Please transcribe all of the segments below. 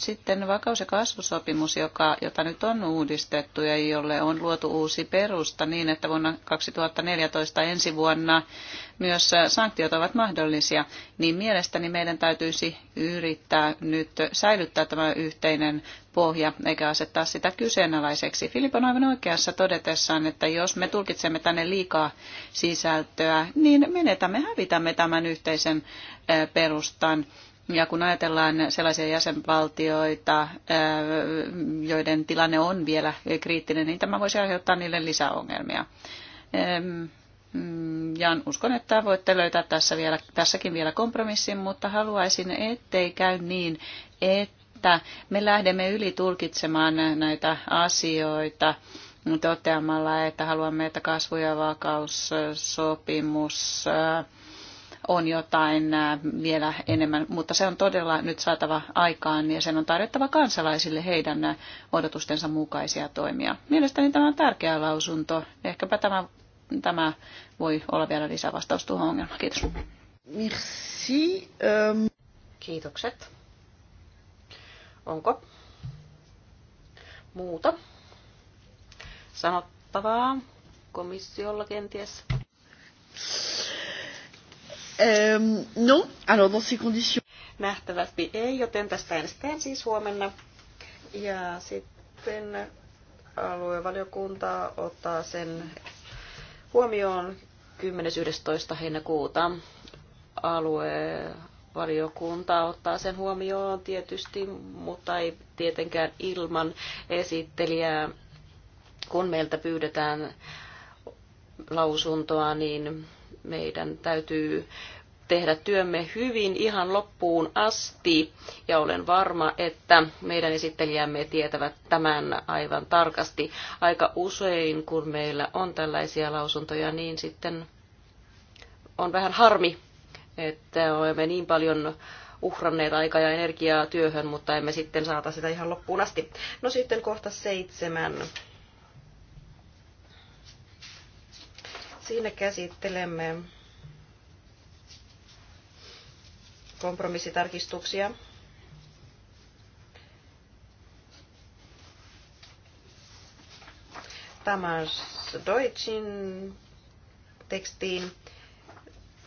sitten vakaus- ja kasvusopimus, joka, jota nyt on uudistettu ja jolle on luotu uusi perusta niin, että vuonna 2014 ensi vuonna myös sanktiot ovat mahdollisia, niin mielestäni meidän täytyisi yrittää nyt säilyttää tämä yhteinen pohja eikä asettaa sitä kyseenalaiseksi. Filip on aivan oikeassa todetessaan, että jos me tulkitsemme tänne liikaa sisältöä, niin menetämme, hävitämme tämän yhteisen eh, perustan ja kun ajatellaan sellaisia jäsenvaltioita, joiden tilanne on vielä kriittinen, niin tämä voisi aiheuttaa niille lisäongelmia. Mm, ja uskon, että voitte löytää tässä vielä, tässäkin vielä kompromissin, mutta haluaisin, ettei käy niin, että me lähdemme ylitulkitsemaan näitä asioita toteamalla, että haluamme, että kasvu- ja vakaussopimus on jotain vielä enemmän, mutta se on todella nyt saatava aikaan ja sen on tarjottava kansalaisille heidän odotustensa mukaisia toimia. Mielestäni tämä on tärkeä lausunto. Ehkäpä tämä, tämä voi olla vielä lisävastaus tuohon ongelmaan. Kiitos. Merci. Um... Kiitokset. Onko muuta sanottavaa komissiolla kenties? Ähm, no, alors dans ces conditions. Nähtävästi ei, joten tästä äänestetään siis huomenna. Ja sitten aluevaliokunta ottaa sen huomioon 10.11. heinäkuuta. Aluevaliokunta ottaa sen huomioon tietysti, mutta ei tietenkään ilman esittelijää. Kun meiltä pyydetään lausuntoa, niin meidän täytyy tehdä työmme hyvin ihan loppuun asti ja olen varma, että meidän esittelijämme tietävät tämän aivan tarkasti. Aika usein, kun meillä on tällaisia lausuntoja, niin sitten on vähän harmi, että olemme niin paljon uhranneet aikaa ja energiaa työhön, mutta emme sitten saata sitä ihan loppuun asti. No sitten kohta seitsemän. Siinä käsittelemme kompromissitarkistuksia. Tamas Deutschin tekstiin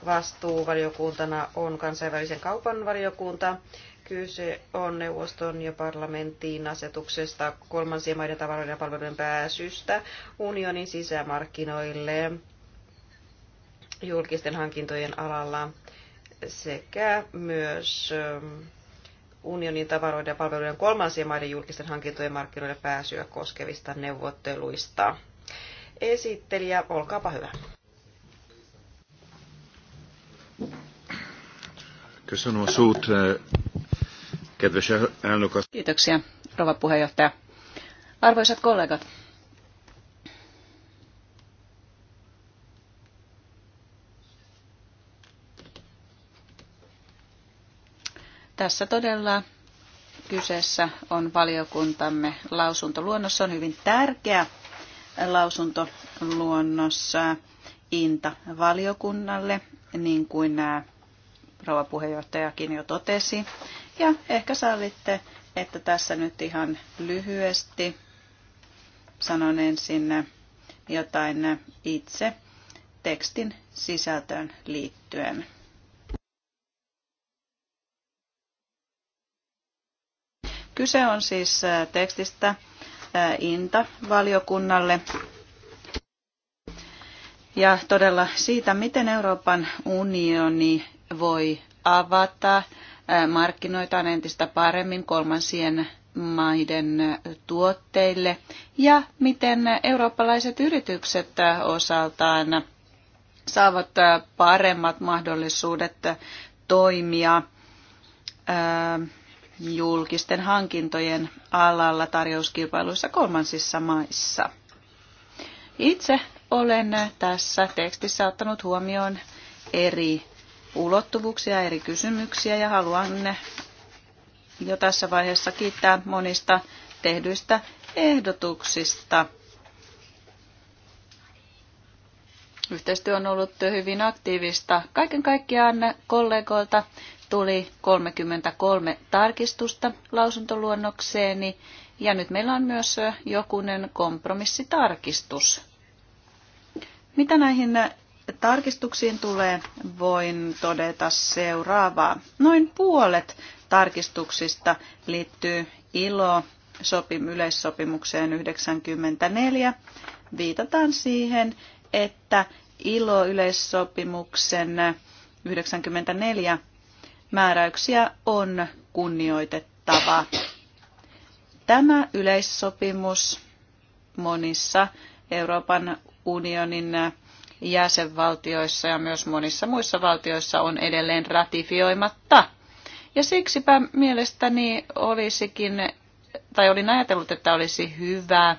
vastuuvaliokuntana on kansainvälisen kaupan valiokunta. Kyse on neuvoston ja parlamenttiin asetuksesta kolmansien maiden tavaroiden ja palveluiden pääsystä unionin sisämarkkinoille julkisten hankintojen alalla sekä myös ähm, unionin tavaroiden ja palveluiden kolmansien maiden julkisten hankintojen markkinoille pääsyä koskevista neuvotteluista. Esittelijä, olkaapa hyvä. Eh, Kiitoksia, rouva puheenjohtaja. Arvoisat kollegat, Tässä todella kyseessä on valiokuntamme lausuntoluonnossa. on hyvin tärkeä lausuntoluonnos INTA-valiokunnalle, niin kuin rouva puheenjohtajakin jo totesi. Ja ehkä sallitte, että tässä nyt ihan lyhyesti sanon ensin jotain itse tekstin sisältöön liittyen. Kyse on siis tekstistä INTA-valiokunnalle ja todella siitä, miten Euroopan unioni voi avata markkinoitaan entistä paremmin kolmansien maiden tuotteille ja miten eurooppalaiset yritykset osaltaan saavat paremmat mahdollisuudet toimia julkisten hankintojen alalla tarjouskilpailuissa kolmansissa maissa. Itse olen tässä tekstissä ottanut huomioon eri ulottuvuuksia, eri kysymyksiä ja haluan jo tässä vaiheessa kiittää monista tehdyistä ehdotuksista. Yhteistyö on ollut hyvin aktiivista kaiken kaikkiaan kollegoilta tuli 33 tarkistusta lausuntoluonnokseeni ja nyt meillä on myös jokunen kompromissitarkistus. Mitä näihin tarkistuksiin tulee, voin todeta seuraavaa. Noin puolet tarkistuksista liittyy ilo sopim, yleissopimukseen 94. Viitataan siihen, että ilo yleissopimuksen 94 määräyksiä on kunnioitettava. Tämä yleissopimus monissa Euroopan unionin jäsenvaltioissa ja myös monissa muissa valtioissa on edelleen ratifioimatta. Ja siksipä mielestäni olisikin, tai olin ajatellut, että olisi hyvä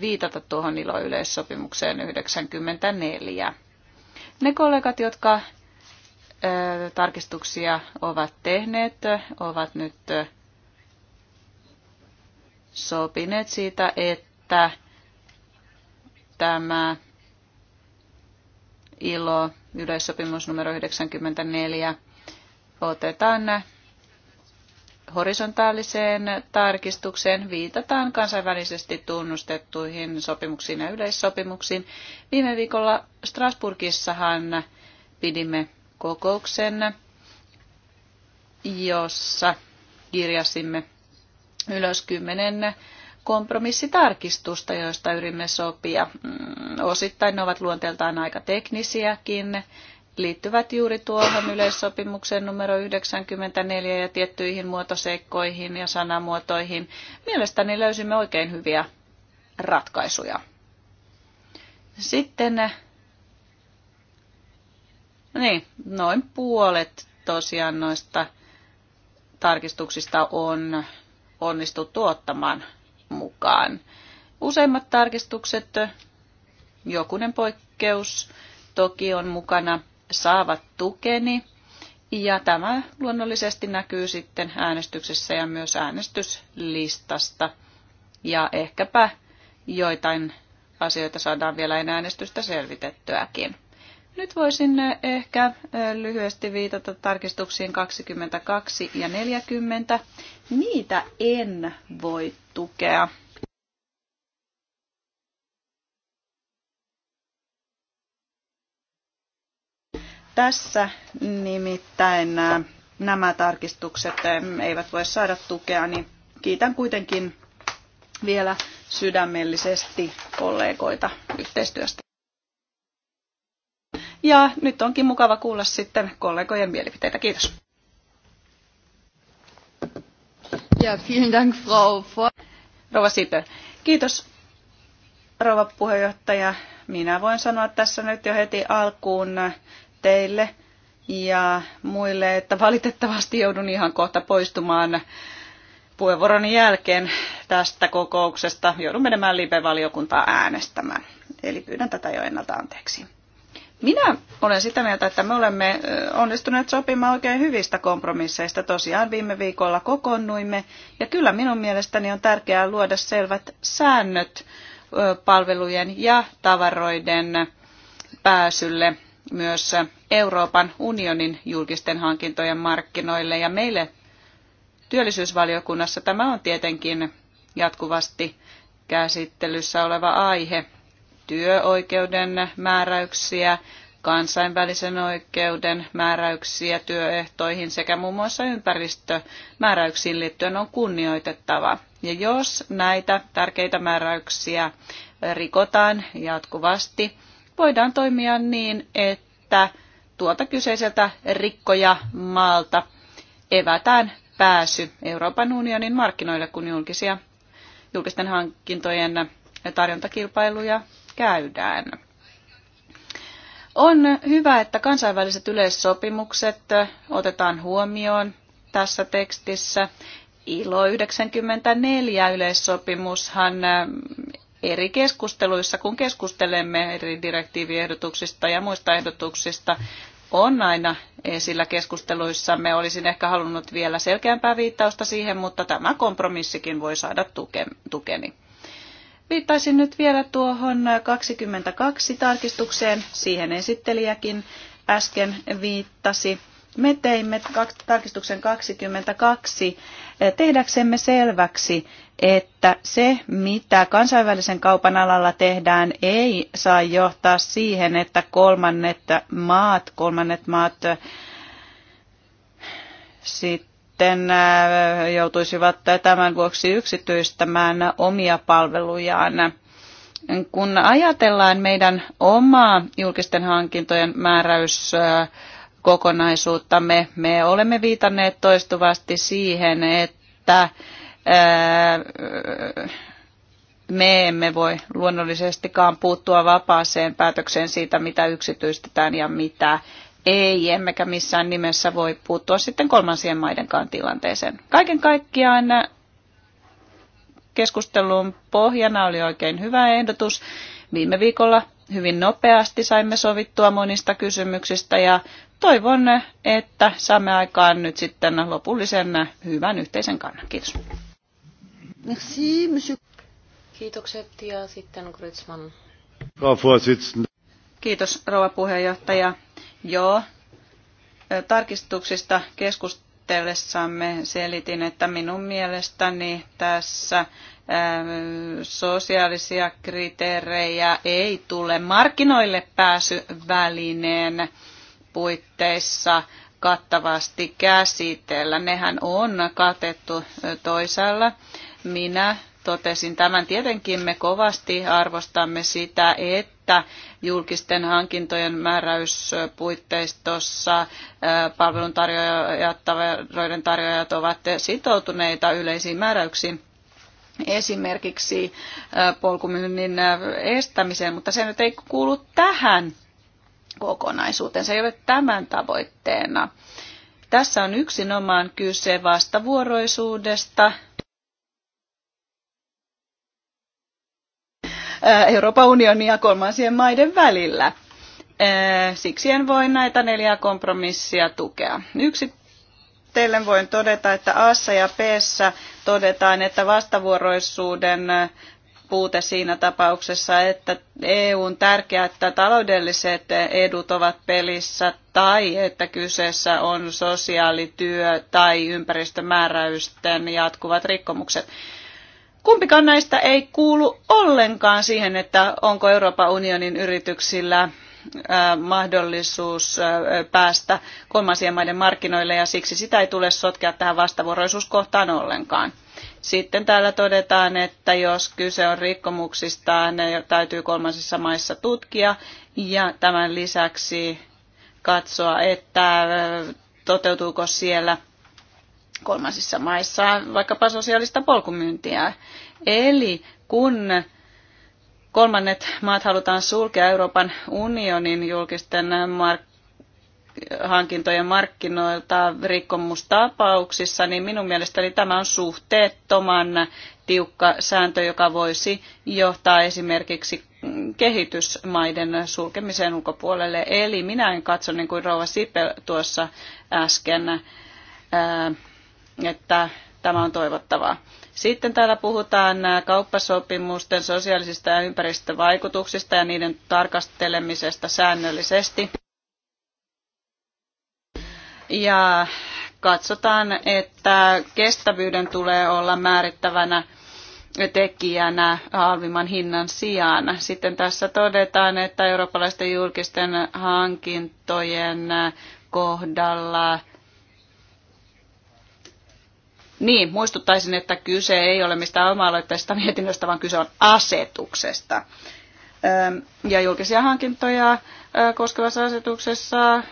viitata tuohon ilo-yleissopimukseen 94. Ne kollegat, jotka tarkistuksia ovat tehneet, ovat nyt sopineet siitä, että tämä ILO yleissopimus numero 94 otetaan horisontaaliseen tarkistukseen viitataan kansainvälisesti tunnustettuihin sopimuksiin ja yleissopimuksiin. Viime viikolla Strasburgissahan pidimme kokouksen, jossa kirjasimme ylös kymmenen kompromissitarkistusta, joista yrimme sopia. Mm, osittain ne ovat luonteeltaan aika teknisiäkin, liittyvät juuri tuohon yleissopimukseen numero 94 ja tiettyihin muotoseikkoihin ja sanamuotoihin. Mielestäni löysimme oikein hyviä ratkaisuja. Sitten niin, noin puolet tosiaan noista tarkistuksista on onnistuttu ottamaan mukaan. Useimmat tarkistukset, jokunen poikkeus toki on mukana, saavat tukeni. Ja tämä luonnollisesti näkyy sitten äänestyksessä ja myös äänestyslistasta. Ja ehkäpä joitain asioita saadaan vielä en äänestystä selvitettyäkin. Nyt voisin eh, ehkä eh, lyhyesti viitata tarkistuksiin 22 ja 40. Niitä en voi tukea. Tässä nimittäin eh, nämä tarkistukset eivät voi saada tukea, niin kiitän kuitenkin vielä sydämellisesti kollegoita yhteistyöstä. Ja nyt onkin mukava kuulla sitten kollegojen mielipiteitä. Kiitos. Ja, vielen Dank, Frau Rova Sipö. Kiitos, rouva puheenjohtaja. Minä voin sanoa tässä nyt jo heti alkuun teille ja muille, että valitettavasti joudun ihan kohta poistumaan puheenvuoron jälkeen tästä kokouksesta. Joudun menemään live-valiokuntaa äänestämään. Eli pyydän tätä jo ennalta anteeksi. Minä olen sitä mieltä, että me olemme onnistuneet sopimaan oikein hyvistä kompromisseista. Tosiaan viime viikolla kokoonnuimme ja kyllä minun mielestäni on tärkeää luoda selvät säännöt palvelujen ja tavaroiden pääsylle myös Euroopan unionin julkisten hankintojen markkinoille. Ja meille työllisyysvaliokunnassa tämä on tietenkin jatkuvasti käsittelyssä oleva aihe työoikeuden määräyksiä, kansainvälisen oikeuden määräyksiä työehtoihin sekä muun muassa ympäristömääräyksiin liittyen on kunnioitettava. Ja jos näitä tärkeitä määräyksiä rikotaan jatkuvasti, voidaan toimia niin, että tuolta kyseiseltä rikkoja maalta evätään pääsy Euroopan unionin markkinoille, kun julkisia, julkisten hankintojen tarjontakilpailuja käydään. On hyvä, että kansainväliset yleissopimukset otetaan huomioon tässä tekstissä. ILO 94 yleissopimushan eh, eri keskusteluissa, kun keskustelemme eri direktiiviehdotuksista ja muista ehdotuksista, on aina esillä me Olisin ehkä halunnut vielä selkeämpää viittausta siihen, mutta tämä kompromissikin voi saada tukeni. Viittaisin nyt vielä tuohon 22 tarkistukseen, siihen esittelijäkin äsken viittasi. Me teimme tarkistuksen 22 tehdäksemme selväksi, että se, mitä kansainvälisen kaupan alalla tehdään, ei saa johtaa siihen, että kolmannet maat, kolmannet maat äh, sitten sitten joutuisivat tämän vuoksi yksityistämään omia palvelujaan. Kun ajatellaan meidän omaa julkisten hankintojen määräys kokonaisuuttamme. Me olemme viitanneet toistuvasti siihen, että me emme voi luonnollisestikaan puuttua vapaaseen päätökseen siitä, mitä yksityistetään ja mitä ei, emmekä missään nimessä voi puuttua sitten kolmansien maidenkaan tilanteeseen. Kaiken kaikkiaan keskustelun pohjana oli oikein hyvä ehdotus. Viime viikolla hyvin nopeasti saimme sovittua monista kysymyksistä ja toivon, että saamme aikaan nyt sitten lopullisen hyvän yhteisen kannan. Kiitos. Merci, monsieur. Kiitokset ja sitten Gritsman. Kiitos rouva puheenjohtaja. Joo, tarkistuksista keskustellessamme selitin, että minun mielestäni tässä sosiaalisia kriteerejä ei tule markkinoille pääsyvälineen puitteissa kattavasti käsitellä. Nehän on katettu toisella. Minä totesin tämän. Tietenkin me kovasti arvostamme sitä, että julkisten hankintojen määräyspuitteistossa palveluntarjoajat, tarjoajat ovat sitoutuneita yleisiin määräyksiin esimerkiksi polkumyynnin estämiseen, mutta se nyt ei kuulu tähän kokonaisuuteen. Se ei ole tämän tavoitteena. Tässä on yksinomaan kyse vastavuoroisuudesta Äh, Euroopan unionin ja kolmansien maiden välillä. Äh, siksi en voi näitä neljää kompromissia tukea. Yksi teille voin todeta, että A ja P todetaan, että vastavuoroisuuden äh, puute siinä tapauksessa, että EUn tärkeät taloudelliset edut ovat pelissä tai että kyseessä on sosiaalityö tai ympäristömääräysten jatkuvat rikkomukset. Kumpikaan näistä ei kuulu ollenkaan siihen, että onko Euroopan unionin yrityksillä äh, mahdollisuus äh, päästä kolmansien maiden markkinoille ja siksi sitä ei tule sotkea tähän vastavuoroisuuskohtaan ollenkaan. Sitten täällä todetaan, että jos kyse on rikkomuksista, ne täytyy kolmansissa maissa tutkia ja tämän lisäksi katsoa, että äh, toteutuuko siellä kolmansissa maissa, vaikkapa sosiaalista polkumyyntiä. Eli kun kolmannet maat halutaan sulkea Euroopan unionin julkisten mark- hankintojen markkinoilta rikkomustapauksissa, niin minun mielestäni tämä on suhteettoman tiukka sääntö, joka voisi johtaa esimerkiksi kehitysmaiden sulkemiseen ulkopuolelle. Eli minä en katso, niin kuin Rouva Sipel tuossa äsken ää, että tämä on toivottavaa. Sitten täällä puhutaan äh, kauppasopimusten sosiaalisista ja ympäristövaikutuksista ja niiden tarkastelemisesta säännöllisesti. Ja katsotaan, että kestävyyden tulee olla määrittävänä tekijänä halvimman hinnan sijaan. Sitten tässä todetaan, että eurooppalaisten julkisten hankintojen kohdalla niin, muistuttaisin, että kyse ei ole mistään oma-aloitteesta mietinnöstä, vaan kyse on asetuksesta. Ja julkisia hankintoja koskevassa asetuksessa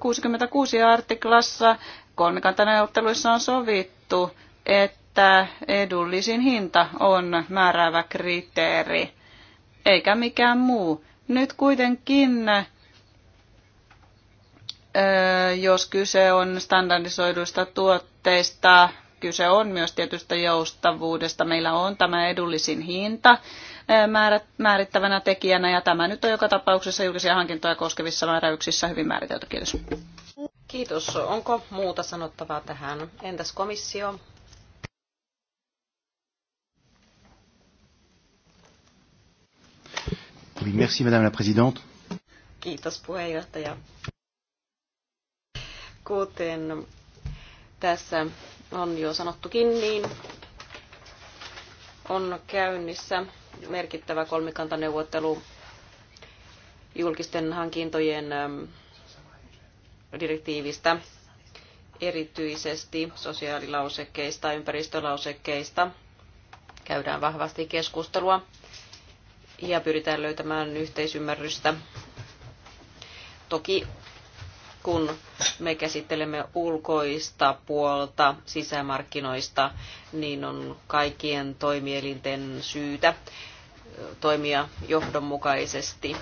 66 artiklassa kolmikantaneuvotteluissa on sovittu, että edullisin hinta on määräävä kriteeri, eikä mikään muu. Nyt kuitenkin, jos kyse on standardisoiduista tuotteista, tuotteista, Kyse on myös tietystä joustavuudesta. Meillä on tämä edullisin hinta määrittävänä tekijänä ja tämä nyt on joka tapauksessa julkisia hankintoja koskevissa määräyksissä hyvin määritelty. Kiitos. Kiitos. Onko muuta sanottavaa tähän? Entäs komissio? Oui, merci Madame la Présidente. Kiitos puheenjohtaja. Kuten tässä on jo sanottukin, niin on käynnissä merkittävä kolmikantaneuvottelu julkisten hankintojen ähm, direktiivistä, erityisesti sosiaalilausekkeista, ympäristölausekkeista. Käydään vahvasti keskustelua ja pyritään löytämään yhteisymmärrystä. Toki kun me käsittelemme ulkoista puolta sisämarkkinoista, niin on kaikkien toimielinten syytä toimia johdonmukaisesti.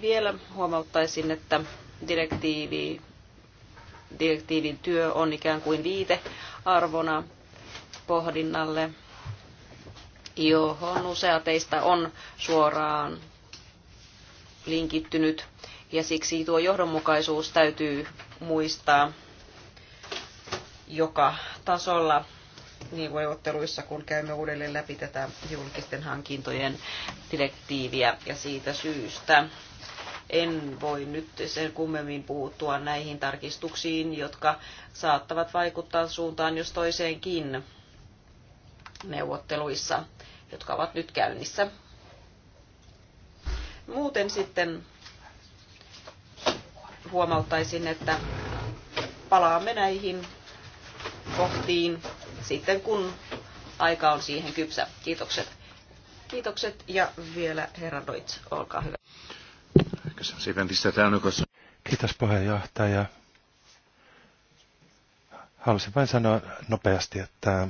Vielä huomauttaisin, että direktiivi, direktiivin työ on ikään kuin viitearvona pohdinnalle, johon usea teistä on suoraan linkittynyt ja siksi tuo johdonmukaisuus täytyy muistaa joka tasolla niin neuvotteluissa, kun käymme uudelleen läpi tätä julkisten hankintojen direktiiviä ja siitä syystä en voi nyt sen kummemmin puuttua näihin tarkistuksiin, jotka saattavat vaikuttaa suuntaan jos toiseenkin neuvotteluissa, jotka ovat nyt käynnissä. Muuten sitten huomauttaisin, että palaamme näihin kohtiin sitten, kun aika on siihen kypsä. Kiitokset. Kiitokset ja vielä herra Deutsch, olkaa hyvä. Kiitos puheenjohtaja. Haluaisin vain sanoa nopeasti, että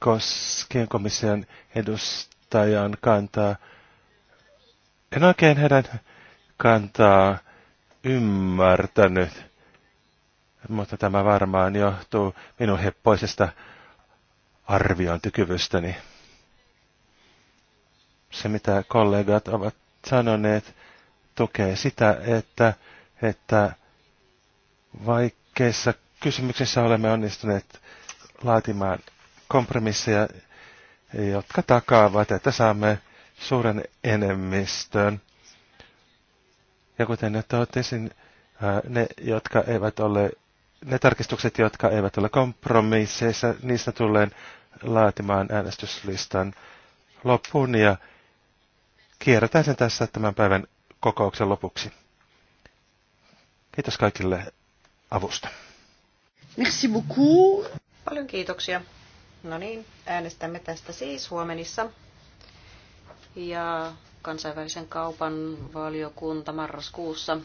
koskien komission edustajan kantaa en oikein heidän kantaa ymmärtänyt, mutta tämä varmaan johtuu minun heppoisesta arviointikyvystäni. Se, mitä kollegat ovat sanoneet, tukee sitä, että, että vaikeissa kysymyksissä olemme onnistuneet laatimaan kompromisseja, jotka takaavat, että saamme suuren enemmistön. Ja kuten nyt totesin, ne, jotka eivät ole, ne tarkistukset, jotka eivät ole kompromisseissa, niistä tulee laatimaan äänestyslistan loppuun ja kierretään sen tässä tämän päivän kokouksen lopuksi. Kiitos kaikille avusta. Merci beaucoup. Paljon kiitoksia. No niin, äänestämme tästä siis huomenissa ja kansainvälisen kaupan valiokunta marraskuussa.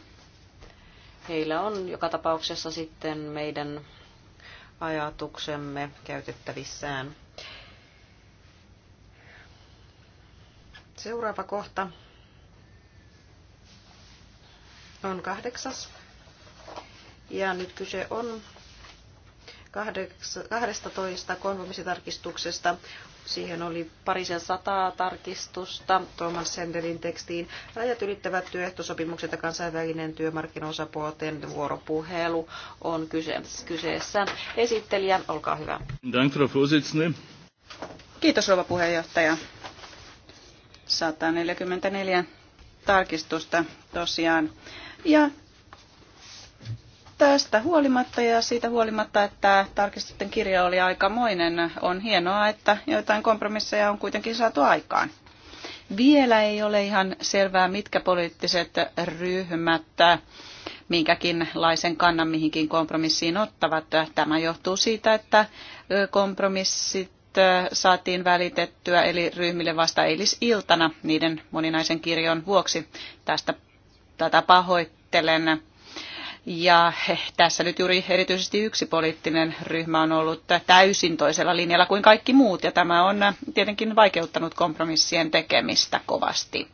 Heillä on joka tapauksessa sitten meidän ajatuksemme käytettävissään. Seuraava kohta on kahdeksas. Ja nyt kyse on 12 konvomisitarkistuksesta Siihen oli parisen sataa tarkistusta Thomas Sendelin tekstiin. Rajat ylittävät työehtosopimukset ja kansainvälinen työmarkkinaosapuolten vuoropuhelu on kyseessä. Esittelijä, olkaa hyvä. Kiitos rouva puheenjohtaja. 144 tarkistusta tosiaan. Ja tästä huolimatta ja siitä huolimatta, että tarkistusten kirja oli aikamoinen, on hienoa, että joitain kompromisseja on kuitenkin saatu aikaan. Vielä ei ole ihan selvää, mitkä poliittiset ryhmät minkäkinlaisen kannan mihinkin kompromissiin ottavat. Tämä johtuu siitä, että kompromissit saatiin välitettyä eli ryhmille vasta eilisiltana niiden moninaisen kirjon vuoksi. Tästä tätä pahoittelen ja eh, tässä nyt juuri erityisesti yksi poliittinen ryhmä on ollut täysin toisella linjalla kuin kaikki muut, ja tämä on eh, tietenkin vaikeuttanut kompromissien tekemistä kovasti.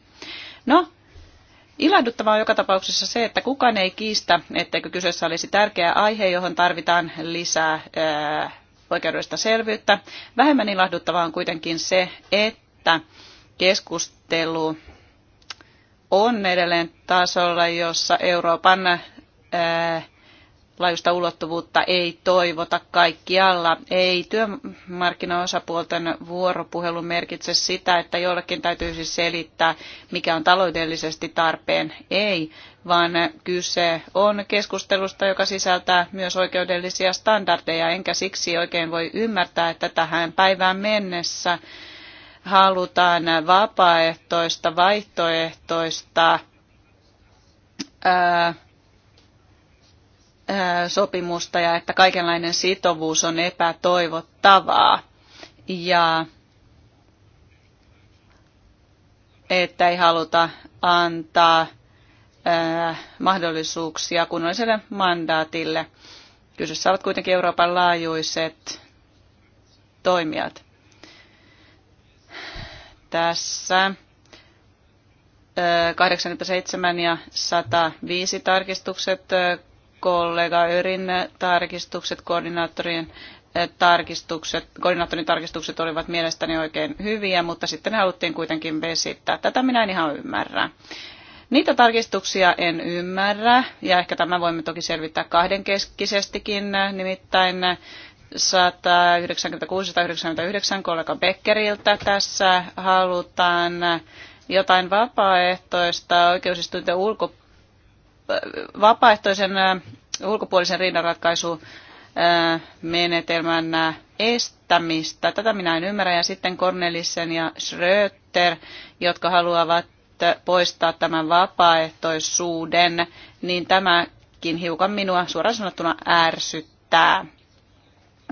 No, Ilahduttavaa on joka tapauksessa se, että kukaan ei kiistä, etteikö kyseessä olisi tärkeä aihe, johon tarvitaan lisää ää, eh, oikeudellista selvyyttä. Vähemmän ilahduttavaa on kuitenkin se, että keskustelu on edelleen tasolla, jossa Euroopan laajuista ulottuvuutta ei toivota kaikkialla. Ei työmarkkinaosapuolten vuoropuhelu merkitse sitä, että jollekin täytyisi selittää, mikä on taloudellisesti tarpeen. Ei, vaan kyse on keskustelusta, joka sisältää myös oikeudellisia standardeja, enkä siksi oikein voi ymmärtää, että tähän päivään mennessä halutaan vapaaehtoista, vaihtoehtoista, ää, sopimusta ja että kaikenlainen sitovuus on epätoivottavaa ja että ei haluta antaa mahdollisuuksia kunnolliselle mandaatille. Kyseessä ovat kuitenkin Euroopan laajuiset toimijat. Tässä 87 ja 105 tarkistukset kollega Örin tarkistukset, koordinaattorin eh, tarkistukset, koordinaattorin tarkistukset olivat mielestäni oikein hyviä, mutta sitten ne haluttiin kuitenkin vesittää. Tätä minä en ihan ymmärrä. Niitä tarkistuksia en ymmärrä, ja ehkä tämä voimme toki selvittää kahdenkeskisestikin, nimittäin 196-199 kollega Beckeriltä tässä halutaan jotain vapaaehtoista oikeusistuinten ulkopuolella vapaaehtoisen ulkopuolisen riidanratkaisun menetelmän estämistä. Tätä minä en ymmärrä. Ja sitten Cornelissen ja Schröter, jotka haluavat poistaa tämän vapaaehtoisuuden, niin tämäkin hiukan minua suoraan sanottuna ärsyttää.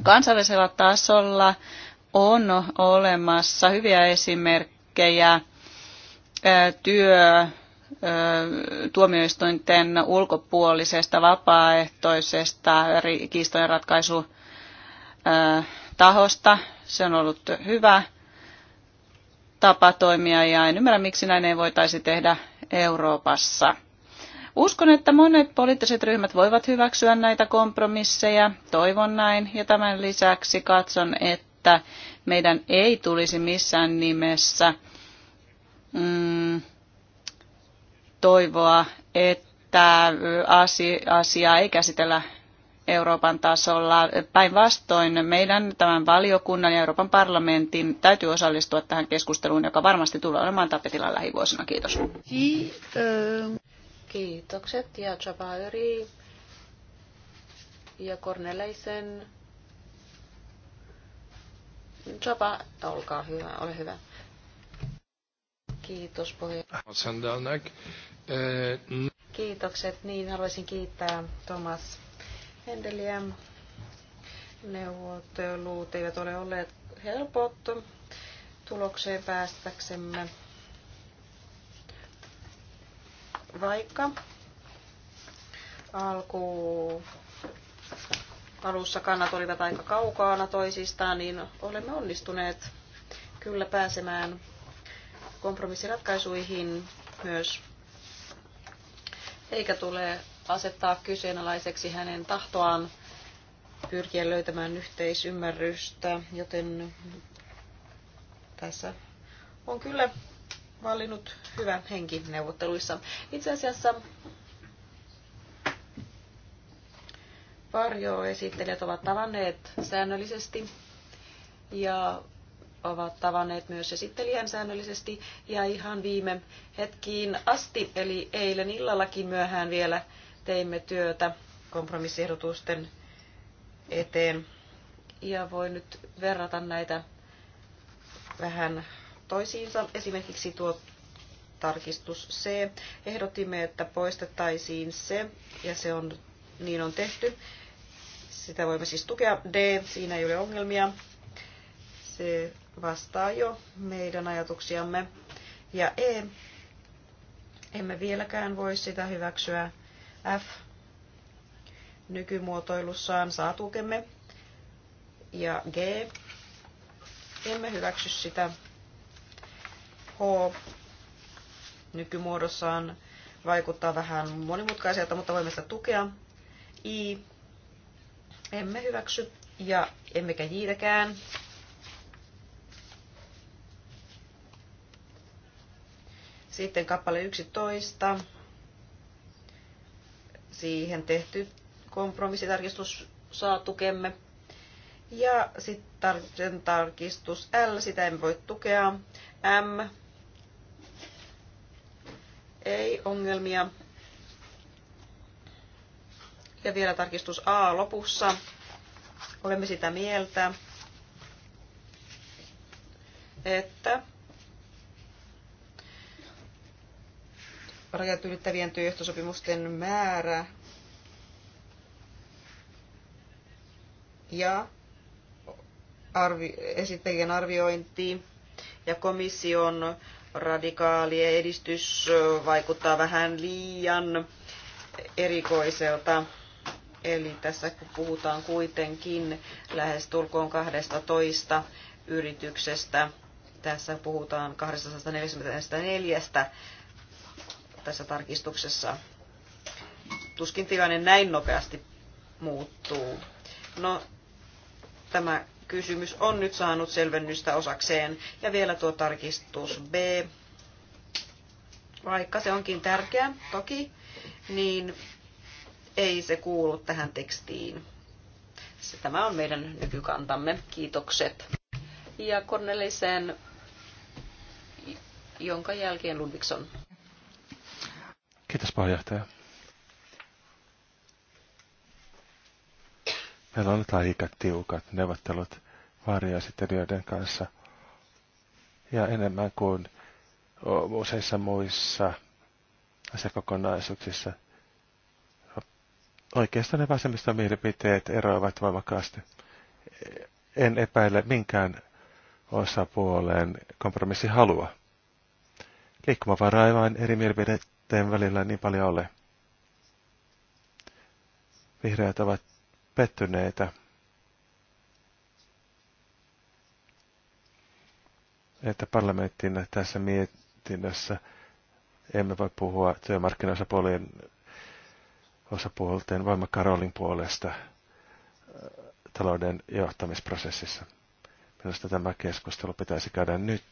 Kansallisella tasolla on olemassa hyviä esimerkkejä työ tuomioistuinten ulkopuolisesta vapaaehtoisesta kiistojen ratkaisutahosta. Se on ollut hyvä tapa toimia ja en ymmärrä, miksi näin ei voitaisi tehdä Euroopassa. Uskon, että monet poliittiset ryhmät voivat hyväksyä näitä kompromisseja, toivon näin, ja tämän lisäksi katson, että meidän ei tulisi missään nimessä mm, toivoa, että asiaa ei käsitellä Euroopan tasolla. Päinvastoin meidän tämän valiokunnan ja Euroopan parlamentin täytyy osallistua tähän keskusteluun, joka varmasti tulee olemaan tapetilla lähivuosina. Kiitos. Kiitokset ja Chabairi ja Korneleisen. Chapa, olkaa hyvä, ole hyvä. Kiitos puheenjohtaja. Kiitokset. Niin, haluaisin kiittää Thomas Hendeliä. Neuvottelut eivät ole olleet helpot tulokseen päästäksemme. Vaikka alku alussa kannat olivat aika kaukaana toisistaan, niin olemme onnistuneet kyllä pääsemään kompromissiratkaisuihin myös eikä tule asettaa kyseenalaiseksi hänen tahtoaan pyrkiä löytämään yhteisymmärrystä, joten tässä on kyllä valinnut hyvä henki neuvotteluissa. Itse asiassa varjoesittelijät ovat tavanneet säännöllisesti ja ovat tavanneet myös esittelijän säännöllisesti ja ihan viime hetkiin asti, eli eilen illallakin myöhään vielä teimme työtä kompromissiehdotusten eteen. Ja voi nyt verrata näitä vähän toisiinsa. Esimerkiksi tuo tarkistus C. Ehdotimme, että poistettaisiin se, ja se on, niin on tehty. Sitä voimme siis tukea. D, siinä ei ole ongelmia. Se vastaa jo meidän ajatuksiamme. Ja E, emme vieläkään voi sitä hyväksyä. F, nykymuotoilussaan saa tukemme. Ja G, emme hyväksy sitä. H, nykymuodossaan vaikuttaa vähän monimutkaiselta, mutta voimme sitä tukea. I, emme hyväksy ja emmekä jiitäkään. Sitten kappale 11. Siihen tehty kompromissitarkistus saa tukemme. Ja sitten tarkistus L, sitä en voi tukea. M, ei ongelmia. Ja vielä tarkistus A lopussa. Olemme sitä mieltä, että rajat ylittävien työehtosopimusten määrä ja arvi, esittäjien arviointi ja komission radikaali edistys vaikuttaa vähän liian erikoiselta. Eli tässä kun puhutaan kuitenkin lähes tulkoon 12 yrityksestä, tässä puhutaan 244 tässä tarkistuksessa. Tuskin tilanne näin nopeasti muuttuu. No, tämä kysymys on nyt saanut selvennystä osakseen. Ja vielä tuo tarkistus B. Vaikka se onkin tärkeä, toki, niin ei se kuulu tähän tekstiin. Tämä on meidän nykykantamme. Kiitokset. Ja Cornelisen, jonka jälkeen Ludvigson. Kiitos puheenjohtaja. Meillä on nyt aika tiukat neuvottelut varjoesittelijöiden kanssa ja enemmän kuin useissa muissa asiakokonaisuuksissa. Oikeastaan ne vasemmista mielipiteet eroavat voimakkaasti. En epäile minkään osapuoleen kompromissi halua. Liikkumavaraa ei vain eri mielipiteet suhteen välillä niin paljon ole. Vihreät ovat pettyneitä. että parlamenttiin tässä mietinnössä emme voi puhua työmarkkinaosapuolien osapuolten voimakkaan roolin puolesta äh, talouden johtamisprosessissa. Minusta tämä keskustelu pitäisi käydä nyt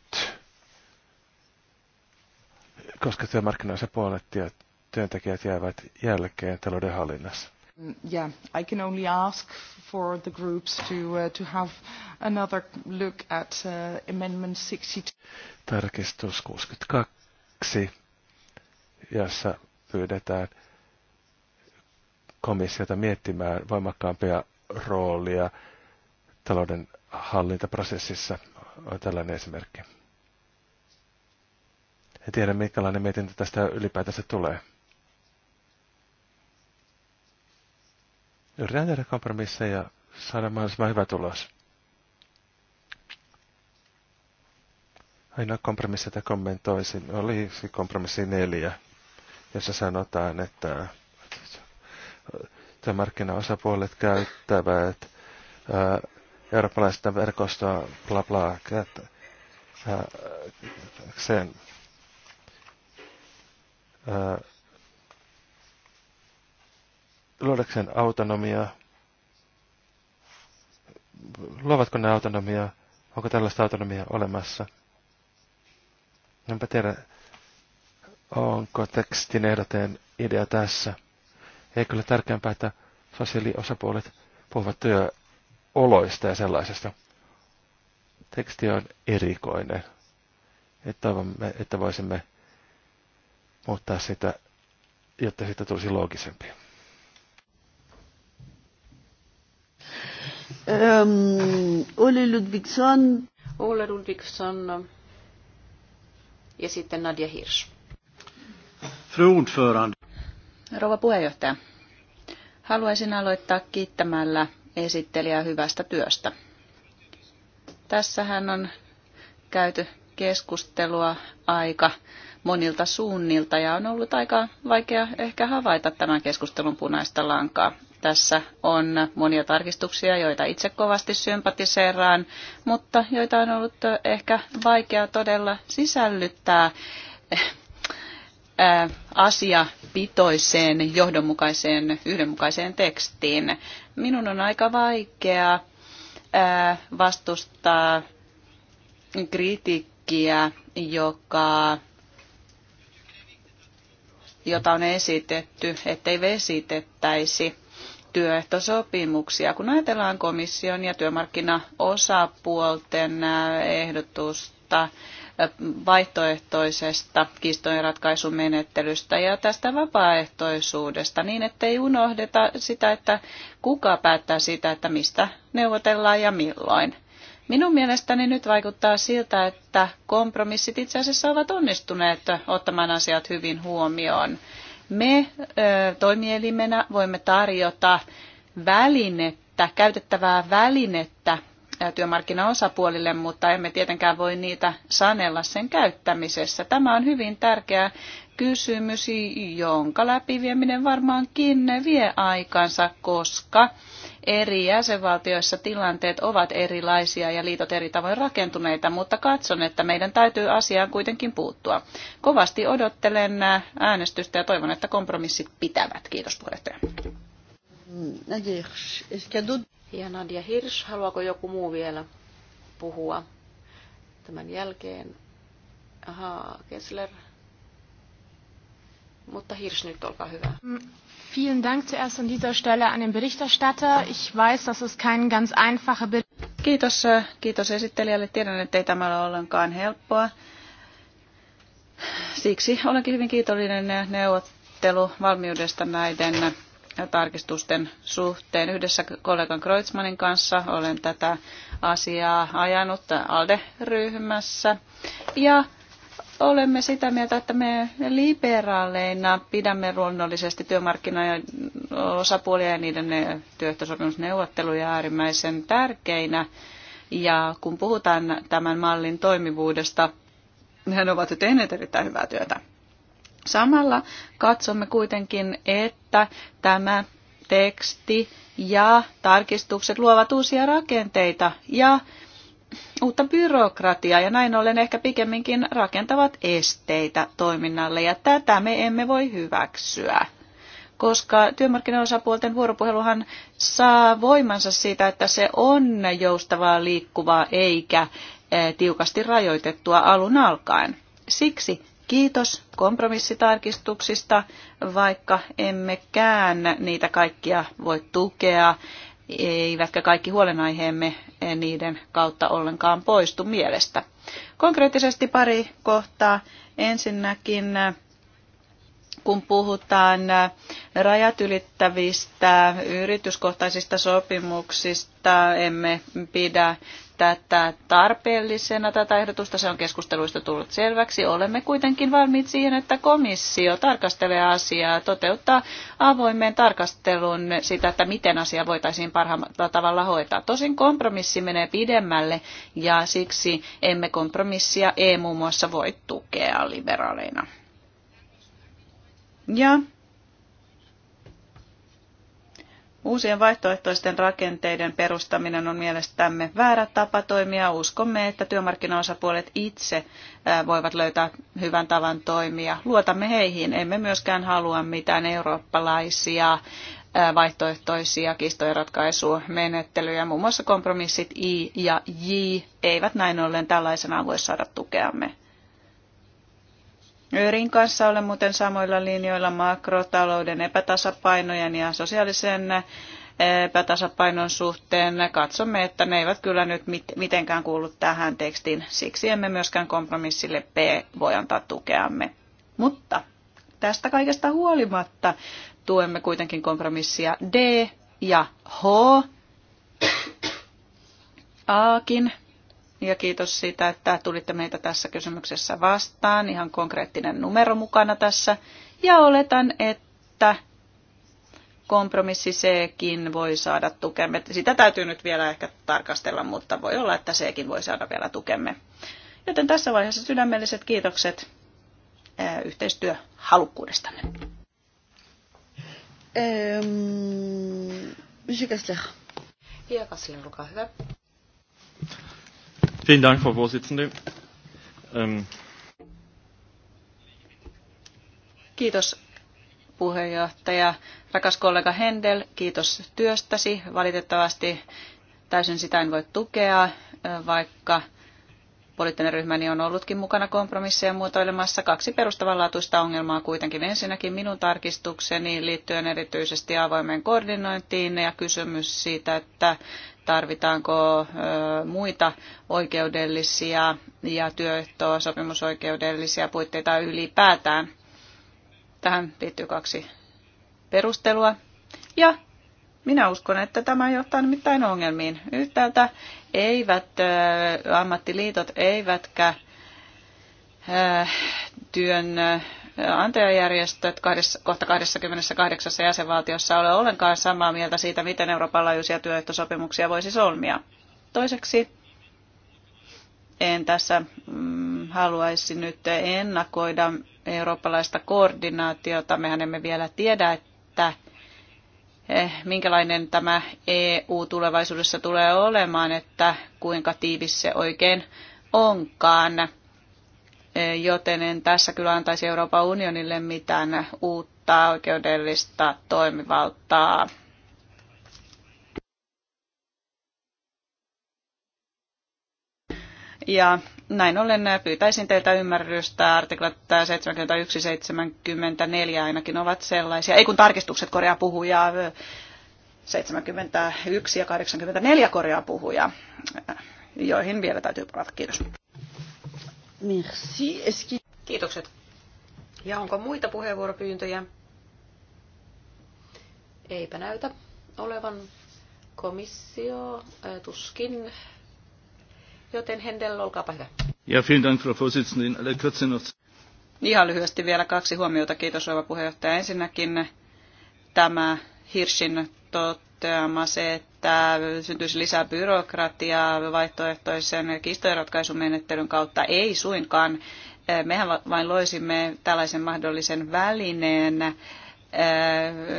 koska työmarkkinoissa puolet ja työntekijät jäävät jälkeen talouden hallinnassa. Mm, yeah, I can only ask for the groups to, uh, to have another look at uh, Amendment 62. Tarkistus 62, jossa pyydetään komissiota miettimään voimakkaampia roolia talouden hallintaprosessissa on tällainen esimerkki. En tiedä, minkälainen mietintä tästä ylipäätänsä tulee. Yritän tehdä kompromisseja ja saada mahdollisimman hyvä tulos. Aina kompromissita kommentoisin. Oli kompromissi neljä, jossa sanotaan, että työmarkkinaosapuolet käyttävät eurooppalaista verkostoa bla bla sen luodakseen autonomiaa? Luovatko ne autonomiaa? Onko tällaista autonomiaa olemassa? Enpä tiedä, onko tekstin ehdoteen idea tässä. Ei kyllä tärkeämpää, että sosiaaliosapuolet puhuvat työoloista ja sellaisesta. Teksti on erikoinen. Et toivomme, että voisimme muuttaa sitä, jotta siitä tulisi loogisempi. Ähm, Ole Ludvigsson. Ole Ludvigsson. Ja sitten Nadia Hirsch. Fru ordförande. Rouva puheenjohtaja. Haluaisin aloittaa kiittämällä esittelijää hyvästä työstä. Tässähän on käyty keskustelua aika monilta suunnilta ja on ollut aika vaikea ehkä havaita tämän keskustelun punaista lankaa. Tässä on monia tarkistuksia, joita itse kovasti sympatiseeraan, mutta joita on ollut ehkä vaikea todella sisällyttää eh, eh, asiapitoiseen, johdonmukaiseen, yhdenmukaiseen tekstiin. Minun on aika vaikea eh, vastustaa kritiikkiä, joka jota on esitetty, ettei vesitettäisi työehtosopimuksia. Kun ajatellaan komission ja työmarkkinaosapuolten ehdotusta vaihtoehtoisesta kistojen ratkaisumenettelystä ja tästä vapaaehtoisuudesta niin, ettei unohdeta sitä, että kuka päättää sitä, että mistä neuvotellaan ja milloin. Minun mielestäni nyt vaikuttaa siltä, että kompromissit itse asiassa ovat onnistuneet ottamaan asiat hyvin huomioon. Me ö, toimielimenä voimme tarjota välinettä, käytettävää välinettä työmarkkinaosapuolille, mutta emme tietenkään voi niitä sanella sen käyttämisessä. Tämä on hyvin tärkeä kysymys, jonka läpivieminen varmaankin vie aikansa, koska eri jäsenvaltioissa tilanteet ovat erilaisia ja liitot eri tavoin rakentuneita, mutta katson, että meidän täytyy asiaan kuitenkin puuttua. Kovasti odottelen äänestystä ja toivon, että kompromissit pitävät. Kiitos puheenjohtaja. Nadia Hirsch. Ja Nadia Hirsch, haluaako joku muu vielä puhua tämän jälkeen? Ahaa, Kessler. Mutta Hirsch nyt, olkaa hyvä. Mm, vielen Dank zuerst an dieser Stelle an den Berichterstatter. Ich weiß, dass es kein ganz einfacher Bericht Kiitos, äh, kiitos esittelijälle. Tiedän, että ei tämä ole ollenkaan helppoa. Siksi olenkin hyvin kiitollinen neuvotteluvalmiudesta näiden tarkistusten suhteen. Yhdessä kollegan Kreutzmanin kanssa olen tätä asiaa ajanut ALDE-ryhmässä. Ja olemme sitä mieltä, että me liberaaleina pidämme luonnollisesti ja osapuolia ja niiden työehtosopimusneuvotteluja äärimmäisen tärkeinä. Ja kun puhutaan tämän mallin toimivuudesta, nehän ovat jo tehneet erittäin hyvää työtä Samalla katsomme kuitenkin, että tämä teksti ja tarkistukset luovat uusia rakenteita ja uutta byrokratiaa ja näin ollen ehkä pikemminkin rakentavat esteitä toiminnalle ja tätä me emme voi hyväksyä. Koska työmarkkinaosapuolten vuoropuheluhan saa voimansa siitä, että se on joustavaa liikkuvaa eikä eh, tiukasti rajoitettua alun alkaen. Siksi Kiitos kompromissitarkistuksista, vaikka emmekään niitä kaikkia voi tukea, eivätkä kaikki huolenaiheemme niiden kautta ollenkaan poistu mielestä. Konkreettisesti pari kohtaa. Ensinnäkin kun puhutaan rajat ylittävistä yrityskohtaisista sopimuksista, emme pidä tätä tarpeellisena tätä ehdotusta, se on keskusteluista tullut selväksi. Olemme kuitenkin valmiit siihen, että komissio tarkastelee asiaa, toteuttaa avoimen tarkastelun sitä, että miten asia voitaisiin parhaalla tavalla hoitaa. Tosin kompromissi menee pidemmälle ja siksi emme kompromissia ei muun muassa voi tukea liberaaleina. Ja Uusien vaihtoehtoisten rakenteiden perustaminen on mielestämme väärä tapa toimia. Uskomme, että työmarkkinaosapuolet itse voivat löytää hyvän tavan toimia. Luotamme heihin. Emme myöskään halua mitään eurooppalaisia vaihtoehtoisia ratkaisumenettelyjä. Muun muassa kompromissit I ja J eivät näin ollen tällaisena voi saada tukeamme. Yrin kanssa olen muuten samoilla linjoilla makrotalouden epätasapainojen ja sosiaalisen eh, epätasapainon suhteen. Katsomme, että ne eivät kyllä nyt mitenkään kuulu tähän tekstiin. Siksi emme myöskään kompromissille P voi antaa tukeamme. Mutta tästä kaikesta huolimatta tuemme kuitenkin kompromissia D ja H. Aakin ja kiitos siitä, että tulitte meitä tässä kysymyksessä vastaan. Ihan konkreettinen numero mukana tässä. Ja oletan, että kompromissi Ckin voi saada tukemme. Sitä täytyy nyt vielä ehkä tarkastella, mutta voi olla, että Ckin voi saada vielä tukemme. Joten tässä vaiheessa sydämelliset kiitokset eh, yhteistyöhalukkuudestanne. Ähm, Monsieur Kassler. Ja hyvä. Vielen Dank, Frau Vorsitzende. Ähm. Kiitos puheenjohtaja. Rakas kollega Hendel, kiitos työstäsi. Valitettavasti täysin sitä en voi tukea, vaikka poliittinen ryhmäni on ollutkin mukana kompromisseja muotoilemassa. Kaksi perustavanlaatuista ongelmaa kuitenkin. Ensinnäkin minun tarkistukseni liittyen erityisesti avoimeen koordinointiin ja kysymys siitä, että tarvitaanko muita oikeudellisia ja työehtoa sopimusoikeudellisia puitteita ylipäätään. Tähän liittyy kaksi perustelua. Ja minä uskon, että tämä johtaa nimittäin ongelmiin. Yhtäältä eivät, ammattiliitot eivätkä työn antajajärjestöt kohta 28 jäsenvaltiossa ole ollenkaan samaa mieltä siitä, miten Euroopan laajuisia työehtosopimuksia voisi solmia. Toiseksi en tässä mm, haluaisi nyt ennakoida eurooppalaista koordinaatiota. Mehän emme vielä tiedä, että Eh, minkälainen tämä EU tulevaisuudessa tulee olemaan, että kuinka tiivis se oikein onkaan. Eh, joten en tässä kyllä antaisi Euroopan unionille mitään uutta oikeudellista toimivaltaa Ja näin ollen pyytäisin teiltä ymmärrystä. Artiklat 71 74 ainakin ovat sellaisia. Ei kun tarkistukset korjaa puhujaa. 71 ja 84 korjaa puhujaa, joihin vielä täytyy palata. Kiitos. Merci. Kiitokset. Ja onko muita puheenvuoropyyntöjä? Eipä näytä olevan komissio, äh, tuskin Joten Hendel, olkaapa hyvä. Ja vielen Dank, Frau Ihan lyhyesti vielä kaksi huomiota. Kiitos, rouva puheenjohtaja. Ensinnäkin tämä Hirschin toteama se, että syntyisi lisää byrokratiaa vaihtoehtoisen kistojenratkaisumenettelyn kautta. Ei suinkaan. Mehän vain loisimme tällaisen mahdollisen välineen eh,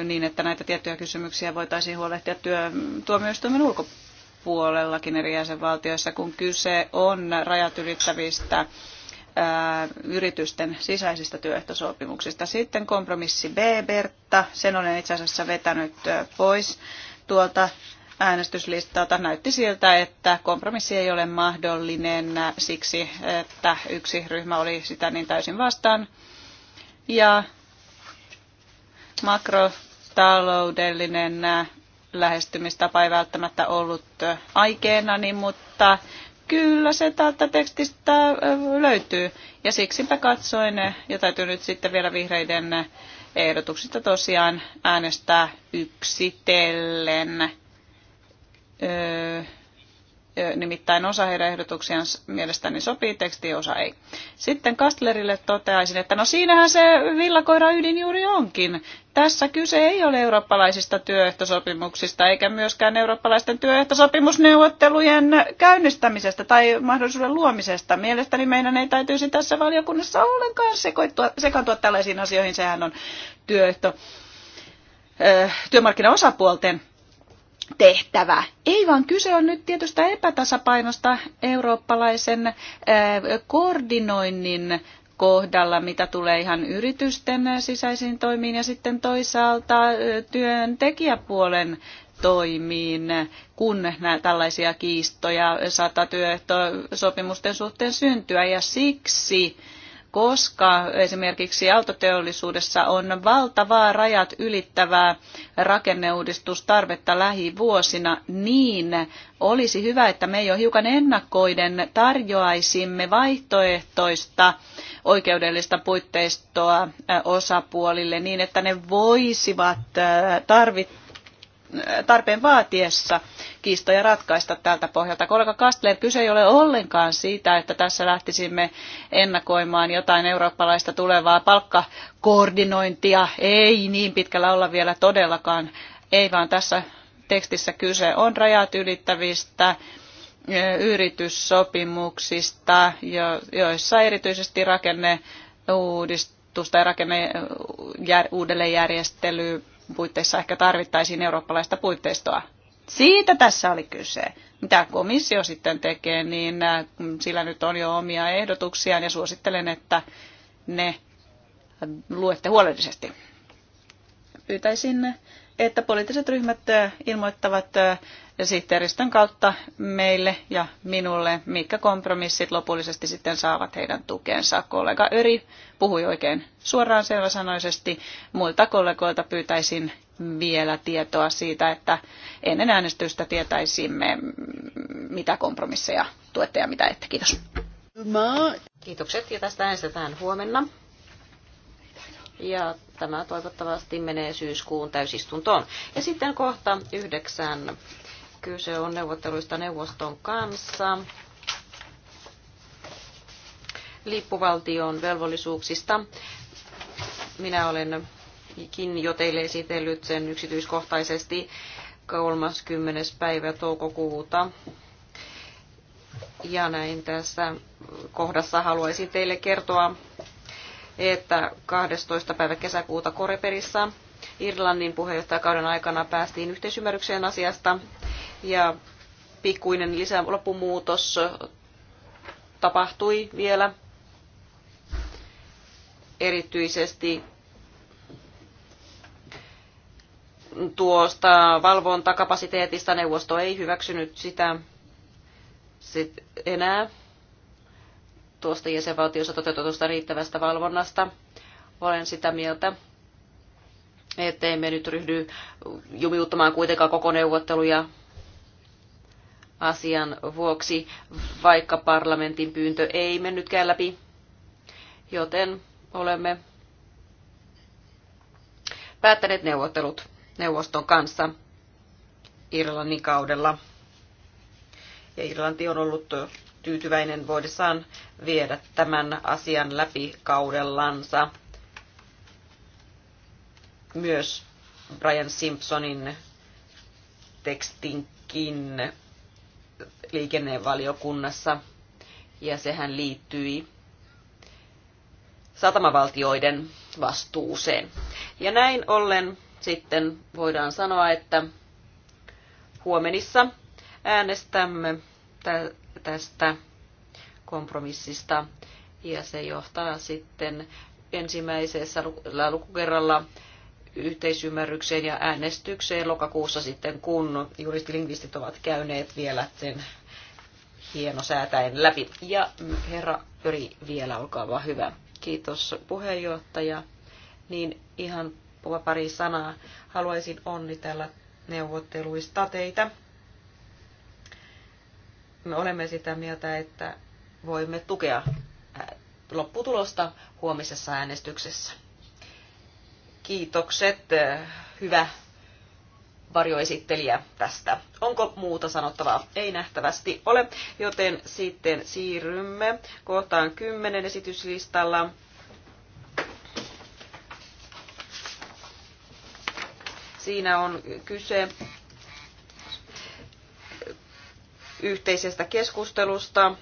niin, että näitä tiettyjä kysymyksiä voitaisiin huolehtia työ, tuomioistuimen ulkopuolella puolellakin eri jäsenvaltioissa, kun kyse on rajat ylittävistä yritysten sisäisistä työehtosopimuksista. Sitten kompromissi B, Bertta, sen olen itse asiassa vetänyt pois tuolta äänestyslistalta. Näytti siltä, että kompromissi ei ole mahdollinen siksi, että yksi ryhmä oli sitä niin täysin vastaan. Ja makrotaloudellinen lähestymistapa ei välttämättä ollut aikeenani, mutta kyllä se tältä tekstistä löytyy. Ja siksipä katsoin, ja täytyy nyt sitten vielä vihreiden ehdotuksista tosiaan äänestää yksitellen. Öö, Nimittäin osa heidän ehdotuksiaan mielestäni sopii teksti osa ei. Sitten Kastlerille toteaisin, että no siinähän se villakoira ydin juuri onkin. Tässä kyse ei ole eurooppalaisista työehtosopimuksista eikä myöskään eurooppalaisten työehtosopimusneuvottelujen käynnistämisestä tai mahdollisuuden luomisesta. Mielestäni meidän ei täytyisi tässä valiokunnassa ollenkaan sekoittua, sekantua tällaisiin asioihin. Sehän on työehto, työmarkkinaosapuolten tehtävä. Ei vaan kyse on nyt tietystä epätasapainosta eurooppalaisen äh, koordinoinnin kohdalla, mitä tulee ihan yritysten äh, sisäisiin toimiin ja sitten toisaalta äh, työntekijäpuolen toimiin, kun nämä tällaisia kiistoja saattaa työehtosopimusten suhteen syntyä. Ja siksi koska esimerkiksi autoteollisuudessa on valtavaa rajat ylittävää rakenneuudistustarvetta lähivuosina, niin olisi hyvä, että me jo hiukan ennakkoiden tarjoaisimme vaihtoehtoista oikeudellista puitteistoa osapuolille niin, että ne voisivat tarvittaessa tarpeen vaatiessa kiistoja ratkaista tältä pohjalta. Kollega Kastler, kyse ei ole ollenkaan siitä, että tässä lähtisimme ennakoimaan jotain eurooppalaista tulevaa palkkakoordinointia. Ei niin pitkällä olla vielä todellakaan. Ei vaan tässä tekstissä kyse on rajat ylittävistä e, yrityssopimuksista, joissa erityisesti rakenne uudistusta ja rakenne uudelleenjärjestely puitteissa ehkä tarvittaisiin eurooppalaista puitteistoa. Siitä tässä oli kyse. Mitä komissio sitten tekee, niin äh, sillä nyt on jo omia ehdotuksiaan ja suosittelen, että ne luette huolellisesti. Pyytäisin, että poliittiset ryhmät äh, ilmoittavat äh, sihteeristön kautta meille ja minulle, mitkä kompromissit lopullisesti sitten saavat heidän tukensa. Kollega Öri puhui oikein suoraan selväsanoisesti. Muilta kollegoilta pyytäisin vielä tietoa siitä, että ennen äänestystä tietäisimme, mitä kompromisseja tuette ja mitä ette. Kiitos. Kiitokset ja tästä äänestetään huomenna. Ja tämä toivottavasti menee syyskuun täysistuntoon. Ja sitten kohta yhdeksän Kyse on neuvotteluista neuvoston kanssa liippuvaltion velvollisuuksista. Minä olen jo teille esitellyt sen yksityiskohtaisesti 30. päivä toukokuuta. Ja näin tässä kohdassa haluaisin teille kertoa, että 12. päivä kesäkuuta Koreperissa Irlannin puheenjohtajakauden aikana päästiin yhteisymmärrykseen asiasta ja pikkuinen lisälopumuutos tapahtui vielä erityisesti tuosta valvontakapasiteetista neuvosto ei hyväksynyt sitä sit enää tuosta jäsenvaltiossa toteutetusta riittävästä valvonnasta. Olen sitä mieltä, ettei me nyt ryhdy jumiuttamaan kuitenkaan koko neuvotteluja asian vuoksi, vaikka parlamentin pyyntö ei mennytkään läpi. Joten olemme päättäneet neuvottelut neuvoston kanssa Irlannin kaudella. Ja Irlanti on ollut tyytyväinen voidessaan viedä tämän asian läpi kaudellansa. Myös Brian Simpsonin tekstinkin liikennevaliokunnassa ja sehän liittyi satamavaltioiden vastuuseen. Ja näin ollen sitten voidaan sanoa, että huomenissa äänestämme tästä kompromissista ja se johtaa sitten ensimmäisessä lukukerralla yhteisymmärrykseen ja äänestykseen lokakuussa sitten, kun juristilingvistit ovat käyneet vielä sen hieno säätäen läpi. Ja herra Pöri vielä, olkaa vaan hyvä. Kiitos puheenjohtaja. Niin ihan pari sanaa. Haluaisin onnitella neuvotteluista teitä. Me olemme sitä mieltä, että voimme tukea lopputulosta huomisessa äänestyksessä kiitokset, eh, hyvä varjoesittelijä tästä. Onko muuta sanottavaa? Ei nähtävästi ole, joten sitten siirrymme kohtaan 10 esityslistalla. Siinä on kyse yhteisestä keskustelusta.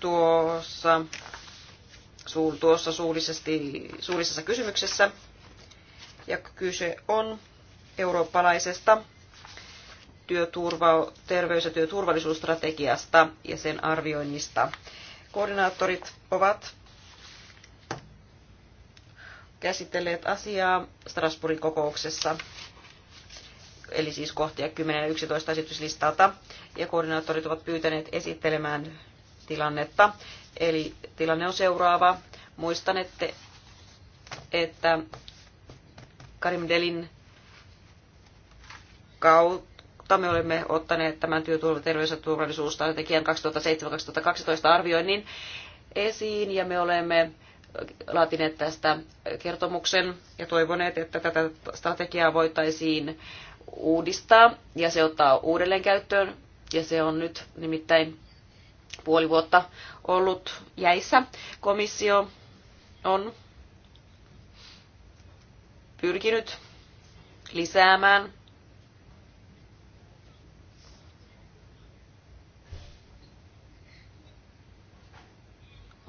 Tuossa tuossa suullisesti, suullisessa kysymyksessä. Ja kyse on eurooppalaisesta työturva, terveys- ja työturvallisuusstrategiasta ja sen arvioinnista. Koordinaattorit ovat käsitelleet asiaa Strasbourgin kokouksessa, eli siis kohtia 10 ja 11 esityslistalta, ja koordinaattorit ovat pyytäneet esittelemään tilannetta. Eli tilanne on seuraava. Muistan, että, että Karim Delin kautta me olemme ottaneet tämän työturvallisuus- ja turvallisuusstrategian 2007-2012 arvioinnin esiin ja me olemme laatineet tästä kertomuksen ja toivoneet, että tätä strategiaa voitaisiin uudistaa ja se ottaa uudelleen käyttöön. Ja se on nyt nimittäin puoli vuotta ollut jäissä. Komissio on pyrkinyt lisäämään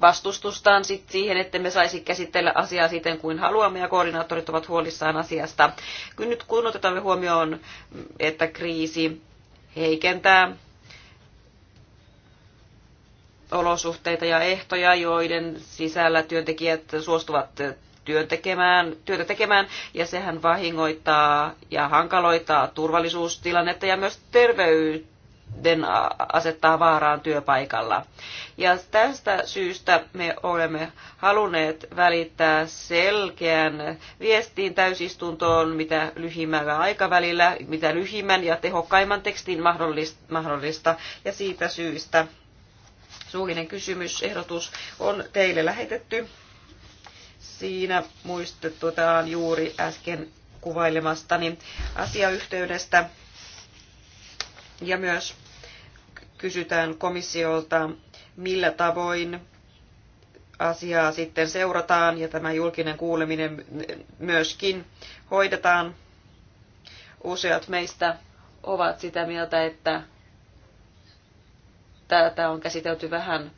vastustustaan sit siihen, että me saisi käsitellä asiaa siten kuin haluamme ja koordinaattorit ovat huolissaan asiasta. Kyllä nyt kun otetaan huomioon, että kriisi heikentää olosuhteita ja ehtoja, joiden sisällä työntekijät suostuvat työn tekemään, työtä tekemään, ja sehän vahingoittaa ja hankaloittaa turvallisuustilannetta ja myös terveyden asettaa vaaraan työpaikalla. Ja tästä syystä me olemme halunneet välittää selkeän viestiin täysistuntoon, mitä lyhimmällä aikavälillä, mitä lyhimmän ja tehokkaimman tekstin mahdollista, ja siitä syystä Suullinen kysymys, ehdotus on teille lähetetty. Siinä muistetaan juuri äsken kuvailemastani asiayhteydestä ja myös kysytään komissiolta, millä tavoin asiaa sitten seurataan ja tämä julkinen kuuleminen myöskin hoidetaan. Useat meistä ovat sitä mieltä, että Tätä on käsitelty vähän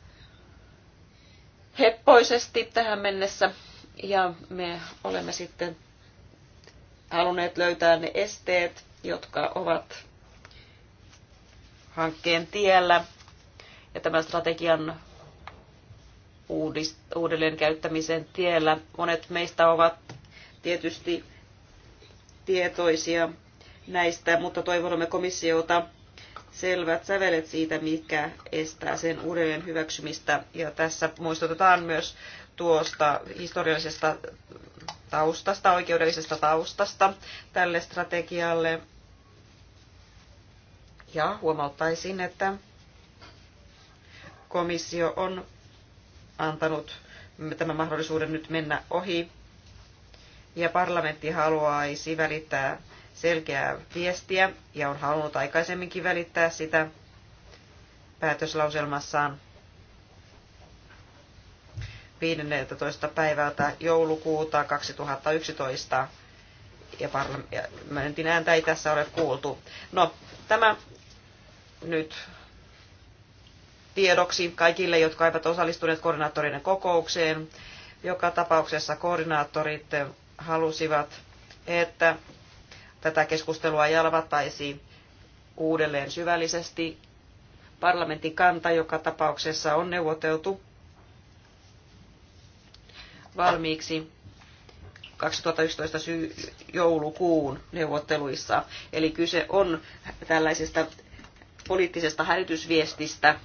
heppoisesti tähän mennessä ja me olemme sitten halunneet löytää ne esteet, jotka ovat hankkeen tiellä ja tämän strategian uudist- uudelleen käyttämisen tiellä. Monet meistä ovat tietysti tietoisia näistä, mutta toivomme komissiota selvät sävelet siitä, mikä estää sen uudelleen hyväksymistä. Ja tässä muistutetaan myös tuosta historiallisesta taustasta, oikeudellisesta taustasta tälle strategialle. Ja huomauttaisin, että komissio on antanut tämän mahdollisuuden nyt mennä ohi. Ja parlamentti haluaisi välittää selkeää viestiä ja on halunnut aikaisemminkin välittää sitä päätöslauselmassaan 15. päivältä joulukuuta 2011 ja parlamentin ääntä ei tässä ole kuultu. No, tämä nyt tiedoksi kaikille, jotka eivät osallistuneet koordinaattorien kokoukseen. Joka tapauksessa koordinaattorit halusivat, että tätä keskustelua jalvattaisi uudelleen syvällisesti. Parlamentin kanta joka tapauksessa on neuvoteltu valmiiksi 2011 syy- joulukuun neuvotteluissa. Eli kyse on tällaisesta poliittisesta hälytysviestistä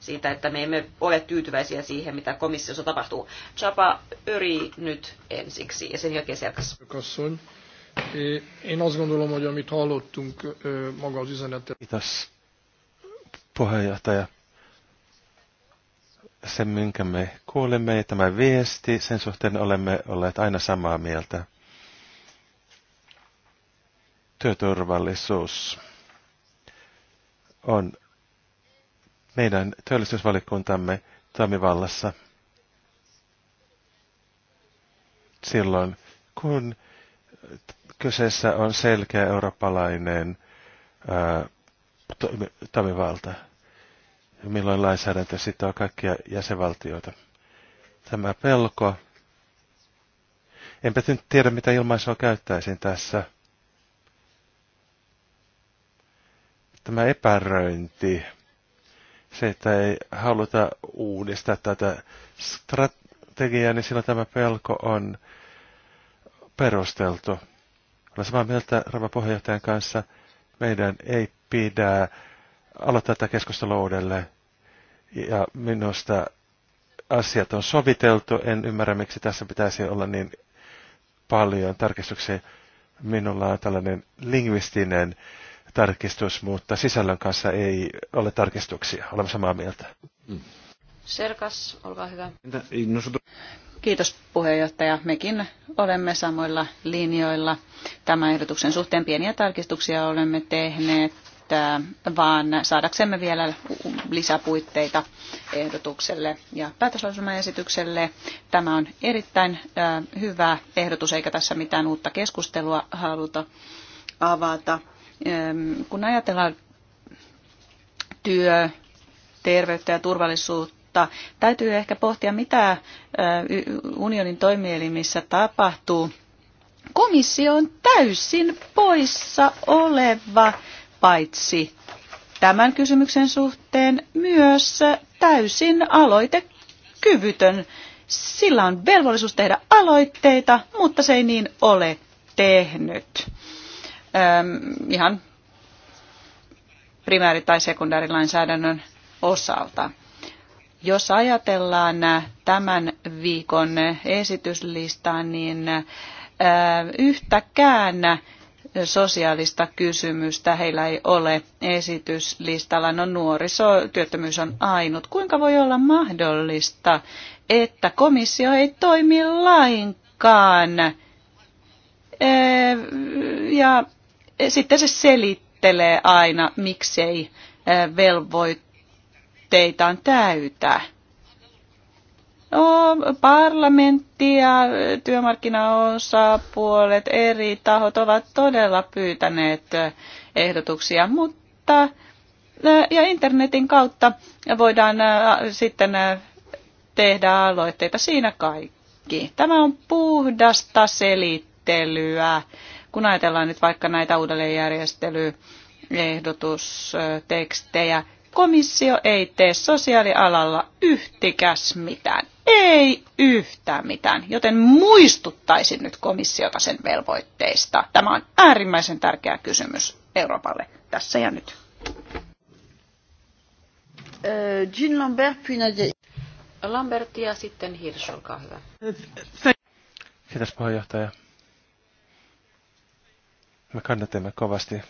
siitä, että me emme ole tyytyväisiä siihen, mitä komissiossa tapahtuu. Chapa Öri nyt ensiksi ja sen jälkeen Serkas. Eh, én azt gondolom, hogy amit hallottunk maga az üzenetet... üzenete. Kiitos puheenjohtaja. sen minkä me kuulemme ja tämä viesti, sen suhteen olemme olleet aina samaa mieltä. Työturvallisuus on meidän työllisyysvalikuntamme toimivallassa silloin, kun kyseessä on selkeä eurooppalainen ää, toimivalta, milloin lainsäädäntö sitoo kaikkia jäsenvaltioita. Tämä pelko, enpä nyt tiedä mitä ilmaisua käyttäisin tässä. Tämä epäröinti, se, että ei haluta uudistaa tätä strategiaa, niin silloin tämä pelko on perusteltu olen samaa mieltä Rava puheenjohtajan kanssa. Meidän ei pidä aloittaa tätä keskustelua uudelleen. Ja minusta asiat on soviteltu. En ymmärrä, miksi tässä pitäisi olla niin paljon tarkistuksia. Minulla on tällainen lingvistinen tarkistus, mutta sisällön kanssa ei ole tarkistuksia. Olemme samaa mieltä. Mm. Serkas, olkaa hyvä. No, Kiitos puhemies Mekin olemme samoilla linjoilla. Tämän ehdotuksen suhteen pieniä tarkistuksia olemme tehneet, äh, vaan saadaksemme vielä lisäpuitteita ehdotukselle ja päätöslauselmaesitykselle. Tämä on erittäin äh, hyvä ehdotus, eikä tässä mitään uutta keskustelua haluta avata. Ähm, kun ajatellaan työ, terveyttä ja turvallisuutta, mutta täytyy ehkä pohtia, mitä unionin toimielimissä tapahtuu. Komissio on täysin poissa oleva, paitsi tämän kysymyksen suhteen myös täysin aloitekyvytön. Sillä on velvollisuus tehdä aloitteita, mutta se ei niin ole tehnyt. Öm, ihan primääri- tai sekundäärilainsäädännön osalta. Jos ajatellaan tämän viikon esityslistaa, niin yhtäkään sosiaalista kysymystä heillä ei ole esityslistalla. No nuorisotyöttömyys on ainut. Kuinka voi olla mahdollista, että komissio ei toimi lainkaan? Ja sitten se selittelee aina, miksei velvoittaa velvoitteitaan täytä. No, parlamentti ja työmarkkinaosapuolet, eri tahot ovat todella pyytäneet ehdotuksia, mutta ja internetin kautta voidaan sitten tehdä aloitteita. Siinä kaikki. Tämä on puhdasta selittelyä, kun ajatellaan nyt vaikka näitä uudelleenjärjestelyehdotustekstejä. Komissio ei tee sosiaalialalla yhtikäs mitään. Ei yhtään mitään, joten muistuttaisin nyt komissiota sen velvoitteista. Tämä on äärimmäisen tärkeä kysymys Euroopalle tässä ja nyt. Äh, Jean Lambert, puis Lambert ja sitten Hirsch, olkaa hyvä. Kiitos puheenjohtaja. Me kannatamme kovasti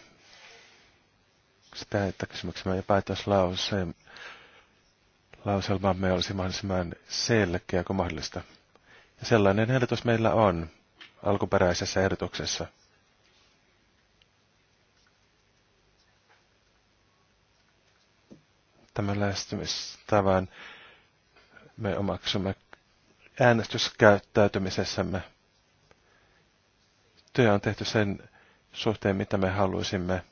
sitä, että kysymyksemme ja päätöslauseen lauselmamme olisi mahdollisimman selkeä kuin mahdollista. Ja sellainen ehdotus meillä on alkuperäisessä ehdotuksessa. Tämän lähestymistavan me omaksumme äänestyskäyttäytymisessämme. Työ on tehty sen suhteen, mitä me haluaisimme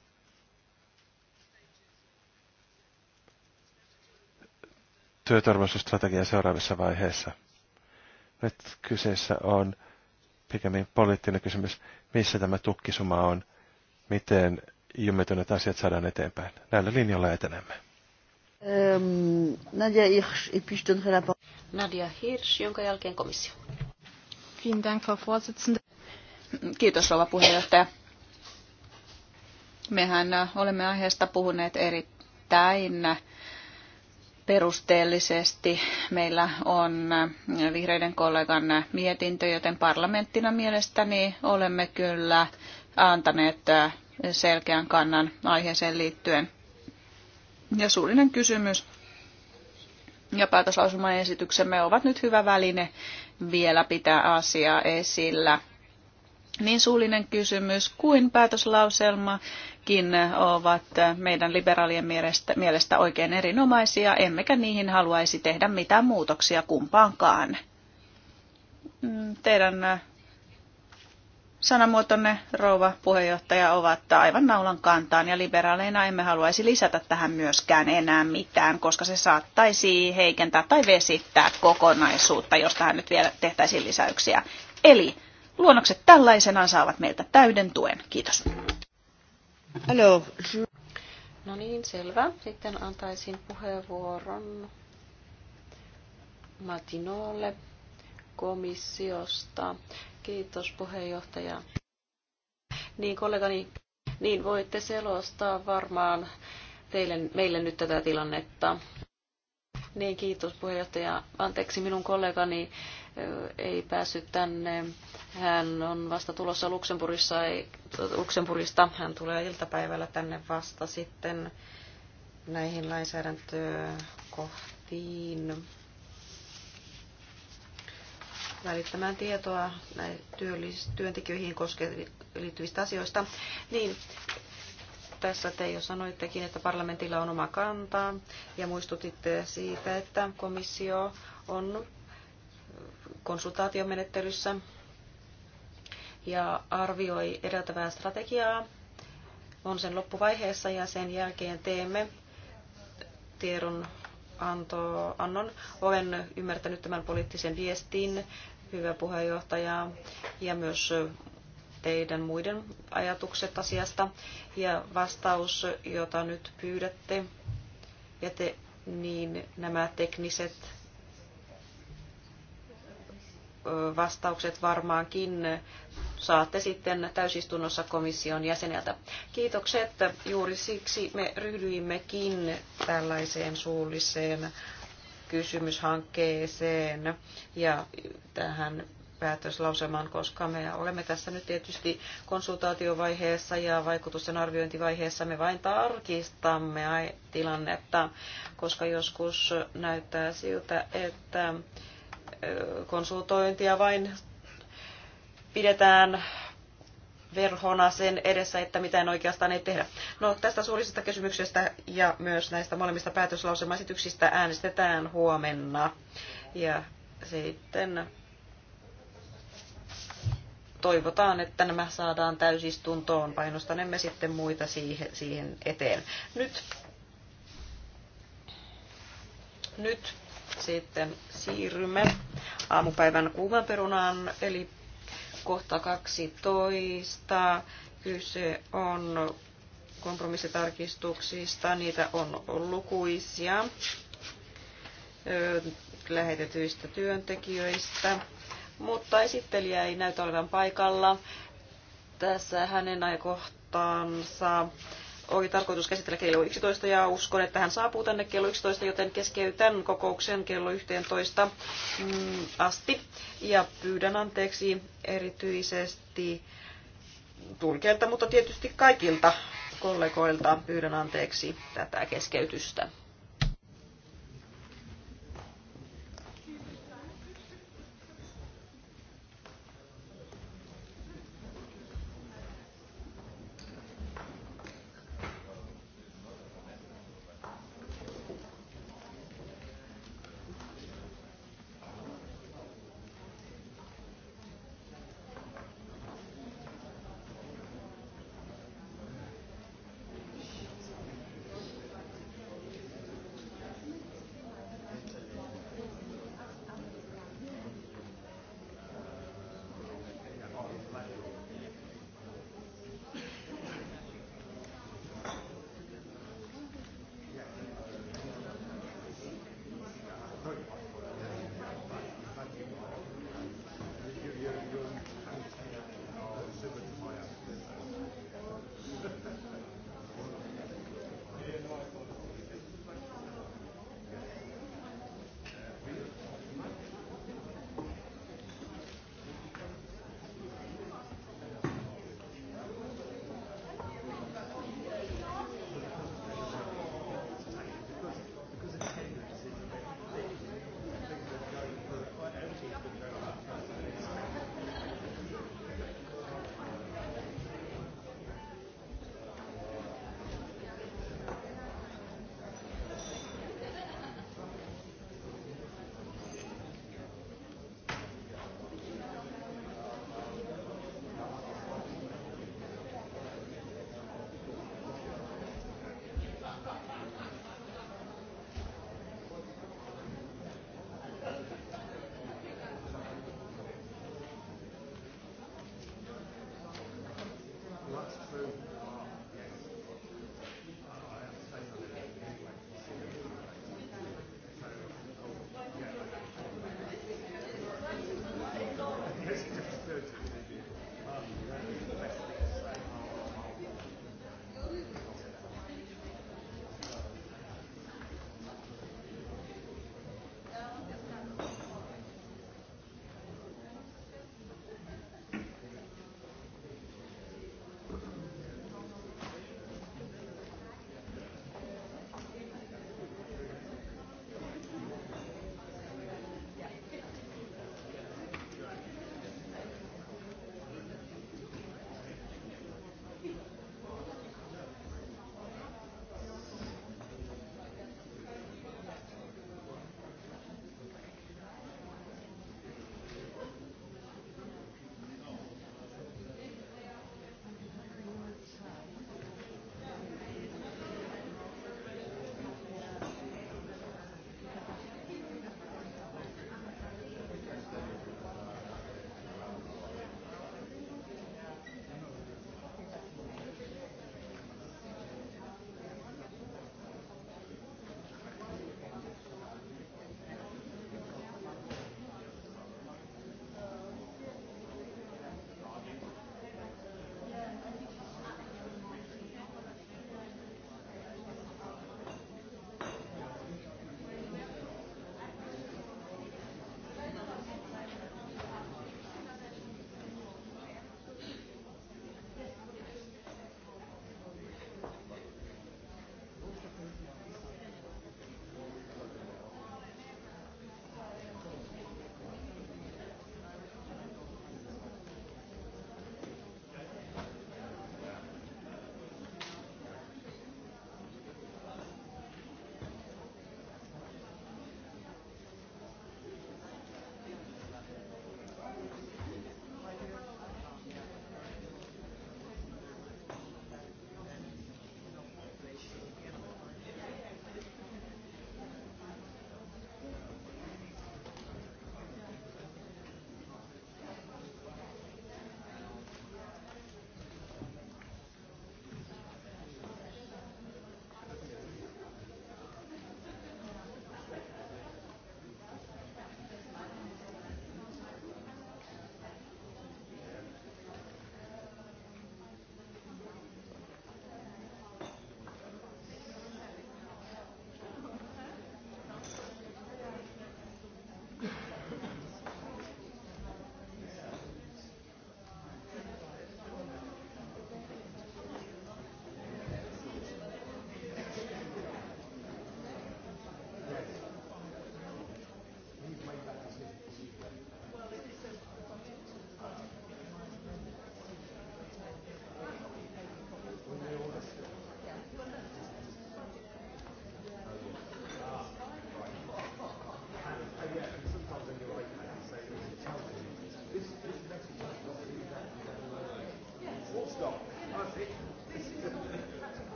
työturvallisuusstrategian seuraavissa vaiheissa. Nyt kyseessä on pikemmin poliittinen kysymys, missä tämä tukkisuma on, miten jumetuneet asiat saadaan eteenpäin. Näillä linjoilla etenemme. Ähm, Nadia Hirsch, Nadia Hirsch, jonka jälkeen komissio. Kiitos, rouva puheenjohtaja. Mehän äh, olemme aiheesta puhuneet erittäin perusteellisesti. Meillä on vihreiden kollegan mietintö, joten parlamenttina mielestäni olemme kyllä antaneet selkeän kannan aiheeseen liittyen. Ja suullinen kysymys ja päätöslausumaesityksemme ovat nyt hyvä väline vielä pitää asiaa esillä niin suullinen kysymys kuin päätöslauselmakin ovat meidän liberaalien mielestä, mielestä oikein erinomaisia, emmekä niihin haluaisi tehdä mitään muutoksia kumpaankaan. Mm, teidän äh, sanamuotonne, rouva puheenjohtaja, ovat aivan naulan kantaan ja liberaaleina emme haluaisi lisätä tähän myöskään enää mitään, koska se saattaisi heikentää tai vesittää kokonaisuutta, jos tähän nyt vielä tehtäisiin lisäyksiä. Eli luonnokset tällaisenaan saavat meiltä täyden tuen. Kiitos. Hello. No niin, selvä. Sitten antaisin puheenvuoron Matinolle komissiosta. Kiitos puheenjohtaja. Niin kollegani, niin voitte selostaa varmaan teille, meille nyt tätä tilannetta. Niin kiitos puheenjohtaja. Anteeksi minun kollegani ei päässyt tänne. Hän on vasta tulossa Luxemburgissa, ei, Luxemburgista. Hän tulee iltapäivällä tänne vasta sitten näihin lainsäädäntökohtiin välittämään tietoa työntekijöihin koske- liittyvistä asioista. Niin, tässä te jo sanoittekin, että parlamentilla on oma kantaa ja muistutitte siitä, että komissio on konsultaatiomenettelyssä ja arvioi edeltävää strategiaa. On sen loppuvaiheessa ja sen jälkeen teemme tiedon anto, annon. Olen ymmärtänyt tämän poliittisen viestin, hyvä puheenjohtaja, ja myös teidän muiden ajatukset asiasta. Ja vastaus, jota nyt pyydätte, ja te, niin nämä tekniset vastaukset varmaankin saatte sitten täysistunnossa komission jäseneltä. Kiitokset. Juuri siksi me ryhdyimmekin tällaiseen suulliseen kysymyshankkeeseen ja tähän päätöslausemaan, koska me olemme tässä nyt tietysti konsultaatiovaiheessa ja vaikutusten arviointivaiheessa me vain tarkistamme tilannetta, koska joskus näyttää siltä, että konsultointia vain pidetään verhona sen edessä, että mitään oikeastaan ei tehdä. No, tästä suullisesta kysymyksestä ja myös näistä molemmista päätöslauselmaesityksistä äänestetään huomenna. Ja sitten toivotaan, että nämä saadaan täysistuntoon. Painostanemme sitten muita siihen eteen. Nyt, nyt sitten siirrymme aamupäivän kuuman perunaan, eli kohta 12. Kyse on kompromissitarkistuksista, niitä on lukuisia lähetetyistä työntekijöistä, mutta esittelijä ei näytä olevan paikalla. Tässä hänen ajankohtaansa oli tarkoitus käsitellä kello 11 ja uskon, että hän saapuu tänne kello 11, joten keskeytän kokouksen kello 11 mm, asti ja pyydän anteeksi erityisesti tulkeilta, mutta tietysti kaikilta kollegoilta pyydän anteeksi tätä keskeytystä.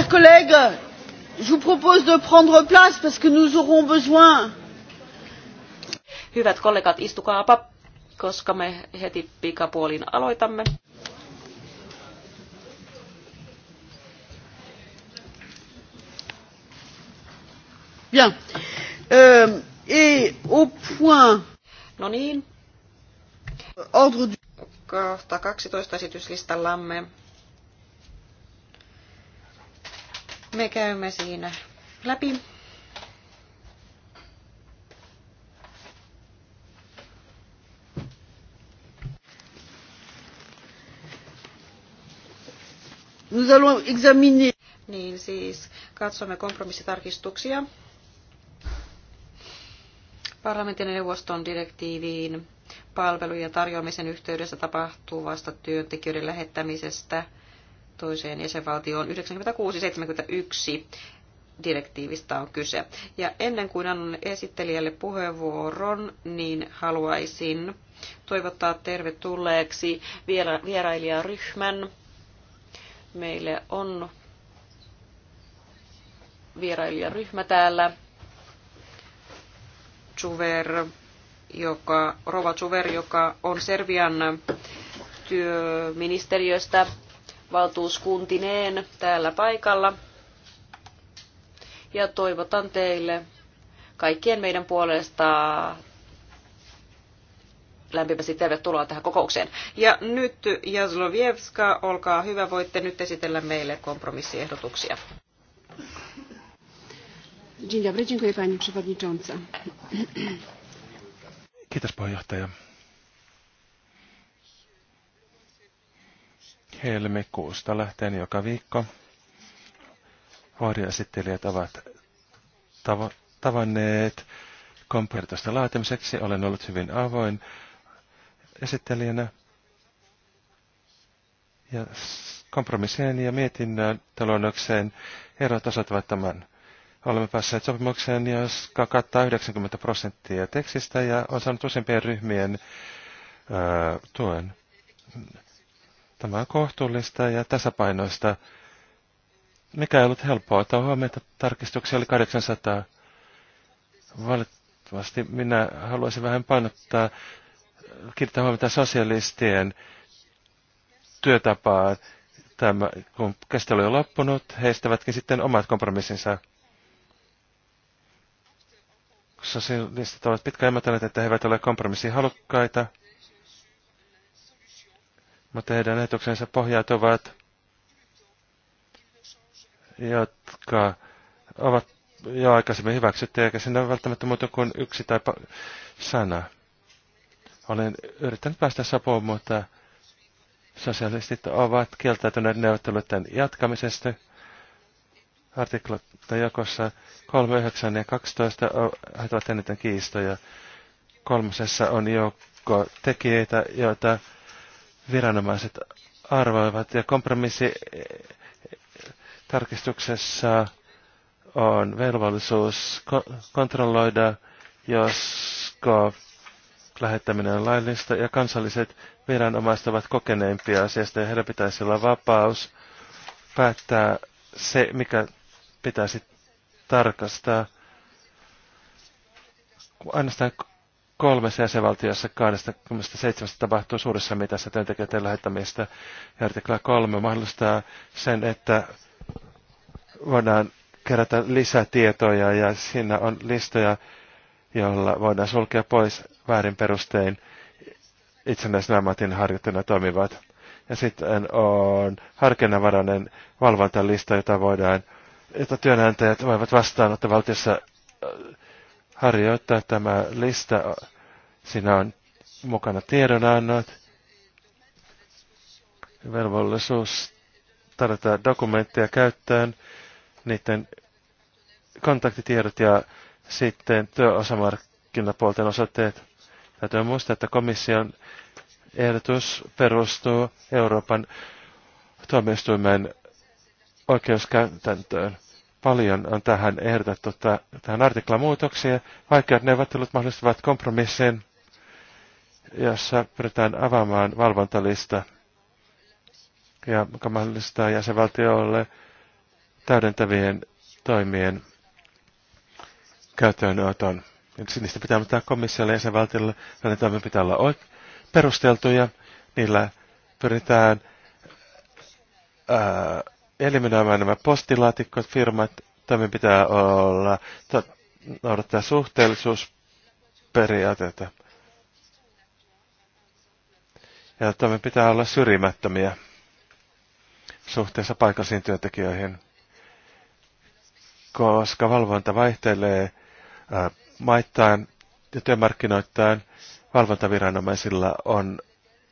chers collègues je vous propose de prendre place parce que nous aurons besoin Hyvät kollegat, istukaapa, koska me heti pikapuolin aloitamme. Bien. Euh, et au point. No niin. Ordre du... Kohta 12 esityslistallamme me käymme siinä läpi. Nous allons examiner. Niin siis katsomme kompromissitarkistuksia parlamentin ja neuvoston direktiiviin palvelujen tarjoamisen yhteydessä tapahtuvasta työntekijöiden lähettämisestä – toiseen jäsenvaltioon 96-71 direktiivistä on kyse. Ja ennen kuin annan esittelijälle puheenvuoron, niin haluaisin toivottaa tervetulleeksi vierailijaryhmän. Meille on vierailijaryhmä täällä. Juver, joka, Rova Juver, joka on Serbian työministeriöstä valtuuskuntineen täällä paikalla. Ja toivotan teille kaikkien meidän puolesta lämpimästi tervetuloa tähän kokoukseen. Ja nyt Jaslovievska, olkaa hyvä, voitte nyt esitellä meille kompromissiehdotuksia. Dzień dobry, dziękuję pani przewodnicząca. Kiitos puheenjohtaja. helmikuusta lähtien joka viikko. Hoidioesittelijät ovat tavo- tavanneet kompertosta laatimiseksi. Olen ollut hyvin avoin esittelijänä. Ja kompromissien ja mietinnön talonnokseen erot osoittavat tämän. Olemme päässeet sopimukseen, joka kattaa 90 prosenttia tekstistä ja on saanut useimpien ryhmien ää, tuen. Tämä on kohtuullista ja tasapainoista. Mikä ei ollut helppoa, että huomiota tarkistuksia oli 800. Valitettavasti minä haluaisin vähän painottaa, kiinnittää huomiota sosialistien työtapaan. Tämä, kun kestely on loppunut, heistävätkin sitten omat kompromissinsa sosialistit ovat pitkään ajatelleet, että he eivät ole kompromissihalukkaita. Mutta heidän ehdotuksensa pohjat ovat, jotka ovat jo aikaisemmin hyväksytty, eikä siinä ole välttämättä muuta kuin yksi tai sana. Olen yrittänyt päästä sapuun, mutta sosialistit ovat kieltäytyneet neuvotteluiden jatkamisesta. Artiklat jakossa 3, 9 ja 12 ovat eniten kiistoja. Kolmosessa on joukko tekijöitä, joita viranomaiset arvoivat. Ja kompromissi eh, tarkistuksessa on velvollisuus kontrolloida, josko lähettäminen on laillista ja kansalliset viranomaiset ovat kokeneempia asiasta ja heillä pitäisi olla vapaus päättää se, mikä pitäisi tarkastaa. Ainoastaan kolmessa jäsenvaltiossa 27 tapahtuu suurissa mitassa työntekijöiden lähettämistä. Ja artikla 3 mahdollistaa sen, että voidaan kerätä lisätietoja ja siinä on listoja, joilla voidaan sulkea pois väärin perustein itsenäisen ammatin harjoittajana toimivat. Ja sitten on harkinnanvarainen valvontalista, jota voidaan, jota työnantajat voivat vastaanottaa valtiossa harjoittaa tämä lista. Siinä on mukana tiedonannot, velvollisuus tarjota dokumentteja käyttöön, niiden kontaktitiedot ja sitten työosamarkkinapuolten osoitteet. Täytyy muistaa, että komission ehdotus perustuu Euroopan tuomioistuimen oikeuskäytäntöön paljon on tähän ehdotettu tähän artiklan muutoksia. Vaikeat neuvottelut mahdollistavat kompromissin, jossa pyritään avaamaan valvontalista, ja joka mahdollistaa jäsenvaltiolle täydentävien toimien käyttöönoton. Niistä pitää antaa komissiolle ja jäsenvaltiolle, joiden toimien pitää olla perusteltuja. Niillä pyritään ää, eliminoimaan nämä postilaatikot, firmat, toimin pitää olla, to, noudattaa suhteellisuusperiaatetta. Ja toimin pitää olla syrjimättömiä suhteessa paikallisiin työntekijöihin, koska valvonta vaihtelee ää, maittain ja työmarkkinoittain. Valvontaviranomaisilla on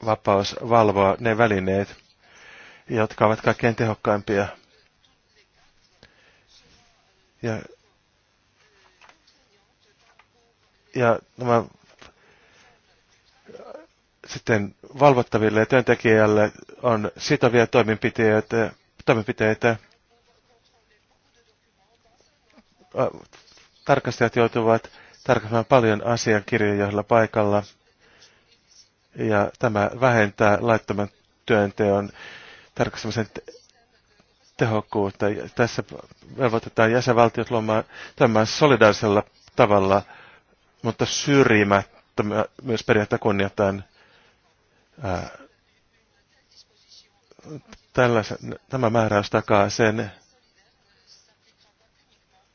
vapaus valvoa ne välineet, jotka ovat kaikkein tehokkaimpia. Ja, ja nämä sitten valvottaville ja työntekijälle on sitovia toimenpiteitä, toimenpiteitä. Tarkastajat joutuvat tarkastamaan paljon asiakirjoja paikalla, ja tämä vähentää laittoman työnteon tarkastamisen tehokkuutta. Tässä velvoitetaan jäsenvaltiot luomaan tämän solidaarisella tavalla, mutta syrjimättä myös periaatteessa kunnioittain tällaisen, tämä määräys takaa sen,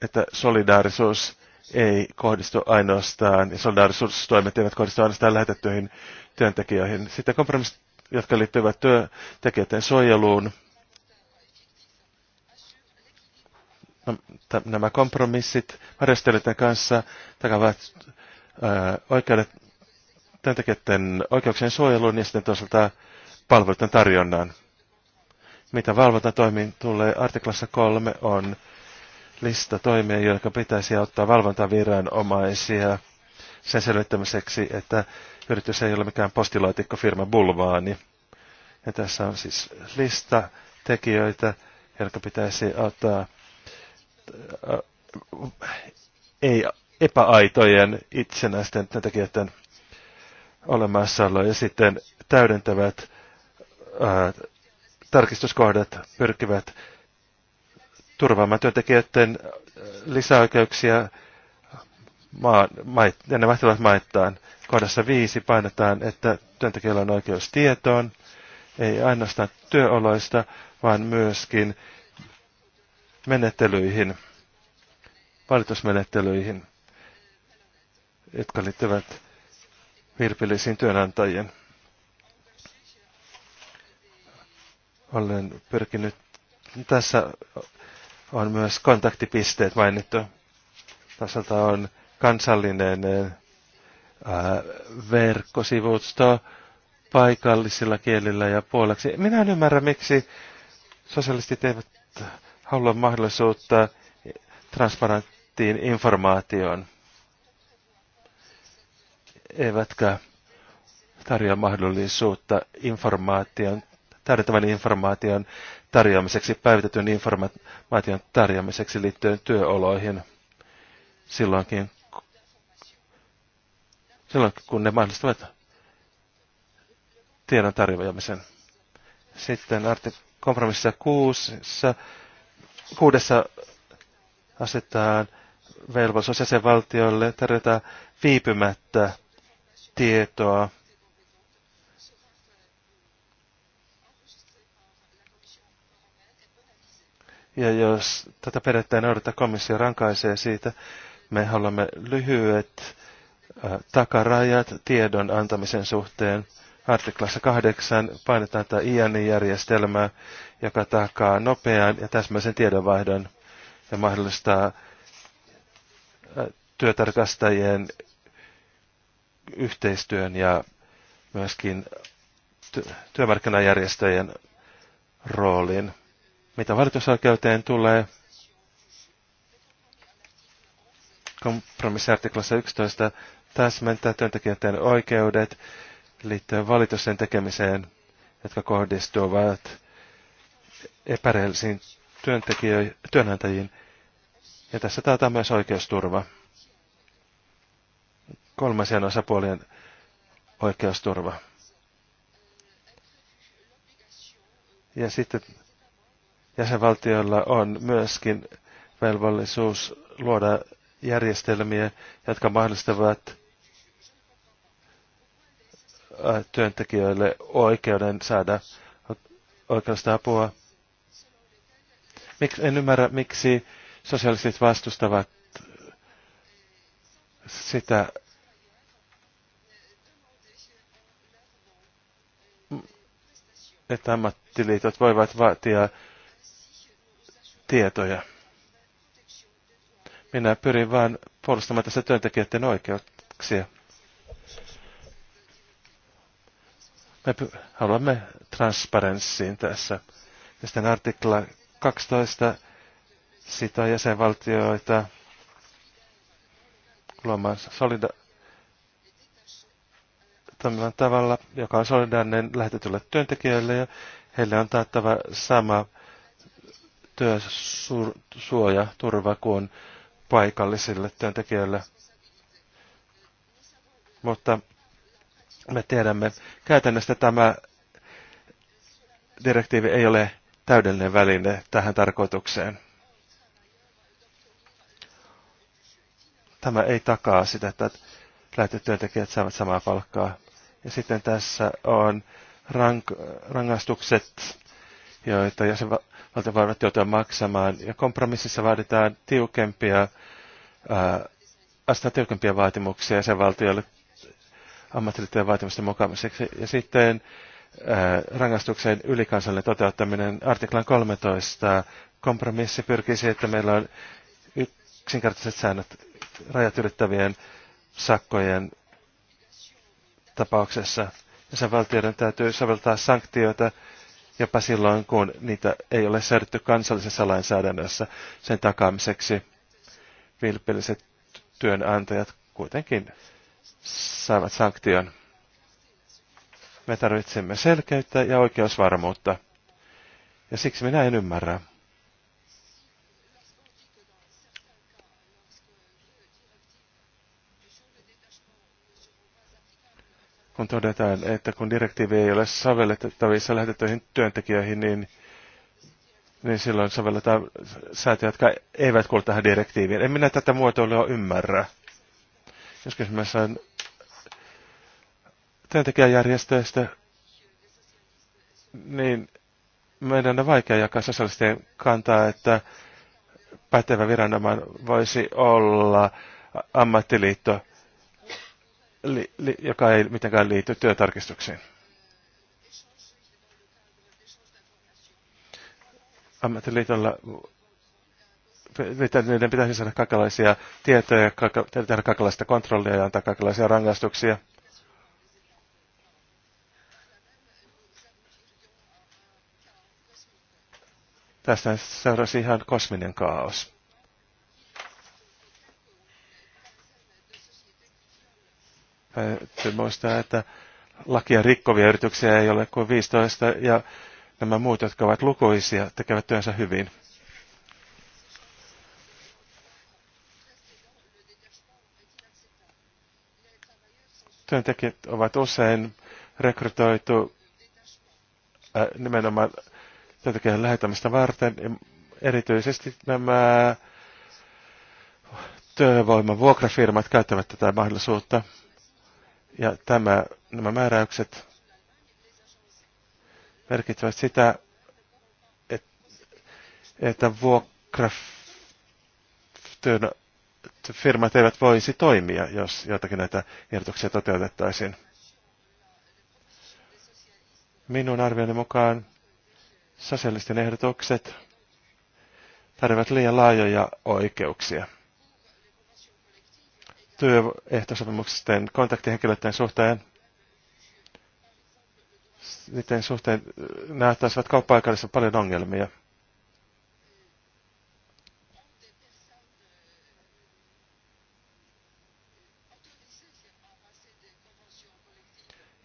että solidaarisuus ei kohdistu ainoastaan, ja solidaarisuustoimet eivät kohdistu ainoastaan lähetettyihin työntekijöihin. Sitten kompromissi jotka liittyvät työntekijöiden suojeluun. No, nämä kompromissit järjestelyiden kanssa takavat oikeudet työntekijöiden oikeuksien suojeluun ja sitten toisaalta palveluiden tarjonnan. Mitä valvontatoimiin tulee, artiklassa kolme on lista toimia, jotka pitäisi auttaa valvontaviranomaisia sen selvittämiseksi, että yritys ei ole mikään postilaatikkofirma Bulvaani. Ja tässä on siis lista tekijöitä, jotka pitäisi ottaa äh, ei epäaitojen itsenäisten tekijöiden olemassaolo ja sitten täydentävät ää, äh, tarkistuskohdat pyrkivät turvaamaan työntekijöiden äh, lisäoikeuksia maan, mait, ja ne maittain. Kohdassa viisi painetaan, että työntekijällä on oikeus tietoon, ei ainoastaan työoloista, vaan myöskin menettelyihin, valitusmenettelyihin, jotka liittyvät virpillisiin työnantajien. Olen pyrkinyt, tässä on myös kontaktipisteet mainittu. Tässä on kansallinen ää, verkkosivusto paikallisilla kielillä ja puoleksi. Minä en ymmärrä, miksi sosialistit eivät halua mahdollisuutta transparenttiin informaatioon, eivätkä tarjoa mahdollisuutta informaation, tarjottavan informaation tarjoamiseksi, päivitetyn informaation tarjoamiseksi liittyen työoloihin silloinkin, silloin, kun ne mahdollistavat tiedon tarjoamisen. Sitten arti kompromississa kuussa, kuudessa asetetaan velvollisuus jäsenvaltioille tarjota viipymättä tietoa Ja jos tätä periaatteena noudata komissio rankaisee siitä, me haluamme lyhyet takarajat tiedon antamisen suhteen. Artiklassa 8 painetaan tätä IANI-järjestelmää, joka takaa nopean ja täsmäisen tiedonvaihdon ja mahdollistaa työtarkastajien yhteistyön ja myöskin työmarkkinajärjestöjen roolin. Mitä valitusoikeuteen tulee, kompromissiartiklassa 11 täsmentää työntekijöiden oikeudet liittyen valitusten tekemiseen, jotka kohdistuvat epäreellisiin työnantajiin. Ja tässä taataan myös oikeusturva. Kolmasien osapuolien oikeusturva. Ja sitten jäsenvaltioilla on myöskin velvollisuus luoda järjestelmiä, jotka mahdollistavat Äh, työntekijöille oikeuden saada oikeasta apua. Mik, en ymmärrä, miksi sosiaaliset vastustavat sitä että ammattiliitot voivat vaatia tietoja. Minä pyrin vain puolustamaan tässä työntekijöiden oikeuksia. Me haluamme transparenssiin tässä. Ja sitten artikla 12 sitoo jäsenvaltioita luomaan solida- tavalla, joka on solidaarinen lähetetylle työntekijöille ja heille on taattava sama työsuoja, turva kuin paikallisille työntekijöille. Mutta me tiedämme, käytännössä tämä direktiivi ei ole täydellinen väline tähän tarkoitukseen. Tämä ei takaa sitä, että lähtötyöntekijät saavat samaa palkkaa. Ja sitten tässä on rank- rangaistukset, joita jäsenvaltiot voivat joutua maksamaan. Ja kompromississa vaaditaan tiukempia, ää, tiukempia vaatimuksia jäsenvaltioille ammatillisten vaatimusten mukaamiseksi. Ja sitten äh, rangaistuksen ylikansallinen toteuttaminen. Artiklan 13 kompromissi pyrkii siihen, että meillä on yksinkertaiset säännöt rajat ylittävien sakkojen tapauksessa. Ja sen valtioiden täytyy soveltaa sanktioita jopa silloin, kun niitä ei ole säädetty kansallisessa lainsäädännössä sen takaamiseksi. Vilpilliset työnantajat kuitenkin saavat sanktion. Me tarvitsemme selkeyttä ja oikeusvarmuutta. Ja siksi minä en ymmärrä. Kun todetaan, että kun direktiivi ei ole sovellettavissa lähetettyihin työntekijöihin, niin, niin silloin sovelletaan säätöjä, jotka eivät kuulu tähän direktiiviin. En minä tätä muotoilua ymmärrä. Joskus minä saan työntekijäjärjestöistä, niin meidän on vaikea jakaa sosiaalisten kantaa, että pätevä viranomainen voisi olla ammattiliitto, li, li, joka ei mitenkään liity työtarkistuksiin. Ammattiliitolla niiden pitäisi saada kaikenlaisia tietoja, tehdä kaikenlaista kontrollia ja antaa kaikenlaisia rangaistuksia – Tästä seurasi ihan kosminen kaos. Täytyy muistaa, että lakia rikkovia yrityksiä ei ole kuin 15 ja nämä muut, jotka ovat lukuisia, tekevät työnsä hyvin. Työntekijät ovat usein rekrytoitu nimenomaan työntekijän lähetämistä varten. Erityisesti nämä työvoiman vuokrafirmat käyttävät tätä mahdollisuutta. Ja tämä, nämä määräykset merkitsevät sitä, että, että vuokrafirmat eivät voisi toimia, jos jotakin näitä ehdotuksia toteutettaisiin. Minun arvioni mukaan Sosialisten ehdotukset tarvitsevat liian laajoja oikeuksia. Työehtosopimusten kontaktihenkilöiden suhteen niiden suhteen äh, nähtäisivät kauppa-aikaisemmin paljon ongelmia.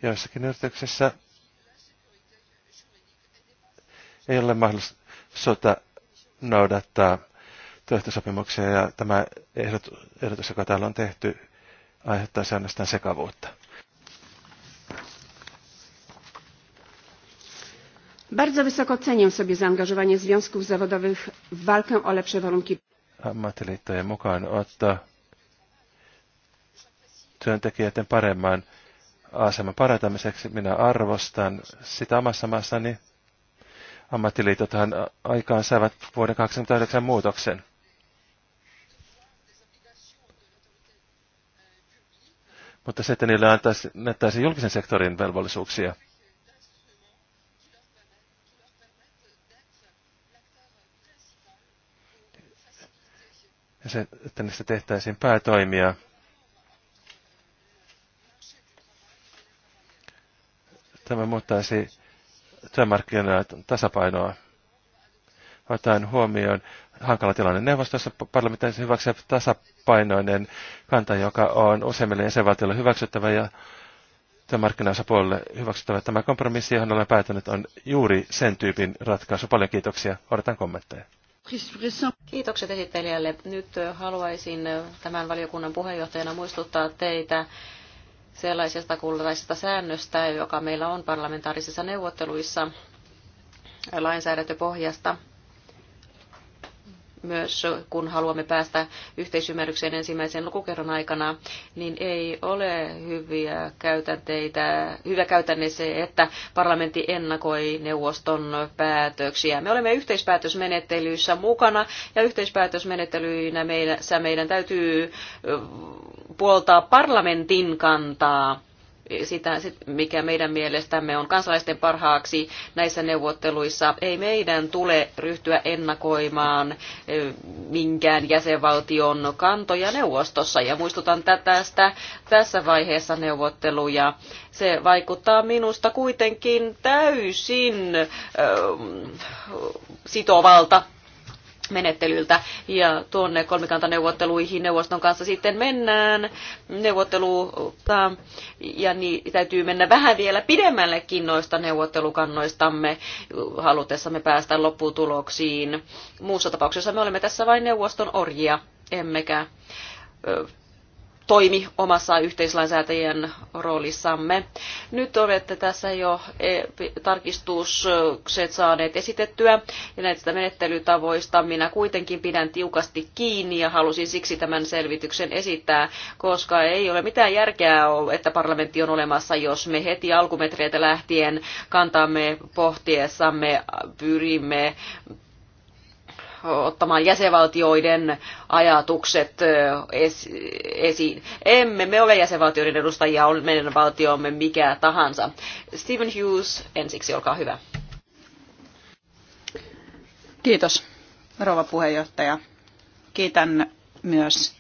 Joissakin yrityksissä ei ole mahdollisuutta noudattaa työehtosopimuksia ja tämä ehdotus, joka täällä on tehty, aiheuttaa säännöstään sekavuutta. Bardzo wysoko cenię sobie zaangażowanie związków zawodowych w walkę o lepsze warunki. Ammattiliittojen mukaan ottaa työntekijöiden paremman aseman parantamiseksi. Minä arvostan sitä omassa maassani ammattiliitothan aikaan saivat vuoden 1989 muutoksen. Mutta se, että niille antaisi, näyttäisi julkisen sektorin velvollisuuksia. Ja se, että niistä tehtäisiin päätoimia. Tämä muuttaisi työmarkkinoiden tasapainoa. Otan huomioon hankala tilanne neuvostossa parlamentaarisen hyväksyä tasapainoinen kanta, joka on useimmille jäsenvaltioille hyväksyttävä ja työmarkkinaosapuolelle hyväksyttävä. Tämä kompromissi, johon olen päätynyt, on juuri sen tyypin ratkaisu. Paljon kiitoksia. Odotan kommentteja. Kiitokset esittelijälle. Nyt haluaisin tämän valiokunnan puheenjohtajana muistuttaa teitä sellaisesta kultaisesta säännöstä, joka meillä on parlamentaarisissa neuvotteluissa lainsäädäntöpohjasta – myös kun haluamme päästä yhteisymmärrykseen ensimmäisen lukukerran aikana, niin ei ole hyviä käytänteitä, hyvä käytänne se, että parlamentti ennakoi neuvoston päätöksiä. Me olemme yhteispäätösmenettelyissä mukana ja yhteispäätösmenettelyinä meidän, meidän täytyy puoltaa parlamentin kantaa sitä, mikä meidän mielestämme on kansalaisten parhaaksi näissä neuvotteluissa. Ei meidän tule ryhtyä ennakoimaan minkään jäsenvaltion kantoja neuvostossa. Ja muistutan tästä tässä vaiheessa neuvotteluja. Se vaikuttaa minusta kuitenkin täysin äh, sitovalta menettelyltä ja tuonne kolmikantaneuvotteluihin neuvoston kanssa sitten mennään neuvottelu ja niin täytyy mennä vähän vielä pidemmällekin noista neuvottelukannoistamme halutessamme päästä lopputuloksiin. Muussa tapauksessa me olemme tässä vain neuvoston orjia, emmekä toimi omassa yhteislainsäätäjien roolissamme. Nyt olette tässä jo e, tarkistukset saaneet esitettyä ja näistä menettelytavoista minä kuitenkin pidän tiukasti kiinni ja halusin siksi tämän selvityksen esittää, koska ei ole mitään järkeä, että parlamentti on olemassa, jos me heti alkumetreitä lähtien kantamme pohtiessamme pyrimme ottamaan jäsenvaltioiden ajatukset esiin. Emme me ole jäsenvaltioiden edustajia, on meidän valtiomme mikä tahansa. Stephen Hughes, ensiksi olkaa hyvä. Kiitos, rouva puheenjohtaja. Kiitän myös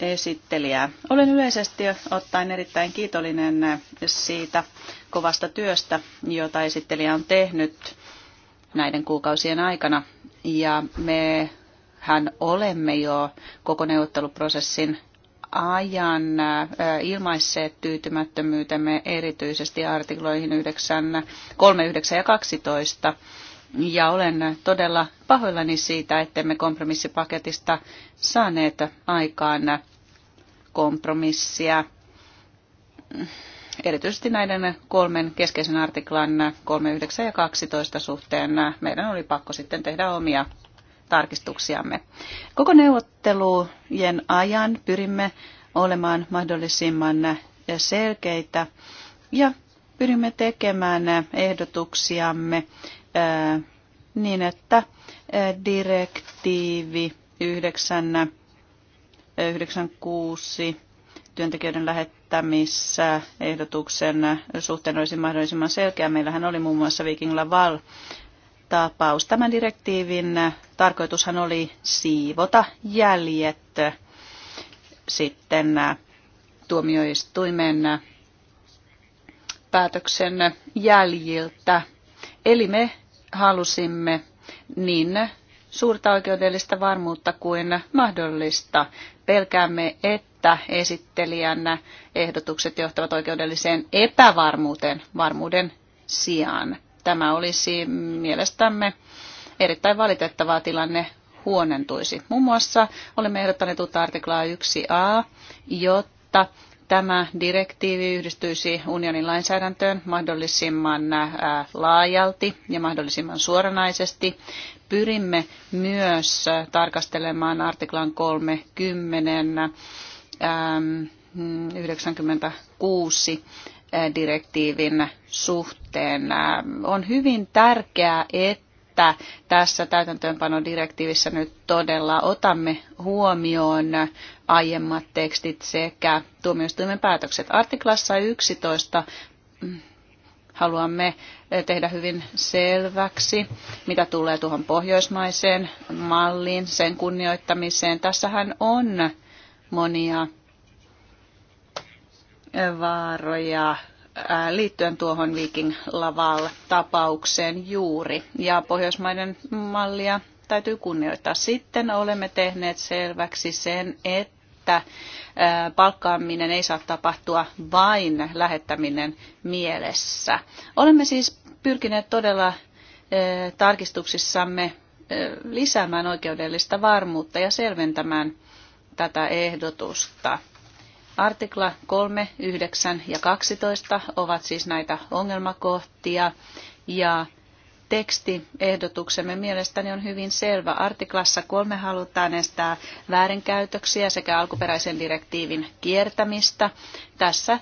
esittelijää. Olen yleisesti ottaen erittäin kiitollinen siitä kovasta työstä, jota esittelijä on tehnyt näiden kuukausien aikana. Ja me hän olemme jo koko neuvotteluprosessin ajan äh, ilmaisseet tyytymättömyytemme erityisesti artikloihin 9, 3, 9 ja 12. Ja olen todella pahoillani siitä, ettemme kompromissipaketista saaneet aikaan kompromissia erityisesti näiden kolmen keskeisen artiklan 3, 9 ja 12 suhteen meidän oli pakko sitten tehdä omia tarkistuksiamme. Koko neuvottelujen ajan pyrimme olemaan mahdollisimman selkeitä ja pyrimme tekemään ehdotuksiamme niin, että direktiivi 96 työntekijöiden lähettämissä ehdotuksen suhteen olisi mahdollisimman selkeä. Meillähän oli muun muassa Viking Laval tapaus. Tämän direktiivin tarkoitushan oli siivota jäljet sitten tuomioistuimen päätöksen jäljiltä. Eli me halusimme niin suurta oikeudellista varmuutta kuin mahdollista. Pelkäämme, että että esittelijän ehdotukset johtavat oikeudelliseen epävarmuuteen varmuuden sijaan. Tämä olisi mielestämme erittäin valitettava tilanne huonentuisi. Muun muassa olemme ehdottaneet uutta artiklaa 1a, jotta tämä direktiivi yhdistyisi unionin lainsäädäntöön mahdollisimman äh, laajalti ja mahdollisimman suoranaisesti. Pyrimme myös tarkastelemaan artiklan 30 96 ähm, äh, direktiivin suhteen. Äh, on hyvin tärkeää, että tässä täytäntöönpanodirektiivissä nyt todella otamme huomioon aiemmat tekstit sekä tuomioistuimen päätökset. Artiklassa 11 mm, haluamme äh, tehdä hyvin selväksi, mitä tulee tuohon pohjoismaiseen malliin, sen kunnioittamiseen. Tässähän on monia vaaroja liittyen tuohon Viking Laval-tapaukseen juuri. Ja pohjoismaiden mallia täytyy kunnioittaa. Sitten olemme tehneet selväksi sen, että palkkaaminen ei saa tapahtua vain lähettäminen mielessä. Olemme siis pyrkineet todella tarkistuksissamme lisäämään oikeudellista varmuutta ja selventämään – tätä ehdotusta. Artikla 3, 9 ja 12 ovat siis näitä ongelmakohtia ja teksti ehdotuksemme mielestäni on hyvin selvä. Artiklassa 3 halutaan estää väärinkäytöksiä sekä alkuperäisen direktiivin kiertämistä. Tässä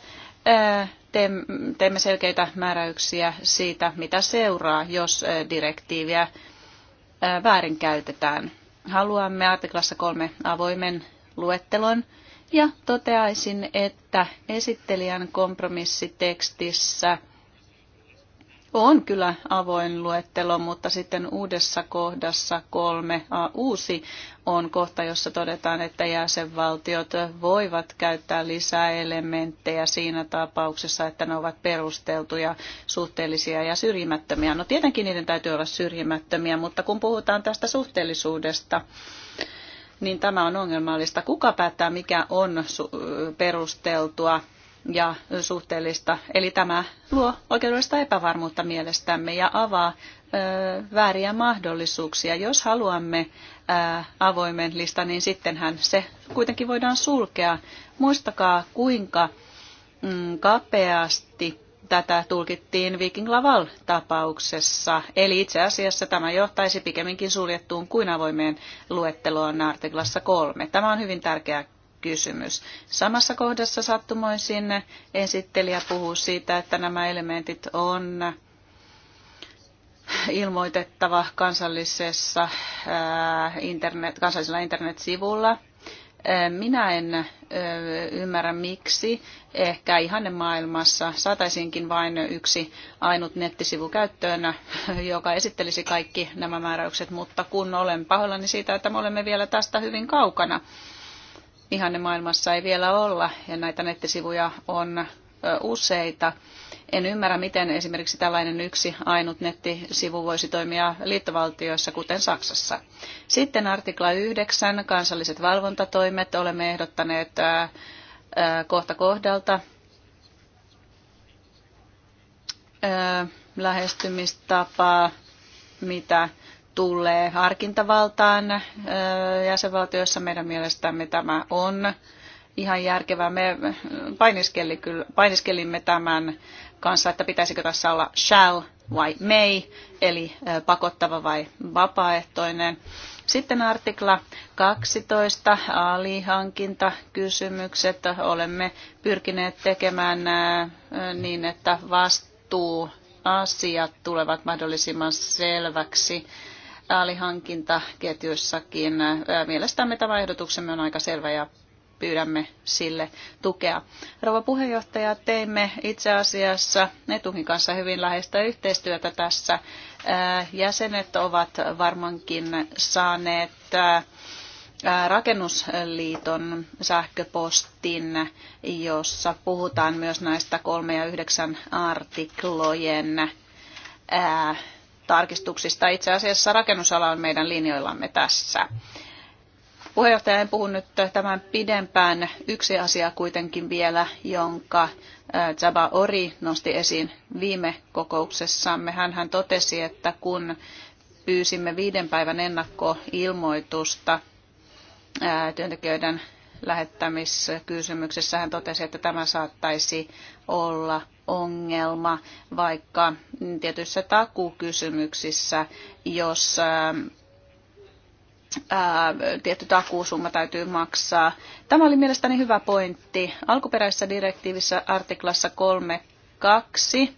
teemme selkeitä määräyksiä siitä, mitä seuraa, jos direktiiviä väärinkäytetään. Haluamme artiklassa kolme avoimen luettelon ja toteaisin, että esittelijän kompromissitekstissä on kyllä avoin luettelo, mutta sitten uudessa kohdassa 3a uusi on kohta, jossa todetaan, että jäsenvaltiot voivat käyttää lisää elementtejä siinä tapauksessa, että ne ovat perusteltuja, suhteellisia ja syrjimättömiä. No tietenkin niiden täytyy olla syrjimättömiä, mutta kun puhutaan tästä suhteellisuudesta, niin tämä on ongelmallista. Kuka päättää, mikä on perusteltua ja suhteellista? Eli tämä luo oikeudellista epävarmuutta mielestämme ja avaa vääriä mahdollisuuksia. Jos haluamme avoimen listan, niin sittenhän se kuitenkin voidaan sulkea. Muistakaa, kuinka mm, kapeasti tätä tulkittiin Viking Laval-tapauksessa. Eli itse asiassa tämä johtaisi pikemminkin suljettuun kuin avoimeen luetteloon artiklassa kolme. Tämä on hyvin tärkeä kysymys. Samassa kohdassa sattumoisin esittelijä puhuu siitä, että nämä elementit on ilmoitettava kansallisessa, internet, kansallisella internetsivulla – minä en ymmärrä miksi. Ehkä ihanne maailmassa saataisinkin vain yksi ainut nettisivu käyttöön, joka esittelisi kaikki nämä määräykset, mutta kun olen pahoillani siitä, että me olemme vielä tästä hyvin kaukana. Ihanne maailmassa ei vielä olla ja näitä nettisivuja on useita. En ymmärrä, miten esimerkiksi tällainen yksi ainut nettisivu voisi toimia liittovaltioissa, kuten Saksassa. Sitten artikla 9, kansalliset valvontatoimet. Olemme ehdottaneet kohta kohdalta lähestymistapaa, mitä tulee harkintavaltaan jäsenvaltioissa. Meidän mielestämme tämä on ihan järkevää. Me painiskelimme tämän kanssa, että pitäisikö tässä olla shall vai may, eli pakottava vai vapaaehtoinen. Sitten artikla 12, alihankinta, Olemme pyrkineet tekemään niin, että vastuuasiat tulevat mahdollisimman selväksi alihankintaketjuissakin. Mielestämme tämä ehdotuksemme on aika selvä ja pyydämme sille tukea. Rouva puheenjohtaja, teimme itse asiassa Netukin kanssa hyvin läheistä yhteistyötä tässä. Äh, jäsenet ovat varmankin saaneet äh, Rakennusliiton sähköpostin, jossa puhutaan myös näistä kolme ja yhdeksän artiklojen äh, tarkistuksista. Itse asiassa rakennusala on meidän linjoillamme tässä. Puheenjohtaja, en puhu nyt tämän pidempään. Yksi asia kuitenkin vielä, jonka Zaba Ori nosti esiin viime kokouksessamme. Hän totesi, että kun pyysimme viiden päivän ennakkoilmoitusta työntekijöiden lähettämiskysymyksessä, hän totesi, että tämä saattaisi olla ongelma, vaikka tietyissä takukysymyksissä, jos Äh, tietty takuusumma täytyy maksaa. Tämä oli mielestäni hyvä pointti. Alkuperäisessä direktiivissä artiklassa 3.2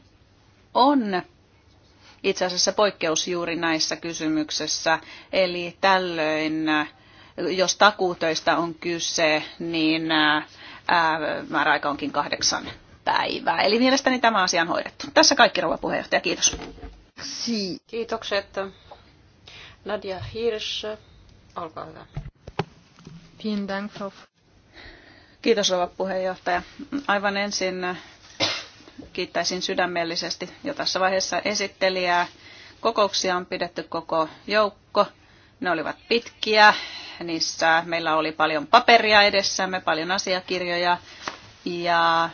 on itse asiassa poikkeus juuri näissä kysymyksissä. Eli tällöin, jos takuutöistä on kyse, niin äh, äh, määräaika onkin kahdeksan päivää. Eli mielestäni tämä asia on hoidettu. Tässä kaikki, rouva puheenjohtaja. Kiitos. Kiitokset. Nadia Hirsch Olkaa hyvä. Kiitos rouva puheenjohtaja. Aivan ensin äh, kiittäisin sydämellisesti jo tässä vaiheessa esittelijää. Kokouksia on pidetty koko joukko. Ne olivat pitkiä. Niissä meillä oli paljon paperia edessämme, paljon asiakirjoja ja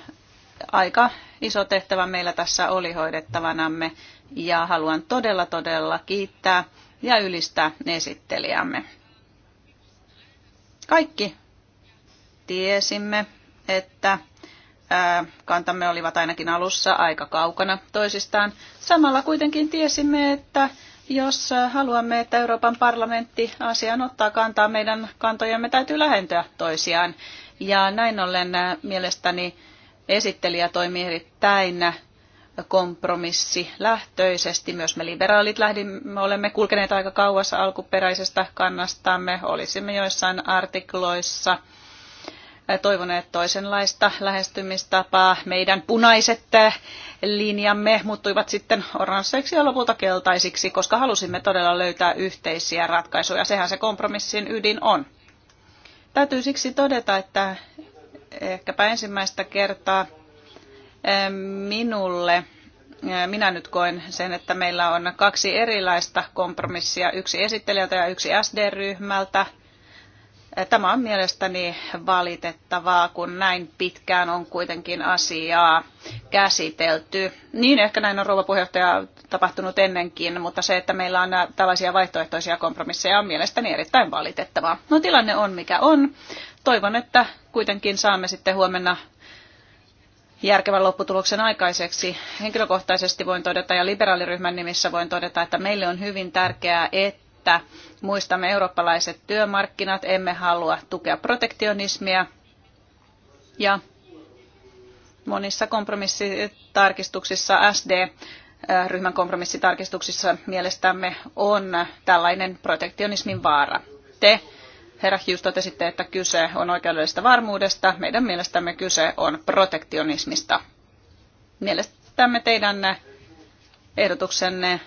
aika iso tehtävä meillä tässä oli hoidettavanamme ja haluan todella todella kiittää ja ylistää esittelijämme. Kaikki tiesimme, että kantamme olivat ainakin alussa aika kaukana toisistaan. Samalla kuitenkin tiesimme, että jos haluamme, että Euroopan parlamentti asiaan ottaa kantaa, meidän kantojamme täytyy lähentyä toisiaan. Ja näin ollen mielestäni esittelijä toimii erittäin kompromissi lähtöisesti. Myös me liberaalit lähdimme, olemme kulkeneet aika kauas alkuperäisestä kannastamme. Olisimme joissain artikloissa toivoneet toisenlaista lähestymistapaa. Meidän punaiset linjamme muuttuivat sitten oransseiksi ja lopulta keltaisiksi, koska halusimme todella löytää yhteisiä ratkaisuja. Sehän se kompromissin ydin on. Täytyy siksi todeta, että ehkäpä ensimmäistä kertaa minulle äh, minä nyt koen sen, että meillä on kaksi erilaista kompromissia, yksi esittelijältä ja yksi SD-ryhmältä. Äh, tämä on mielestäni valitettavaa, kun näin pitkään on kuitenkin asiaa käsitelty. Niin ehkä näin on rouva puheenjohtaja tapahtunut ennenkin, mutta se, että meillä on tällaisia vaihtoehtoisia kompromisseja on mielestäni erittäin valitettavaa. No tilanne on mikä on. Toivon, että kuitenkin saamme sitten huomenna järkevän lopputuloksen aikaiseksi. Henkilökohtaisesti voin todeta ja liberaaliryhmän nimissä voin todeta, että meille on hyvin tärkeää, että muistamme eurooppalaiset työmarkkinat, emme halua tukea protektionismia ja monissa kompromissitarkistuksissa SD ryhmän kompromissitarkistuksissa mielestämme on tällainen protektionismin vaara. Te herra Hughes, totesitte, että kyse on oikeudellisesta varmuudesta. Meidän mielestämme kyse on protektionismista. Mielestämme teidän ehdotuksenne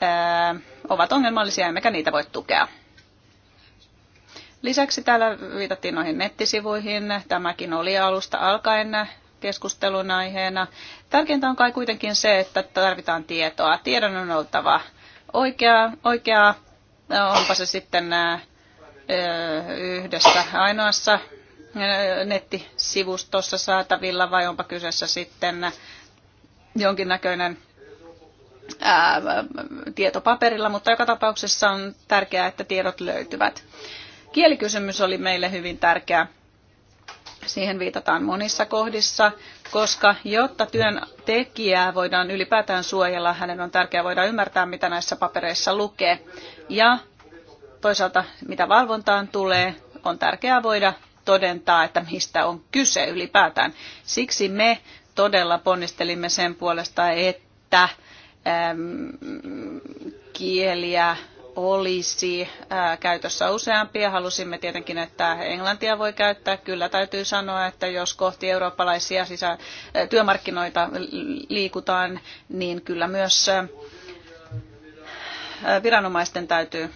ää, ovat ongelmallisia, emmekä niitä voi tukea. Lisäksi täällä viitattiin noihin nettisivuihin. Tämäkin oli alusta alkaen keskustelun aiheena. Tärkeintä on kai kuitenkin se, että tarvitaan tietoa. Tiedon on oltava oikeaa, oikeaa onpa se sitten yhdessä ainoassa nettisivustossa saatavilla vai onpa kyseessä sitten jonkinnäköinen tietopaperilla, mutta joka tapauksessa on tärkeää, että tiedot löytyvät. Kielikysymys oli meille hyvin tärkeä. Siihen viitataan monissa kohdissa, koska jotta työntekijää voidaan ylipäätään suojella, hänen on tärkeää voida ymmärtää, mitä näissä papereissa lukee. Ja toisaalta mitä valvontaan tulee, on tärkeää voida todentaa, että mistä on kyse ylipäätään. Siksi me todella ponnistelimme sen puolesta, että kieliä olisi käytössä useampia. Halusimme tietenkin, että englantia voi käyttää. Kyllä täytyy sanoa, että jos kohti eurooppalaisia sisä- työmarkkinoita liikutaan, niin kyllä myös viranomaisten täytyy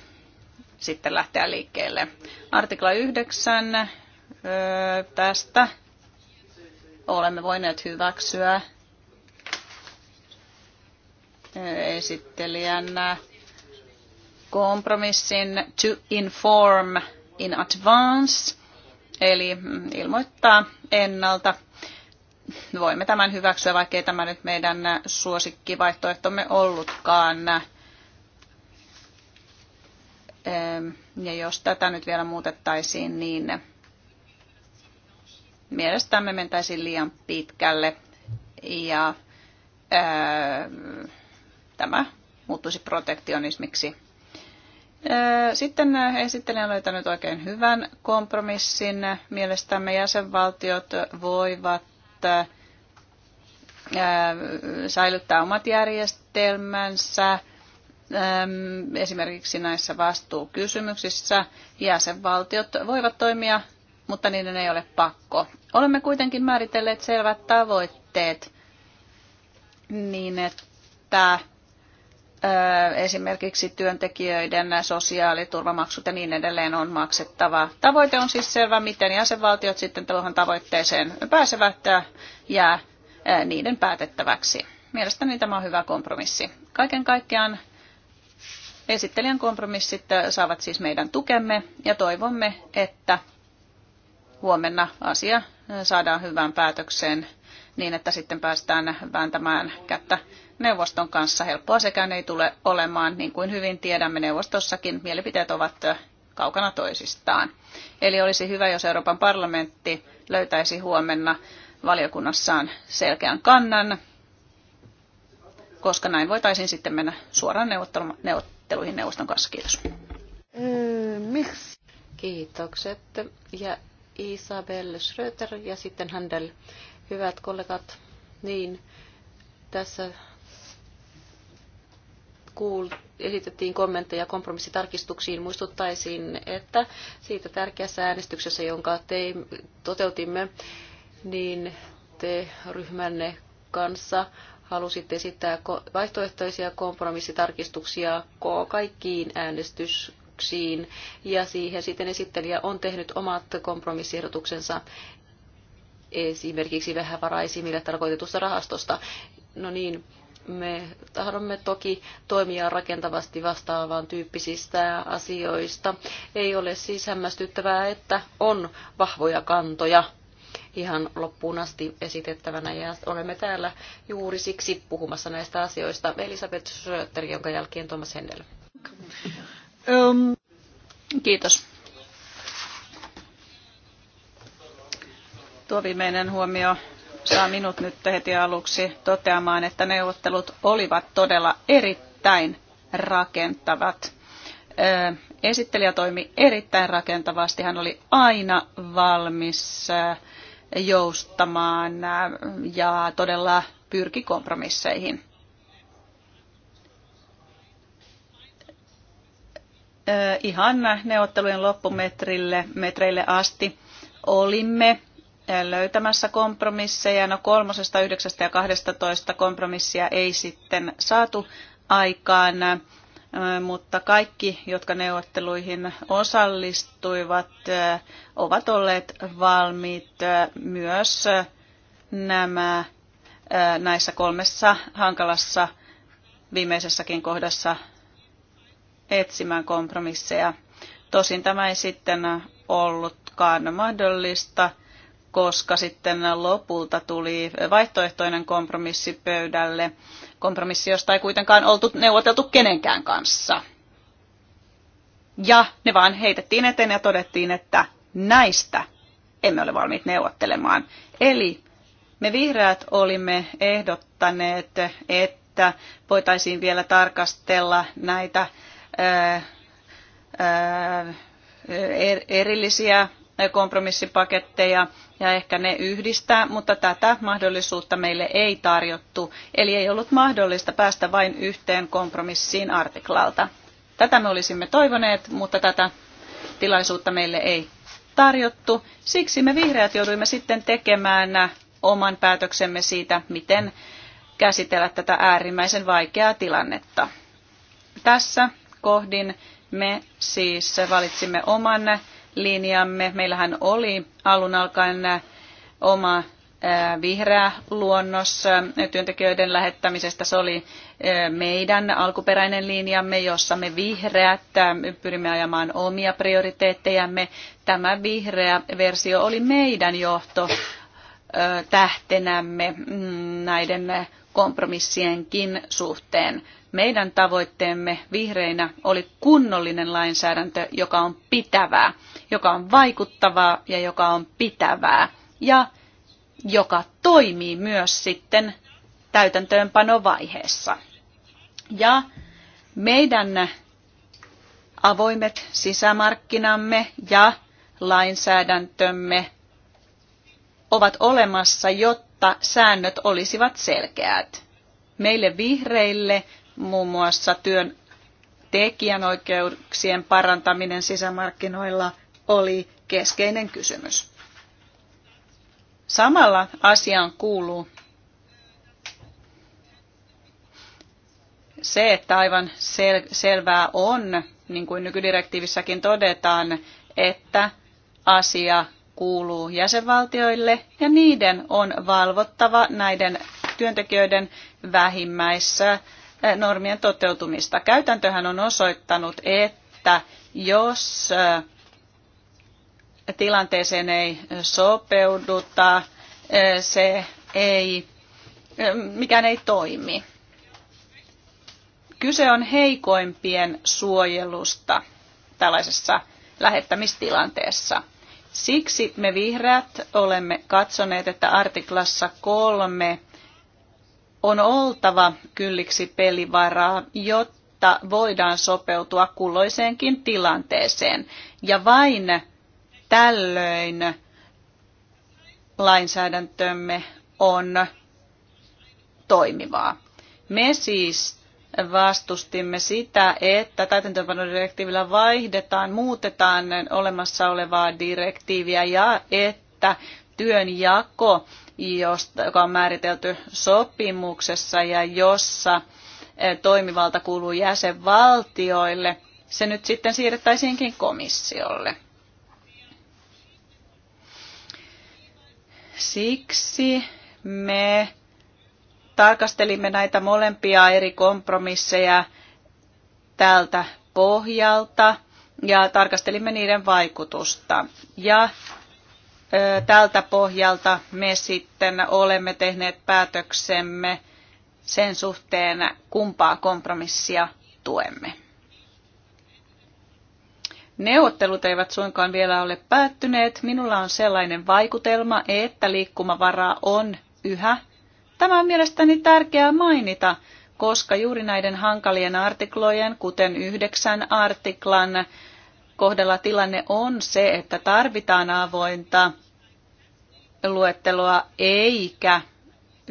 sitten lähteä liikkeelle. Artikla 9 tästä olemme voineet hyväksyä esittelijän kompromissin to inform in advance, eli ilmoittaa ennalta. Voimme tämän hyväksyä, vaikkei tämä nyt meidän suosikkivaihtoehtomme ollutkaan. Ja jos tätä nyt vielä muutettaisiin, niin mielestämme mentäisiin liian pitkälle ja tämä muuttuisi protektionismiksi. Sitten esittelijä on löytänyt oikein hyvän kompromissin. Mielestämme jäsenvaltiot voivat säilyttää omat järjestelmänsä esimerkiksi näissä vastuukysymyksissä jäsenvaltiot voivat toimia, mutta niiden ei ole pakko. Olemme kuitenkin määritelleet selvät tavoitteet niin, että esimerkiksi työntekijöiden sosiaaliturvamaksut ja niin edelleen on maksettava. Tavoite on siis selvä, miten jäsenvaltiot sitten tuohon tavoitteeseen pääsevät ja niiden päätettäväksi. Mielestäni tämä on hyvä kompromissi. Kaiken kaikkiaan Esittelijän kompromissit äh, saavat siis meidän tukemme ja toivomme, että huomenna asia äh, saadaan hyvään päätökseen niin, että sitten päästään vääntämään kättä neuvoston kanssa. Helppoa sekään ei tule olemaan, niin kuin hyvin tiedämme neuvostossakin, mielipiteet ovat äh, kaukana toisistaan. Eli olisi hyvä, jos Euroopan parlamentti löytäisi huomenna valiokunnassaan selkeän kannan koska näin voitaisiin sitten mennä suoraan neuvotteluihin neuvoston kanssa. Kiitos. Äh, Miksi? Kiitokset. Ja Isabel Schröter ja sitten Handel. Hyvät kollegat, niin tässä kuul- esitettiin kommentteja kompromissitarkistuksiin, muistuttaisin, että siitä tärkeässä äänestyksessä, jonka te toteutimme, niin te ryhmänne kanssa halusitte esittää vaihtoehtoisia kompromissitarkistuksia kaikkiin äänestyksiin ja siihen sitten esittelijä on tehnyt omat kompromissiehdotuksensa esimerkiksi vähävaraisimmille tarkoitetusta rahastosta. No niin, me tahdomme toki toimia rakentavasti vastaavaan tyyppisistä asioista. Ei ole siis hämmästyttävää, että on vahvoja kantoja ihan loppuun asti esitettävänä ja olemme täällä juuri siksi puhumassa näistä asioista. Elisabeth Schröter, jonka jälkeen Thomas Hendel. Ähm. Kiitos. Tuo viimeinen huomio saa minut nyt heti aluksi toteamaan, että neuvottelut olivat todella erittäin rakentavat. Äh, esittelijä toimi erittäin rakentavasti. Hän oli aina valmis äh, joustamaan ja todella pyrki kompromisseihin. Ihan neuvottelujen loppumetrille metreille asti olimme löytämässä kompromisseja. No kolmosesta, yhdeksästä ja kahdestatoista kompromissia ei sitten saatu aikaan mutta kaikki, jotka neuvotteluihin osallistuivat, ovat olleet valmiit myös nämä näissä kolmessa hankalassa viimeisessäkin kohdassa etsimään kompromisseja. Tosin tämä ei sitten ollutkaan mahdollista, koska sitten lopulta tuli vaihtoehtoinen kompromissi pöydälle, kompromissi, josta ei kuitenkaan oltu neuvoteltu kenenkään kanssa. Ja ne vaan heitettiin eteen ja todettiin, että näistä emme ole valmiit neuvottelemaan. Eli me vihreät olimme ehdottaneet, että voitaisiin vielä tarkastella näitä ää, ää, er, erillisiä kompromissipaketteja ja ehkä ne yhdistää, mutta tätä mahdollisuutta meille ei tarjottu, eli ei ollut mahdollista päästä vain yhteen kompromissiin artiklalta. Tätä me olisimme toivoneet, mutta tätä tilaisuutta meille ei tarjottu. Siksi me vihreät jouduimme sitten tekemään oman päätöksemme siitä, miten käsitellä tätä äärimmäisen vaikeaa tilannetta. Tässä kohdin me siis valitsimme oman linjamme. Meillähän oli alun alkaen äh, oma äh, vihreä luonnos äh, työntekijöiden lähettämisestä. Se oli meidän alkuperäinen linjamme, jossa me vihreät pyrimme ajamaan omia prioriteettejamme. Tämä vihreä versio oli meidän johto tähtenämme mm, näiden kompromissienkin suhteen. Meidän tavoitteemme vihreinä oli kunnollinen lainsäädäntö, joka on pitävää, joka on vaikuttavaa ja joka on pitävää ja joka toimii myös sitten täytäntöönpanovaiheessa. Ja meidän avoimet sisämarkkinamme ja lainsäädäntömme ovat olemassa, jotta säännöt olisivat selkeät. Meille vihreille muun muassa työn tekijänoikeuksien parantaminen sisämarkkinoilla oli keskeinen kysymys. Samalla asiaan kuuluu se, että aivan sel- selvää on, niin kuin nykydirektiivissäkin todetaan, että asia kuuluu jäsenvaltioille ja niiden on valvottava näiden työntekijöiden vähimmäissä Eh, normien toteutumista. Käytäntöhän on osoittanut, että jos eh, tilanteeseen ei sopeuduta, eh, se ei, mikään ei toimi. Kyse on heikoimpien suojelusta tällaisessa lähettämistilanteessa. Siksi me vihreät olemme katsoneet, että artiklassa kolme on oltava kylliksi pelivaraa, jotta voidaan sopeutua kulloiseenkin tilanteeseen. Ja vain tällöin lainsäädäntömme on toimivaa. Me siis vastustimme sitä, että täytäntöönpanodirektiivillä vaihdetaan, muutetaan olemassa olevaa direktiiviä ja että työnjako joka on määritelty sopimuksessa ja jossa eh, toimivalta kuuluu jäsenvaltioille, se nyt sitten siirrettäisiinkin komissiolle. Siksi me tarkastelimme näitä molempia eri kompromisseja tältä pohjalta ja tarkastelimme niiden vaikutusta. Ja tältä pohjalta me sitten olemme tehneet päätöksemme sen suhteen, kumpaa kompromissia tuemme. Neuvottelut eivät suinkaan vielä ole päättyneet. Minulla on sellainen vaikutelma, että liikkumavaraa on yhä. Tämä on mielestäni tärkeää mainita, koska juuri näiden hankalien artiklojen, kuten yhdeksän artiklan, kohdalla tilanne on se, että tarvitaan avointa luetteloa eikä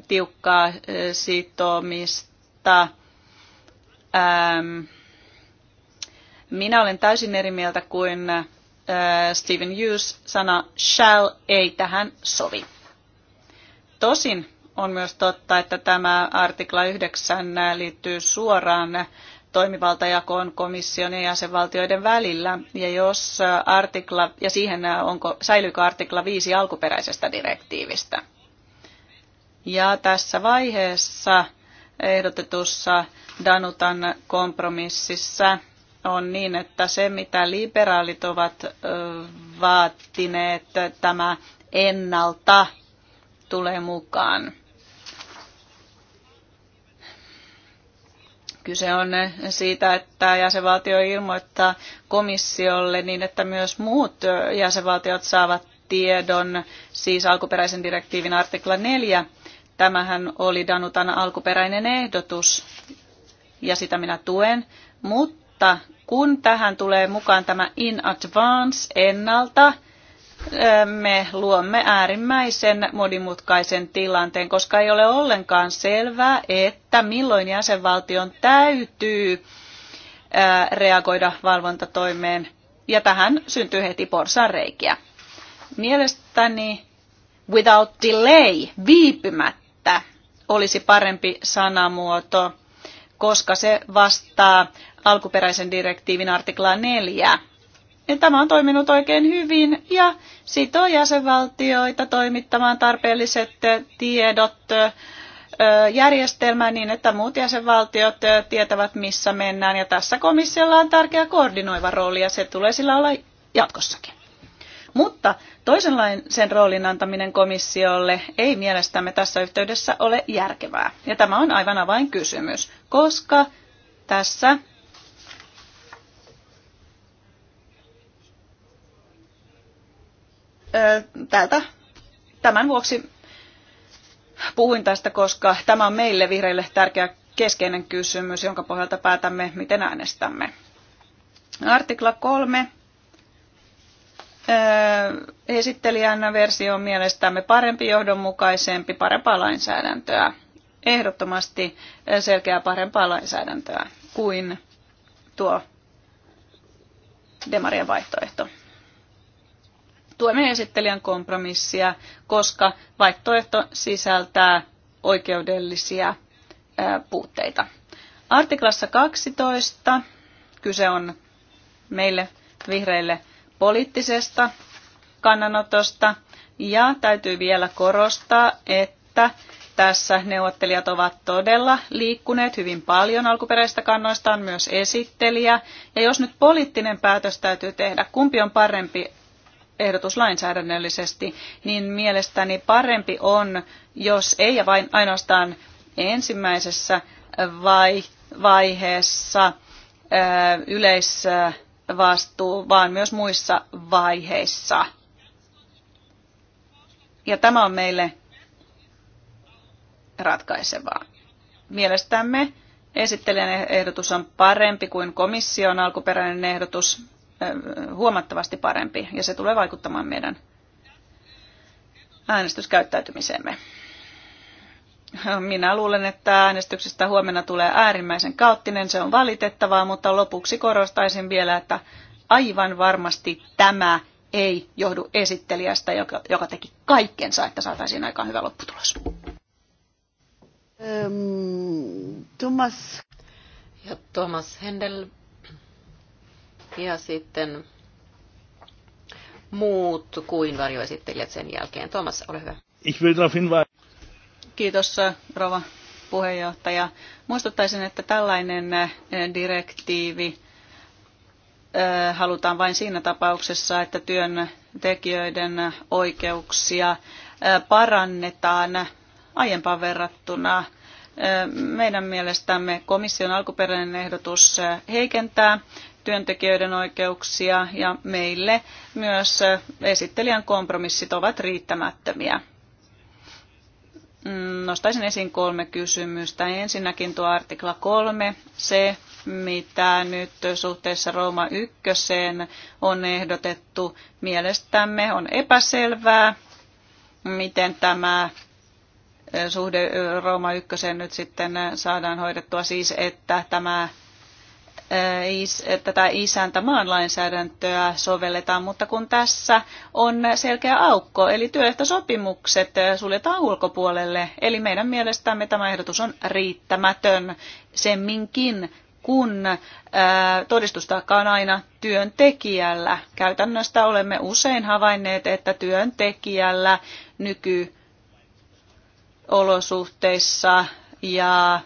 tiukkaa sitomista. Ähm, minä olen täysin eri mieltä kuin äh, Stephen Hughes. Sana shall ei tähän sovi. Tosin on myös totta, että tämä artikla 9 liittyy suoraan toimivaltajakoon komission ja jäsenvaltioiden välillä ja jos artikla, ja siihen onko, säilyykö artikla 5 alkuperäisestä direktiivistä. Ja tässä vaiheessa ehdotetussa Danutan kompromississa on niin, että se mitä liberaalit ovat vaatineet, tämä ennalta tulee mukaan. Kyse on siitä, että jäsenvaltio ilmoittaa komissiolle niin, että myös muut jäsenvaltiot saavat tiedon, siis alkuperäisen direktiivin artikla 4. Tämähän oli Danutan alkuperäinen ehdotus ja sitä minä tuen, mutta kun tähän tulee mukaan tämä in advance ennalta, me luomme äärimmäisen monimutkaisen tilanteen, koska ei ole ollenkaan selvää, että milloin jäsenvaltion täytyy reagoida valvontatoimeen, ja tähän syntyy heti reikiä. Mielestäni without delay, viipymättä, olisi parempi sanamuoto, koska se vastaa alkuperäisen direktiivin artiklaa 4 ja tämä on toiminut oikein hyvin ja sitoo jäsenvaltioita toimittamaan tarpeelliset tiedot järjestelmään niin, että muut jäsenvaltiot tietävät, missä mennään. Ja tässä komissiolla on tärkeä koordinoiva rooli ja se tulee sillä olla jatkossakin. Mutta toisenlaisen roolin antaminen komissiolle ei mielestämme tässä yhteydessä ole järkevää. Ja tämä on aivan avainkysymys, koska tässä tältä, tämän vuoksi puhuin tästä, koska tämä on meille vihreille tärkeä keskeinen kysymys, jonka pohjalta päätämme, miten äänestämme. Artikla 3. Esittelijän versio on mielestämme parempi, johdonmukaisempi, parempaa lainsäädäntöä. Ehdottomasti selkeää parempaa lainsäädäntöä kuin tuo demarien vaihtoehto tuemme esittelijän kompromissia, koska vaihtoehto sisältää oikeudellisia puutteita. Artiklassa 12 kyse on meille vihreille poliittisesta kannanotosta ja täytyy vielä korostaa, että tässä neuvottelijat ovat todella liikkuneet hyvin paljon alkuperäistä kannoistaan myös esittelijä. Ja jos nyt poliittinen päätös täytyy tehdä, kumpi on parempi ehdotus lainsäädännöllisesti, niin mielestäni parempi on, jos ei ja vain ainoastaan ensimmäisessä vai, vaiheessa yleisvastuu, vaan myös muissa vaiheissa. Ja tämä on meille ratkaisevaa. Mielestämme esittelijän ehdotus on parempi kuin komission alkuperäinen ehdotus huomattavasti parempi ja se tulee vaikuttamaan meidän äänestyskäyttäytymiseemme. Minä luulen, että äänestyksestä huomenna tulee äärimmäisen kaoottinen, se on valitettavaa, mutta lopuksi korostaisin vielä, että aivan varmasti tämä ei johdu esittelijästä, joka, joka teki kaikkensa, että saataisiin aikaan hyvä lopputulos. Thomas. Ja Thomas Händel ja sitten muut kuin varjoesittelijät sen jälkeen. Thomas, ole hyvä. Ich will Kiitos, rouva puheenjohtaja. Muistuttaisin, että tällainen eh, direktiivi eh, halutaan vain siinä tapauksessa, että työntekijöiden oikeuksia eh, parannetaan aiempaan verrattuna. Meidän mielestämme komission alkuperäinen ehdotus heikentää työntekijöiden oikeuksia ja meille myös esittelijän kompromissit ovat riittämättömiä. Mm, nostaisin esiin kolme kysymystä. Ensinnäkin tuo artikla kolme, se mitä nyt suhteessa Rooma ykköseen on ehdotettu, mielestämme on epäselvää, miten tämä eh, suhde eh, Rooma ykköseen nyt sitten eh, saadaan hoidettua siis, että tämä Äh, tätä isäntämaan lainsäädäntöä sovelletaan, mutta kun tässä on selkeä aukko, eli työehtosopimukset suljetaan ulkopuolelle, eli meidän mielestämme tämä ehdotus on riittämätön semminkin, kun äh, todistustaakka on aina työntekijällä. Käytännöstä olemme usein havainneet, että työntekijällä nykyolosuhteissa ja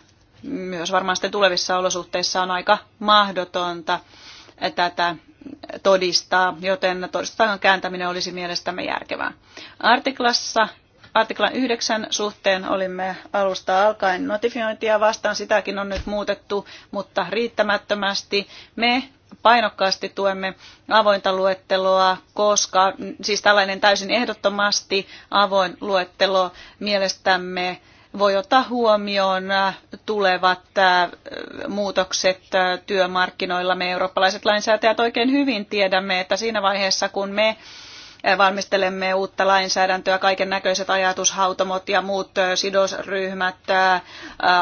myös varmaan sitten tulevissa olosuhteissa on aika mahdotonta tätä todistaa, joten todistustakan kääntäminen olisi mielestämme järkevää. Artiklassa Artiklan 9 suhteen olimme alusta alkaen notifiointia vastaan, sitäkin on nyt muutettu, mutta riittämättömästi. Me painokkaasti tuemme avointa luetteloa, koska siis tällainen täysin ehdottomasti avoin luettelo mielestämme voi ottaa huomioon äh, tulevat äh, muutokset äh, työmarkkinoilla. Me eurooppalaiset lainsäätäjät oikein hyvin tiedämme, että siinä vaiheessa kun me valmistelemme uutta lainsäädäntöä, kaiken näköiset ajatushautomot ja muut sidosryhmät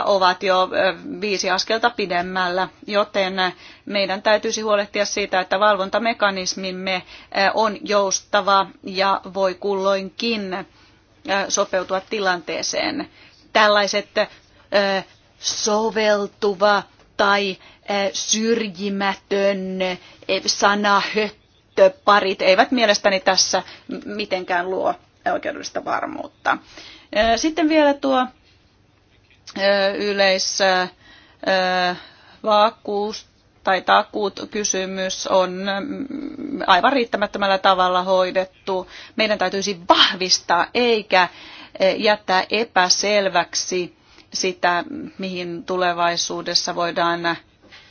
ovat jo viisi askelta pidemmällä, joten meidän täytyisi huolehtia siitä, että valvontamekanismimme on joustava ja voi kulloinkin sopeutua tilanteeseen tällaiset soveltuva tai syrjimätön sanahöttöparit eivät mielestäni tässä mitenkään luo oikeudellista varmuutta. Sitten vielä tuo yleisvakuus tai takuut kysymys on aivan riittämättömällä tavalla hoidettu. Meidän täytyisi vahvistaa eikä E, jättää epäselväksi sitä, mihin tulevaisuudessa voidaan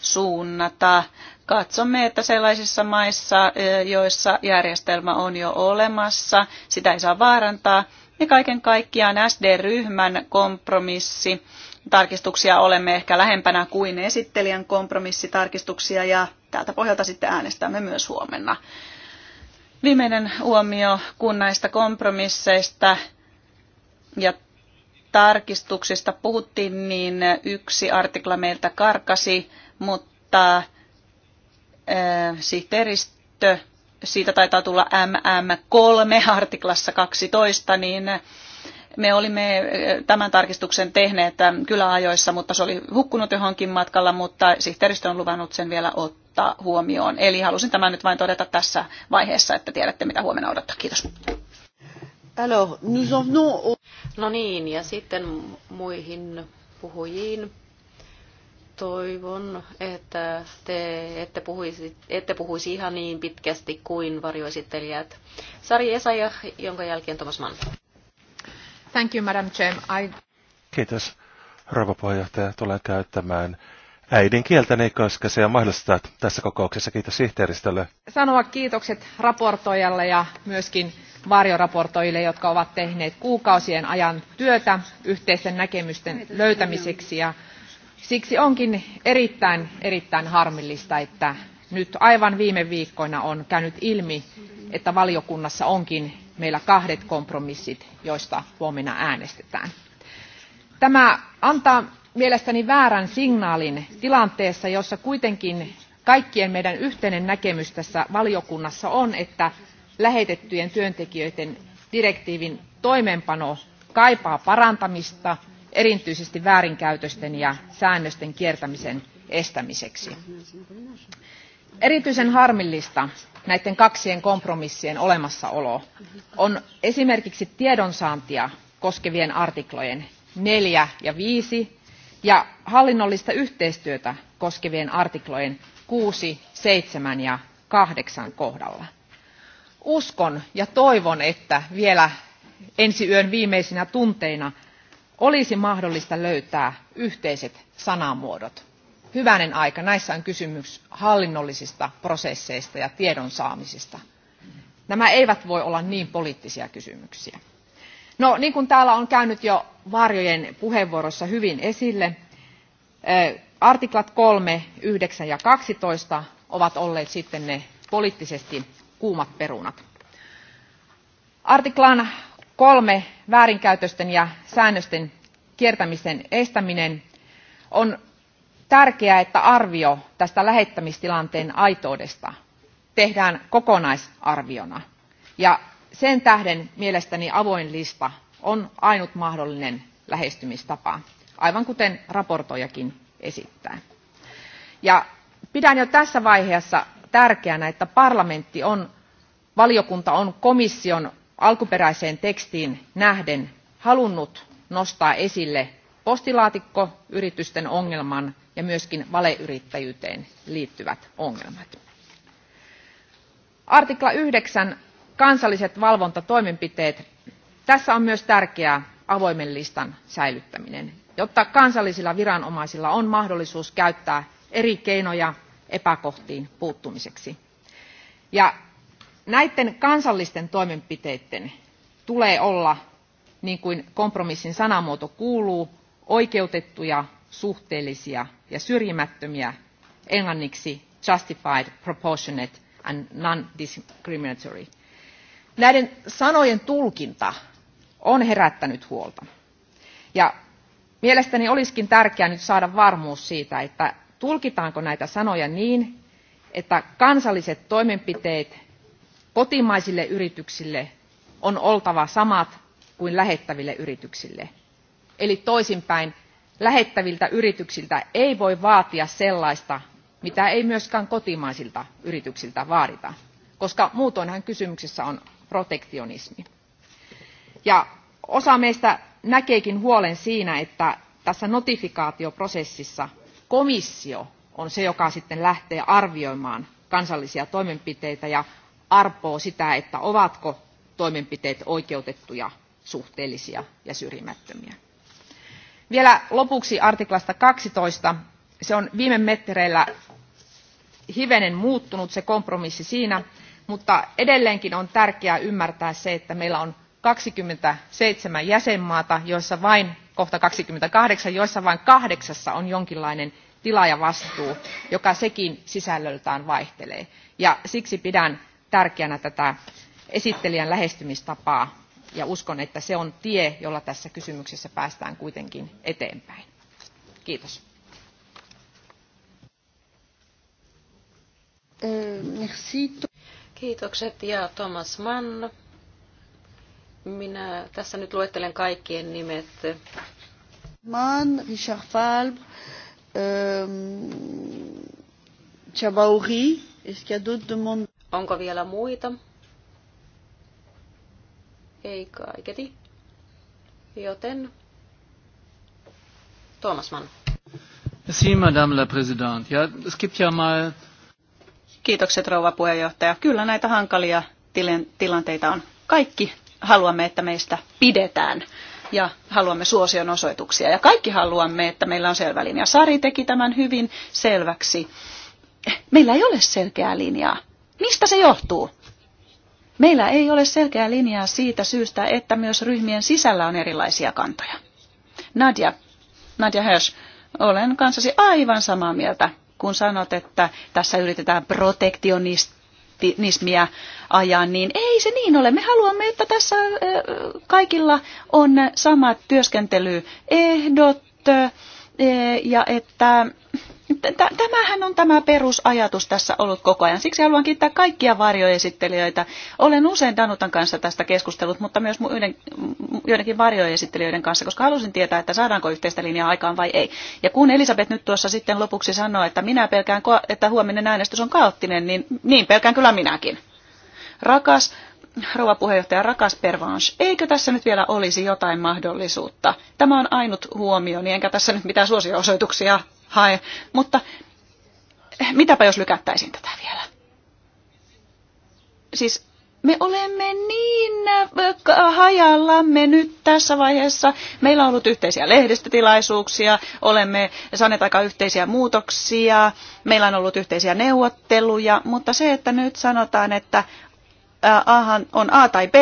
suunnata. Katsomme, että sellaisissa maissa, e, joissa järjestelmä on jo olemassa, sitä ei saa vaarantaa. Ja kaiken kaikkiaan SD-ryhmän kompromissi. Tarkistuksia olemme ehkä lähempänä kuin esittelijän kompromissitarkistuksia ja tältä pohjalta sitten äänestämme myös huomenna. Viimeinen huomio, kun näistä kompromisseista ja tarkistuksista puhuttiin, niin yksi artikla meiltä karkasi, mutta sihteeristö, siitä taitaa tulla MM3 artiklassa 12, niin me olimme tämän tarkistuksen tehneet kyläajoissa, mutta se oli hukkunut johonkin matkalla, mutta sihteeristö on luvannut sen vielä ottaa huomioon. Eli halusin tämän nyt vain todeta tässä vaiheessa, että tiedätte mitä huomenna odottaa. Kiitos. Alors, nous en venons... No niin, ja sitten muihin puhujiin toivon, että te ette puhuisi, ette puhuisi ihan niin pitkästi kuin varjoesittelijät. Sari Esaja, jonka jälkeen Thomas Mann. Thank you, Madam Chair. I... Kiitos, rouva puheenjohtaja. tulee käyttämään äidinkieltäni, koska se on mahdollista tässä kokouksessa. Kiitos sihteeristölle. Sanoa kiitokset raportoijalle ja myöskin varjoesittelijöille jotka ovat tehneet kuukausien ajan työtä yhteisten näkemysten löytämiseksi ja siksi onkin erittäin erittäin harmillista että nyt aivan viime viikkoina on käynyt ilmi että valiokunnassa onkin meillä kahdet kompromissit joista huomenna äänestetään. tämä antaa mielestäni väärän signaalin tilanteessa jossa kuitenkin kaikkien meidän yhteinen näkemys tässä valiokunnassa on että lähetettyjen työntekijöiden direktiivin toimeenpano kaipaa parantamista erityisesti väärinkäytösten ja säännösten kiertämisen estämiseksi. erityisen harmillista näiden kaksien kompromissien olemassaolo on esimerkiksi tiedonsaantia koskevien artiklojen neljä ja viisi ja hallinnollista yhteistyötä koskevien artiklojen kuusi seitsemän ja kahdeksan kohdalla uskon ja toivon että vielä ensi yön viimeisinä tunteina olisi mahdollista löytää yhteiset sanamuodot. hyvänen aika näissä on kysymys hallinnollisista prosesseista ja tiedon nämä eivät voi olla niin poliittisia kysymyksiä. No, niin kuin täällä on käynyt jo varjojen puheenvuorossa hyvin esille, artiklat 3, 9 ja 12 ovat olleet sitten ne poliittisesti kuumat perunat. Artiklan kolme väärinkäytösten ja säännösten kiertämisen estäminen on tärkeää, että arvio tästä lähettämistilanteen aitoudesta tehdään kokonaisarviona. Ja sen tähden mielestäni avoin lista on ainut mahdollinen lähestymistapa, aivan kuten raportoijakin esittää. Ja pidän jo tässä vaiheessa tärkeänä että parlamentti on valiokunta on komission alkuperäiseen tekstiin nähden halunnut nostaa esille postilaatikkoyritysten ongelman ja myös valeyrittäjyyteen liittyvät ongelmat. artikla yhdeksän kansalliset valvontatoimenpiteet tässä on myös tärkeää avoimen listan säilyttäminen jotta kansallisilla viranomaisilla on mahdollisuus käyttää eri keinoja epäkohtiin puuttumiseksi. Ja näiden kansallisten toimenpiteiden tulee olla, niin kuin kompromissin sanamuoto kuuluu, oikeutettuja, suhteellisia ja syrjimättömiä, englanniksi justified, proportionate and non-discriminatory. Näiden sanojen tulkinta on herättänyt huolta. Ja mielestäni olisikin tärkeää nyt saada varmuus siitä, että tulkitaanko näitä sanoja niin että kansalliset toimenpiteet kotimaisille yrityksille on oltava samat kuin lähettäville yrityksille eli toisinpäin lähettäviltä yrityksiltä ei voi vaatia sellaista mitä ei myöskään kotimaisilta yrityksiltä vaadita koska muutoinhan kysymyksessä on protektionismi. Ja osa meistä näkeekin huolen siinä että tässä notifikaatioprosessissa komissio on se, joka sitten lähtee arvioimaan kansallisia toimenpiteitä ja arpoo sitä, että ovatko toimenpiteet oikeutettuja, suhteellisia ja syrjimättömiä. Vielä lopuksi artiklasta 12. Se on viime mettereillä hivenen muuttunut se kompromissi siinä, mutta edelleenkin on tärkeää ymmärtää se, että meillä on 27 jäsenmaata, joissa vain kohta kaksikymmentäkahdeksan joissa vain kahdeksassa on jonkinlainen tilaajavastuu joka sekin sisällöltään vaihtelee ja siksi pidän tärkeänä tätä esittelijän lähestymistapaa ja uskon että se on tie jolla tässä kysymyksessä päästään kuitenkin eteenpäin. kiitos. Äh, Kiitokset ja Thomas Mann. Minä tässä nyt luettelen kaikkien nimet. Mann, Richard Falb, Chabauri, ähm, Onko vielä muita? Ei kaiketi. Joten Thomas Mann. Merci, Madame la Présidente. Ja, skip ja mal... Kiitokset, rouva puheenjohtaja. Kyllä näitä hankalia tilanteita on. Kaikki haluamme, että meistä pidetään ja haluamme suosion osoituksia. Ja kaikki haluamme, että meillä on selvä linja. Sari teki tämän hyvin selväksi. Meillä ei ole selkeää linjaa. Mistä se johtuu? Meillä ei ole selkeää linjaa siitä syystä, että myös ryhmien sisällä on erilaisia kantoja. Nadja, Nadja Hirsch, olen kanssasi aivan samaa mieltä, kun sanot, että tässä yritetään protektionista optimismia ajan, niin ei se niin ole. Me haluamme, että tässä kaikilla on samat työskentelyehdot ja että Tämähän on tämä perusajatus tässä ollut koko ajan. Siksi haluan kiittää kaikkia varjoesittelijöitä. Olen usein Danutan kanssa tästä keskustellut, mutta myös muiden, joidenkin varjoesittelijöiden kanssa, koska halusin tietää, että saadaanko yhteistä linjaa aikaan vai ei. Ja kun Elisabeth nyt tuossa sitten lopuksi sanoo, että minä pelkään, että huominen äänestys on kaoottinen, niin, niin pelkään kyllä minäkin. Rakas rouva puheenjohtaja, rakas Pervanche, eikö tässä nyt vielä olisi jotain mahdollisuutta? Tämä on ainut niin enkä tässä nyt mitään osoituksia hae. Mutta eh, mitäpä jos lykättäisiin tätä vielä? Siis me olemme niin eh, hajallamme nyt tässä vaiheessa. Meillä on ollut yhteisiä lehdistötilaisuuksia, olemme saaneet aika yhteisiä muutoksia, meillä on ollut yhteisiä neuvotteluja, mutta se, että nyt sanotaan, että eh, A on A tai B,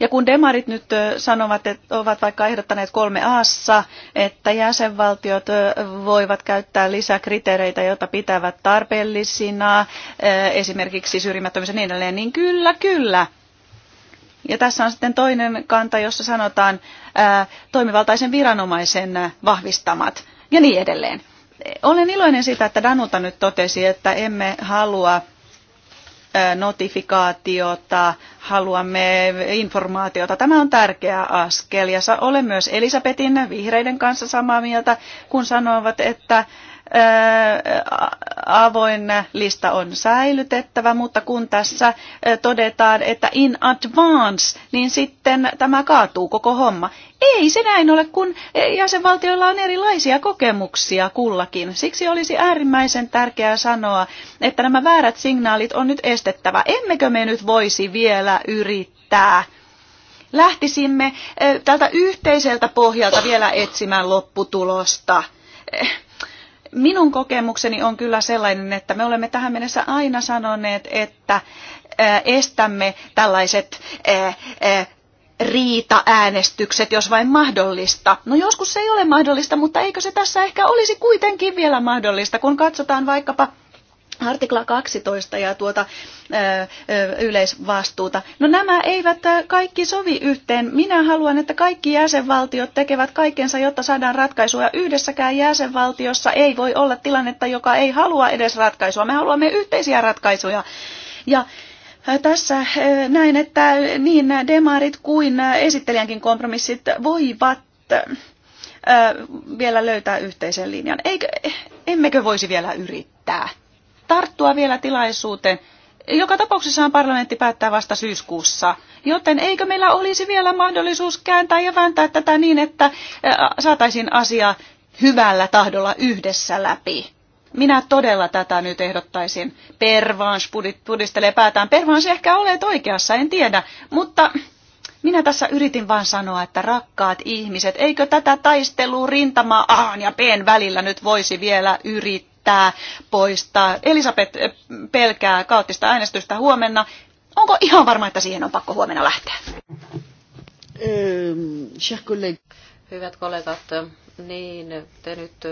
ja kun demarit nyt sanovat, että ovat vaikka ehdottaneet kolme aassa, että jäsenvaltiot voivat käyttää lisäkriteereitä, joita pitävät tarpeellisina, esimerkiksi syrjimättömyys ja niin edelleen, niin kyllä, kyllä. Ja tässä on sitten toinen kanta, jossa sanotaan ää, toimivaltaisen viranomaisen vahvistamat ja niin edelleen. Olen iloinen siitä, että Danuta nyt totesi, että emme halua notifikaatiota, haluamme informaatiota. Tämä on tärkeä askel ja olen myös Elisabetin vihreiden kanssa samaa mieltä, kun sanovat, että avoin lista on säilytettävä, mutta kun tässä todetaan, että in advance, niin sitten tämä kaatuu koko homma. Ei se näin ole, kun jäsenvaltioilla on erilaisia kokemuksia kullakin. Siksi olisi äärimmäisen tärkeää sanoa, että nämä väärät signaalit on nyt estettävä. Emmekö me nyt voisi vielä yrittää? lähtisimme tältä yhteiseltä pohjalta vielä etsimään lopputulosta minun kokemukseni on kyllä sellainen, että me olemme tähän mennessä aina sanoneet, että estämme tällaiset riita-äänestykset, jos vain mahdollista. No joskus se ei ole mahdollista, mutta eikö se tässä ehkä olisi kuitenkin vielä mahdollista, kun katsotaan vaikkapa – artikla 12 ja tuota ö, yleisvastuuta. No nämä eivät kaikki sovi yhteen. Minä haluan, että kaikki jäsenvaltiot tekevät kaikkensa, jotta saadaan ratkaisua. Yhdessäkään jäsenvaltiossa ei voi olla tilannetta, joka ei halua edes ratkaisua. Me haluamme yhteisiä ratkaisuja. Ja tässä näin, että niin demarit kuin esittelijänkin kompromissit voivat vielä löytää yhteisen linjan. Eikö, emmekö voisi vielä yrittää? tarttua vielä tilaisuuteen. Joka tapauksessaan parlamentti päättää vasta syyskuussa, joten eikö meillä olisi vielä mahdollisuus kääntää ja vääntää tätä niin, että saataisiin asia hyvällä tahdolla yhdessä läpi? Minä todella tätä nyt ehdottaisin. Pervaans pudistelee päätään. Pervaans ehkä olet oikeassa, en tiedä, mutta minä tässä yritin vain sanoa, että rakkaat ihmiset, eikö tätä taistelua rintamaa A ja B välillä nyt voisi vielä yrittää? pitää poistaa. Elisabeth eh, pelkää kaoottista äänestystä huomenna. Onko ihan varma, että siihen on pakko huomenna lähteä? Öö, Hyvät kollegat, niin te nyt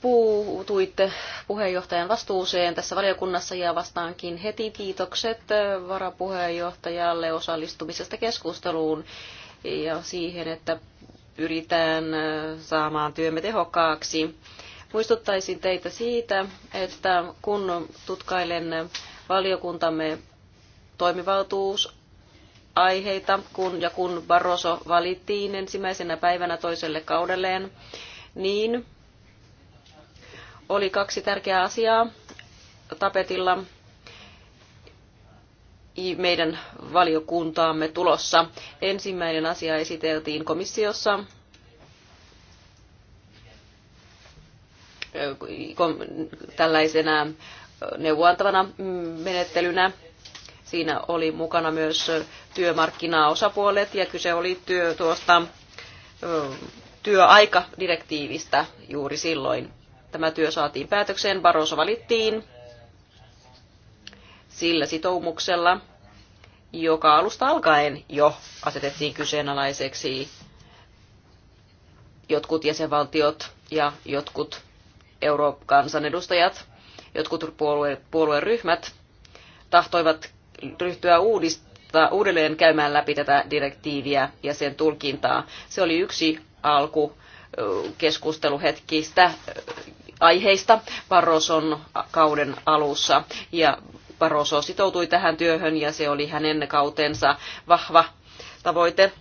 puutuitte puheenjohtajan vastuuseen tässä valiokunnassa ja vastaankin heti kiitokset varapuheenjohtajalle osallistumisesta keskusteluun ja siihen, että pyritään saamaan työmme tehokkaaksi. Muistuttaisin teitä siitä, että kun tutkailen valiokuntamme toimivaltuus aiheita, kun ja kun Barroso valittiin ensimmäisenä päivänä toiselle kaudelleen, niin oli kaksi tärkeää asiaa tapetilla meidän valiokuntaamme tulossa. Ensimmäinen asia esiteltiin komissiossa tällaisena neuvoantavana menettelynä. Siinä oli mukana myös työmarkkinaosapuolet ja kyse oli työ, tuosta työaikadirektiivistä juuri silloin. Tämä työ saatiin päätökseen, Barroso valittiin sillä sitoumuksella, joka alusta alkaen jo asetettiin kyseenalaiseksi jotkut jäsenvaltiot ja jotkut eurokansan edustajat, jotkut puolue, puolueryhmät tahtoivat ryhtyä uudista, uudelleen käymään läpi tätä direktiiviä ja sen tulkintaa. Se oli yksi alku keskusteluhetkistä aiheista Barroson kauden alussa. Ja Barroso sitoutui tähän työhön ja se oli hänen kautensa vahva tavoite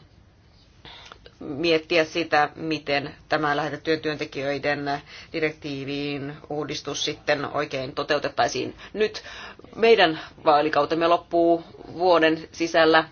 miettiä sitä, miten tämä lähetettyjen työntekijöiden direktiiviin uudistus sitten oikein toteutettaisiin. Nyt meidän vaalikautemme loppuu vuoden sisällä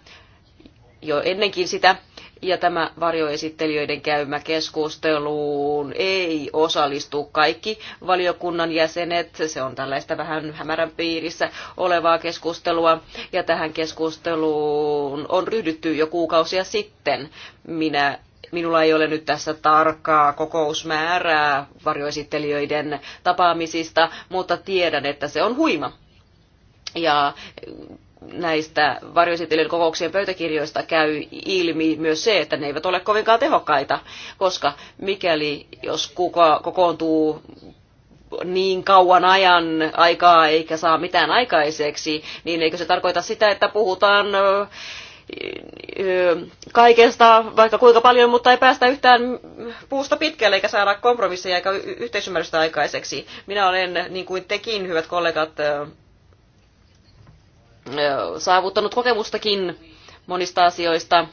jo ennenkin sitä ja tämä varjoesittelijöiden käymä keskusteluun ei osallistu kaikki valiokunnan jäsenet. Se on tällaista vähän hämärän piirissä olevaa keskustelua ja tähän keskusteluun on ryhdytty jo kuukausia sitten. Minä Minulla ei ole nyt tässä tarkkaa kokousmäärää varjoesittelijöiden tapaamisista, mutta tiedän, että se on huima. Ja näistä varjoesittelyn kokouksien pöytäkirjoista käy ilmi myös se, että ne eivät ole kovinkaan tehokkaita, koska mikäli jos kuka kokoontuu niin kauan ajan aikaa eikä saa mitään aikaiseksi, niin eikö se tarkoita sitä, että puhutaan kaikesta, vaikka kuinka paljon, mutta ei päästä yhtään puusta pitkälle eikä saada kompromisseja eikä yhteisymmärrystä aikaiseksi. Minä olen, niin kuin tekin, hyvät kollegat, saavuttanut kokemustakin monista asioista.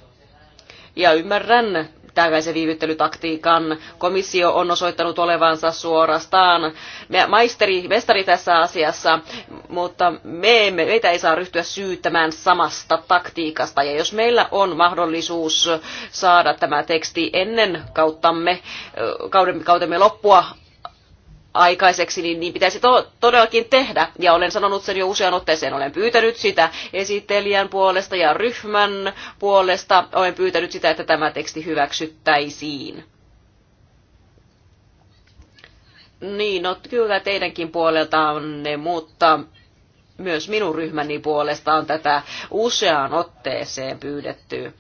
Ja ymmärrän tällaisen viivyttelytaktiikan. Komissio on osoittanut olevansa suorastaan maisteri, mestari tässä asiassa, mutta me emme, meitä ei saa ryhtyä syyttämään samasta taktiikasta. Ja jos meillä on mahdollisuus saada tämä teksti ennen kauttamme, kautemme loppua aikaiseksi, niin, niin pitäisi to- todellakin tehdä. Ja olen sanonut sen jo usean otteeseen. Olen pyytänyt sitä esittelijän puolesta ja ryhmän puolesta. Olen pyytänyt sitä, että tämä teksti hyväksyttäisiin. Niin, no kyllä teidänkin puoleltanne, mutta myös minun ryhmäni puolesta on tätä useaan otteeseen pyydetty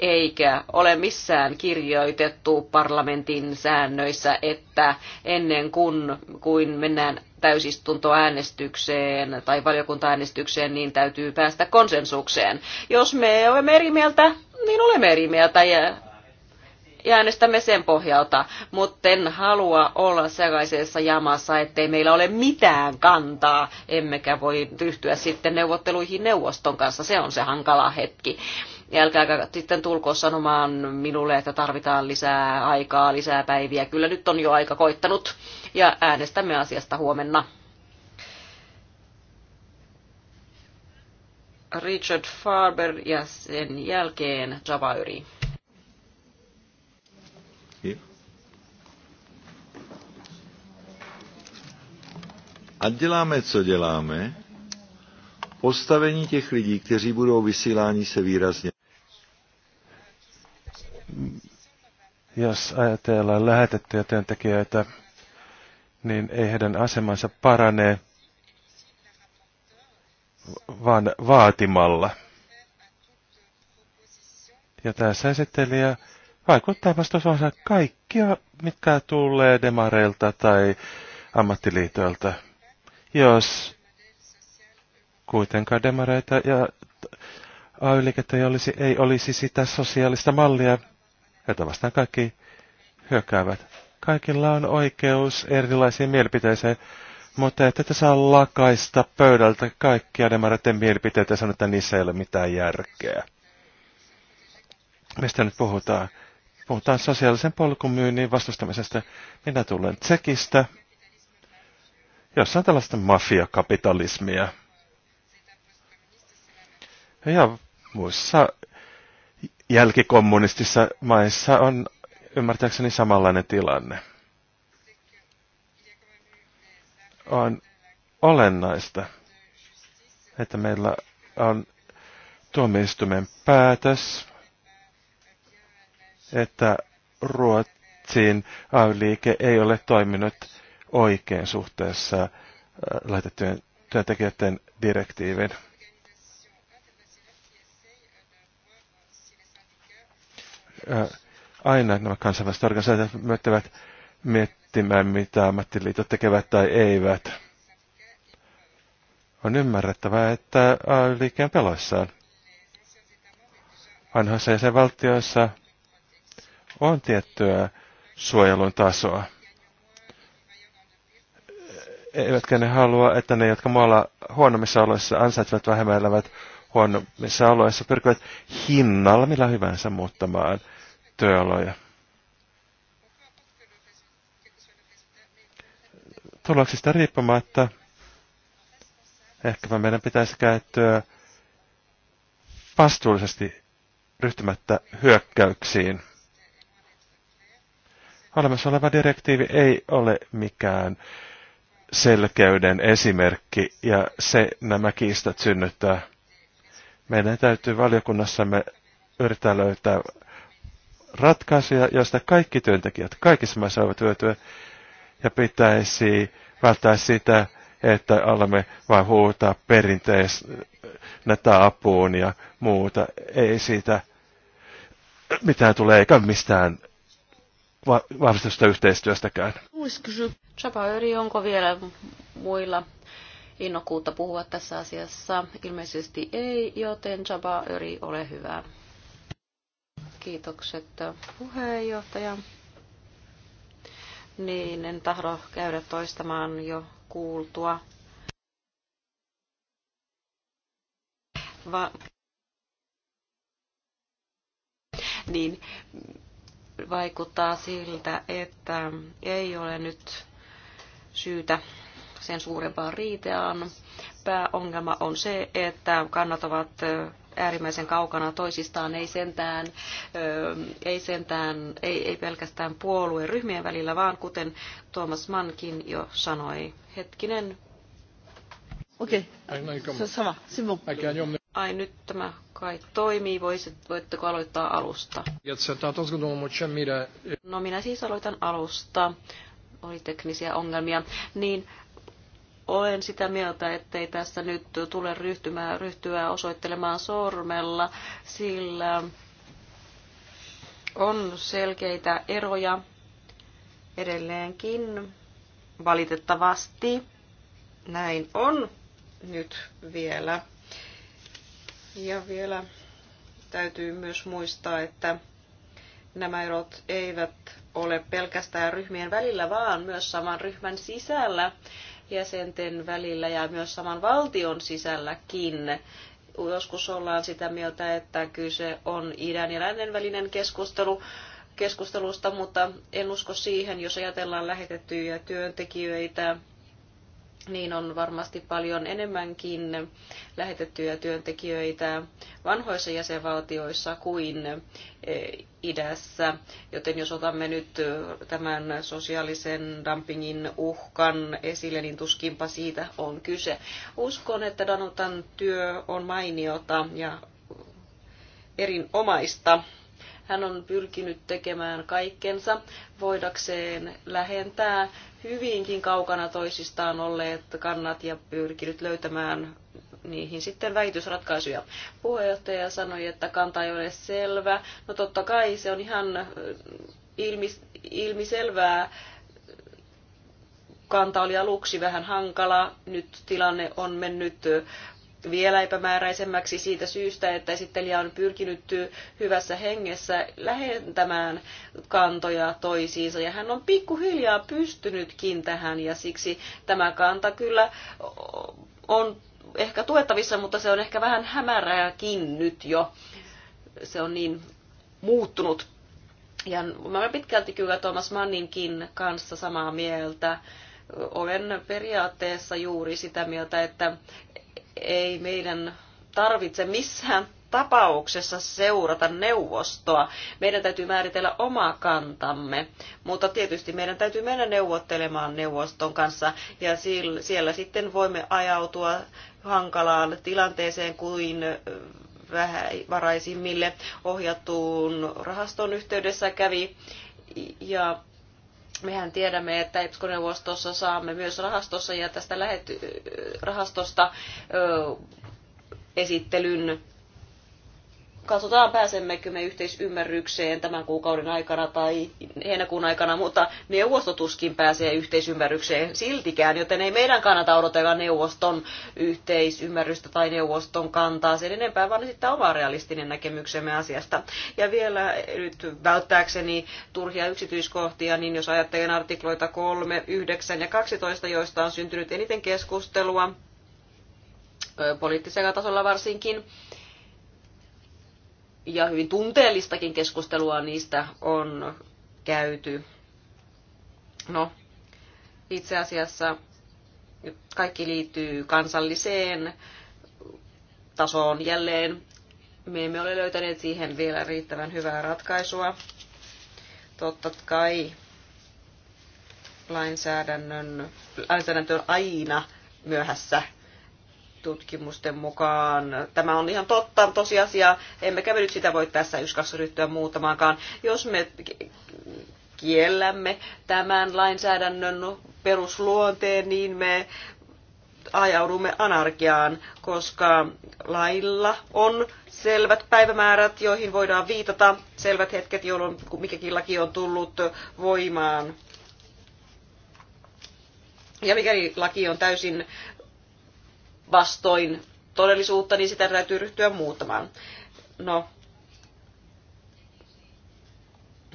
eikä ole missään kirjoitettu parlamentin säännöissä, että ennen kuin, kuin mennään täysistuntoäänestykseen tai valiokuntaäänestykseen, niin täytyy päästä konsensukseen. Jos me olemme eri mieltä, niin olemme eri mieltä ja ja äänestämme sen pohjalta, mutta en halua olla sellaisessa jamassa, ettei meillä ole mitään kantaa, emmekä voi ryhtyä sitten neuvotteluihin neuvoston kanssa. Se on se hankala hetki. Ja älkääkä sitten tulko sanomaan minulle, että tarvitaan lisää aikaa, lisää päiviä. Kyllä nyt on jo aika koittanut ja äänestämme asiasta huomenna. Richard Farber ja sen jälkeen Javairi. A děláme, co děláme, postavení těch lidí, kteří budou vysíláni, se výrazně Jos ajatellaan lähetettyjä työntekijöitä, niin ei heidän asemansa parane, vaan vaatimalla. Ja tässä esittelijä vaikuttaa vastausonsa kaikkia, mitkä tulee demareilta tai ammattiliitoilta. Jos kuitenkaan demareita ja ay ei olisi, ei olisi sitä sosiaalista mallia, jota vastaan kaikki hyökkäävät. Kaikilla on oikeus erilaisiin mielipiteisiin, mutta ette te saa lakaista pöydältä kaikkia demareiden mielipiteitä ja sanoa, että niissä ei ole mitään järkeä. Mistä nyt puhutaan? Puhutaan sosiaalisen polkumyynnin vastustamisesta. Minä tulen Tsekistä, jossa on tällaista mafiakapitalismia. Ja muissa jälkikommunistissa maissa on ymmärtääkseni samanlainen tilanne. On olennaista, että meillä on tuomioistuimen päätös, että Ruotsin AY-liike ei ole toiminut oikein suhteessa äh, laitettujen työntekijöiden direktiivin. aina nämä kansainväliset organisaatiot myöttävät miettimään, mitä ammattiliitot tekevät tai eivät. On ymmärrettävää, että liike on peloissaan. Vanhoissa jäsenvaltioissa on tiettyä suojelun tasoa. Eivätkä ne halua, että ne, jotka muualla huonommissa oloissa ansaitsevat vähemmän elävät, huonommissa oloissa pyrkivät hinnalla millä hyvänsä muuttamaan työoloja. Tuloksista riippumatta ehkäpä meidän pitäisi käyttää vastuullisesti ryhtymättä hyökkäyksiin. Olemassa oleva direktiivi ei ole mikään selkeyden esimerkki ja se nämä kiistat synnyttää. Meidän täytyy valiokunnassamme yrittää löytää ratkaisuja, joista kaikki työntekijät kaikissa maissa voivat hyötyä, ja pitäisi välttää sitä, että alamme vain huutaa perinteisenä apuun ja muuta. Ei siitä mitään tule, eikä mistään vahvistusta yhteistyöstäkään. Chapa Öri, onko vielä muilla innokkuutta puhua tässä asiassa? Ilmeisesti ei, joten Jaba Öri, ole hyvä. Kiitokset puheenjohtaja. Niin, en tahdo käydä toistamaan jo kuultua. Va- niin vaikuttaa siltä, että ei ole nyt syytä sen suurempaan riiteaan. Pääongelma on se, että kannat ovat äärimmäisen kaukana toisistaan, ei sentään, ei, sentään ei, ei pelkästään puolueen ryhmien välillä, vaan kuten Thomas Mannkin jo sanoi, hetkinen. Okei, okay. No se sama, se Ai nyt tämä kai toimii, Voisit, voitteko aloittaa alusta? No minä siis aloitan alusta. Oli teknisiä ongelmia. Niin olen sitä mieltä, ettei tässä nyt tule ryhtymään, ryhtyä osoittelemaan sormella, sillä on selkeitä eroja edelleenkin. Valitettavasti näin on nyt vielä. Ja vielä täytyy myös muistaa, että nämä erot eivät ole pelkästään ryhmien välillä, vaan myös saman ryhmän sisällä jäsenten välillä ja myös saman valtion sisälläkin. Joskus ollaan sitä mieltä, että kyse on idän ja lännen välinen keskustelu, keskustelusta, mutta en usko siihen, jos ajatellaan lähetettyjä työntekijöitä niin on varmasti paljon enemmänkin lähetettyjä työntekijöitä vanhoissa jäsenvaltioissa kuin eh, idässä. Joten jos otamme nyt eh, tämän sosiaalisen dumpingin uhkan esille, niin tuskinpa siitä on kyse. Uskon, että Danutan työ on mainiota ja erinomaista hän on pyrkinyt tekemään kaikkensa voidakseen lähentää hyvinkin kaukana toisistaan olleet kannat ja pyrkinyt löytämään niihin sitten väitysratkaisuja. Puheenjohtaja sanoi, että kanta ei ole selvä. No totta kai se on ihan ilmis, ilmiselvää. Kanta oli aluksi vähän hankala, nyt tilanne on mennyt vielä epämääräisemmäksi siitä syystä, että esittelijä on pyrkinyt hyvässä hengessä lähentämään kantoja toisiinsa ja hän on pikkuhiljaa pystynytkin tähän ja siksi tämä kanta kyllä on ehkä tuettavissa, mutta se on ehkä vähän hämärääkin nyt jo. Se on niin muuttunut. Ja mä olen pitkälti kyllä Thomas Manninkin kanssa samaa mieltä. Olen periaatteessa juuri sitä mieltä, että ei meidän tarvitse missään tapauksessa seurata neuvostoa. Meidän täytyy määritellä oma kantamme, mutta tietysti meidän täytyy mennä neuvottelemaan neuvoston kanssa ja siellä sitten voimme ajautua hankalaan tilanteeseen kuin vähävaraisimmille ohjattuun rahaston yhteydessä kävi. Ja Mehän tiedämme, että EPSCO-neuvostossa saamme myös rahastossa ja tästä lähety, rahastosta ö, esittelyn katsotaan pääsemmekö me yhteisymmärrykseen tämän kuukauden aikana tai heinäkuun aikana, mutta neuvostotuskin pääsee yhteisymmärrykseen siltikään, joten ei meidän kannata odotella neuvoston yhteisymmärrystä tai neuvoston kantaa sen enempää, vaan sitten oma realistinen näkemyksemme asiasta. Ja vielä nyt välttääkseni turhia yksityiskohtia, niin jos ajattelen artikloita 3, 9 ja 12, joista on syntynyt eniten keskustelua, poliittisella tasolla varsinkin, ja hyvin tunteellistakin keskustelua niistä on käyty. No, itse asiassa kaikki liittyy kansalliseen tasoon jälleen. Me emme ole löytäneet siihen vielä riittävän hyvää ratkaisua. Totta kai lainsäädännön, lainsäädäntö on aina myöhässä tutkimusten mukaan. Tämä on ihan totta tosiasia, emmekä me nyt sitä voi tässä yskaksi ryhtyä muutamaankaan. Jos me kiellämme tämän lainsäädännön perusluonteen, niin me ajaudumme anarkiaan, koska lailla on selvät päivämäärät, joihin voidaan viitata, selvät hetket, jolloin mikäkin laki on tullut voimaan. Ja mikäli laki on täysin vastoin todellisuutta, niin sitä täytyy ryhtyä muuttamaan. No,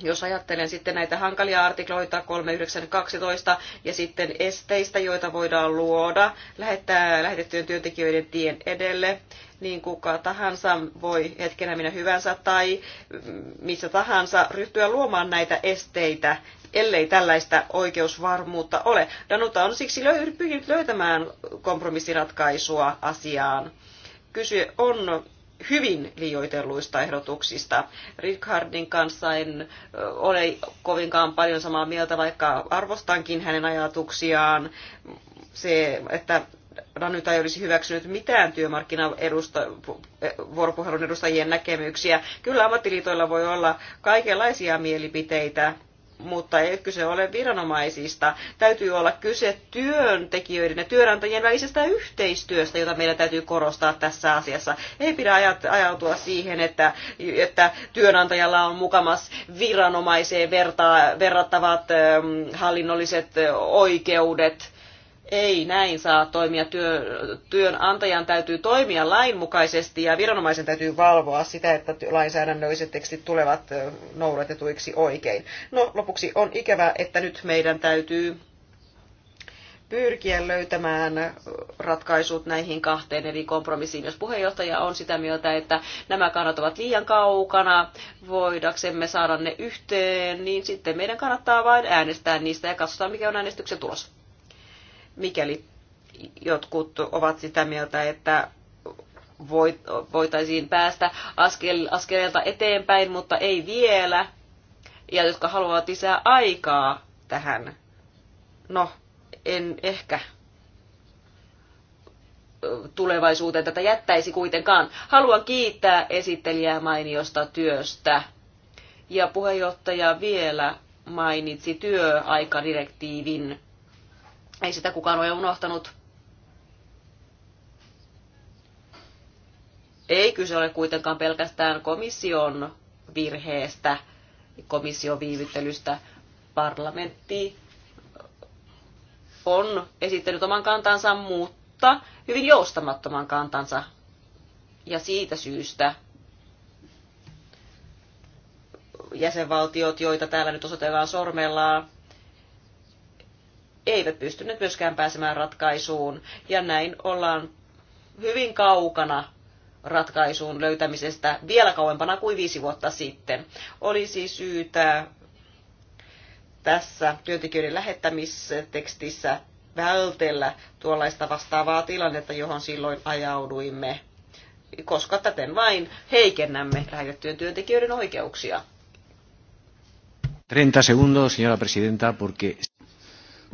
jos ajattelen sitten näitä hankalia artikloita 3912 ja sitten esteistä, joita voidaan luoda, lähettää lähetettyjen työntekijöiden tien edelle, niin kuka tahansa voi hetkenä minä hyvänsä tai missä tahansa ryhtyä luomaan näitä esteitä, ellei tällaista oikeusvarmuutta ole. Danuta on siksi pyrkinyt löytämään kompromissiratkaisua asiaan. Kysy on hyvin liioitelluista ehdotuksista. Richardin kanssa en ole kovinkaan paljon samaa mieltä, vaikka arvostankin hänen ajatuksiaan. Se, että Ranyta ei olisi hyväksynyt mitään työmarkkinavuoropuhelun edustajien näkemyksiä. Kyllä ammattiliitoilla voi olla kaikenlaisia mielipiteitä mutta ei kyse ole viranomaisista. Täytyy olla kyse työntekijöiden ja työnantajien välisestä yhteistyöstä, jota meidän täytyy korostaa tässä asiassa. Ei pidä ajautua siihen, että, että työnantajalla on mukamas viranomaiseen verta, verrattavat ähm, hallinnolliset oikeudet ei näin saa toimia. Työ, työnantajan täytyy toimia lainmukaisesti ja viranomaisen täytyy valvoa sitä, että lainsäädännölliset tekstit tulevat noudatetuiksi oikein. No lopuksi on ikävää, että nyt meidän täytyy pyrkiä löytämään ratkaisut näihin kahteen eri kompromissiin. Jos puheenjohtaja on sitä mieltä, että nämä kannat ovat liian kaukana, voidaksemme saada ne yhteen, niin sitten meidän kannattaa vain äänestää niistä ja katsotaan, mikä on äänestyksen tulos mikäli jotkut ovat sitä mieltä, että voitaisiin päästä askel, askeleelta eteenpäin, mutta ei vielä, ja jotka haluavat lisää aikaa tähän. No, en ehkä tulevaisuuteen tätä jättäisi kuitenkaan. Haluan kiittää esittelijää mainiosta työstä. Ja puheenjohtaja vielä mainitsi työaikadirektiivin ei sitä kukaan ole unohtanut. Ei kyse ole kuitenkaan pelkästään komission virheestä, komission viivyttelystä. Parlamentti on esittänyt oman kantansa, mutta hyvin joustamattoman kantansa. Ja siitä syystä jäsenvaltiot, joita täällä nyt osoitellaan sormellaan, eivät pystyneet myöskään pääsemään ratkaisuun, ja näin ollaan hyvin kaukana ratkaisuun löytämisestä vielä kauempana kuin viisi vuotta sitten. Olisi syytä tässä työntekijöiden lähettämistekstissä vältellä tuollaista vastaavaa tilannetta, johon silloin ajauduimme, koska täten vain heikennämme lähetettyjen työntekijöiden oikeuksia. 30 segundos, señora presidenta, porque...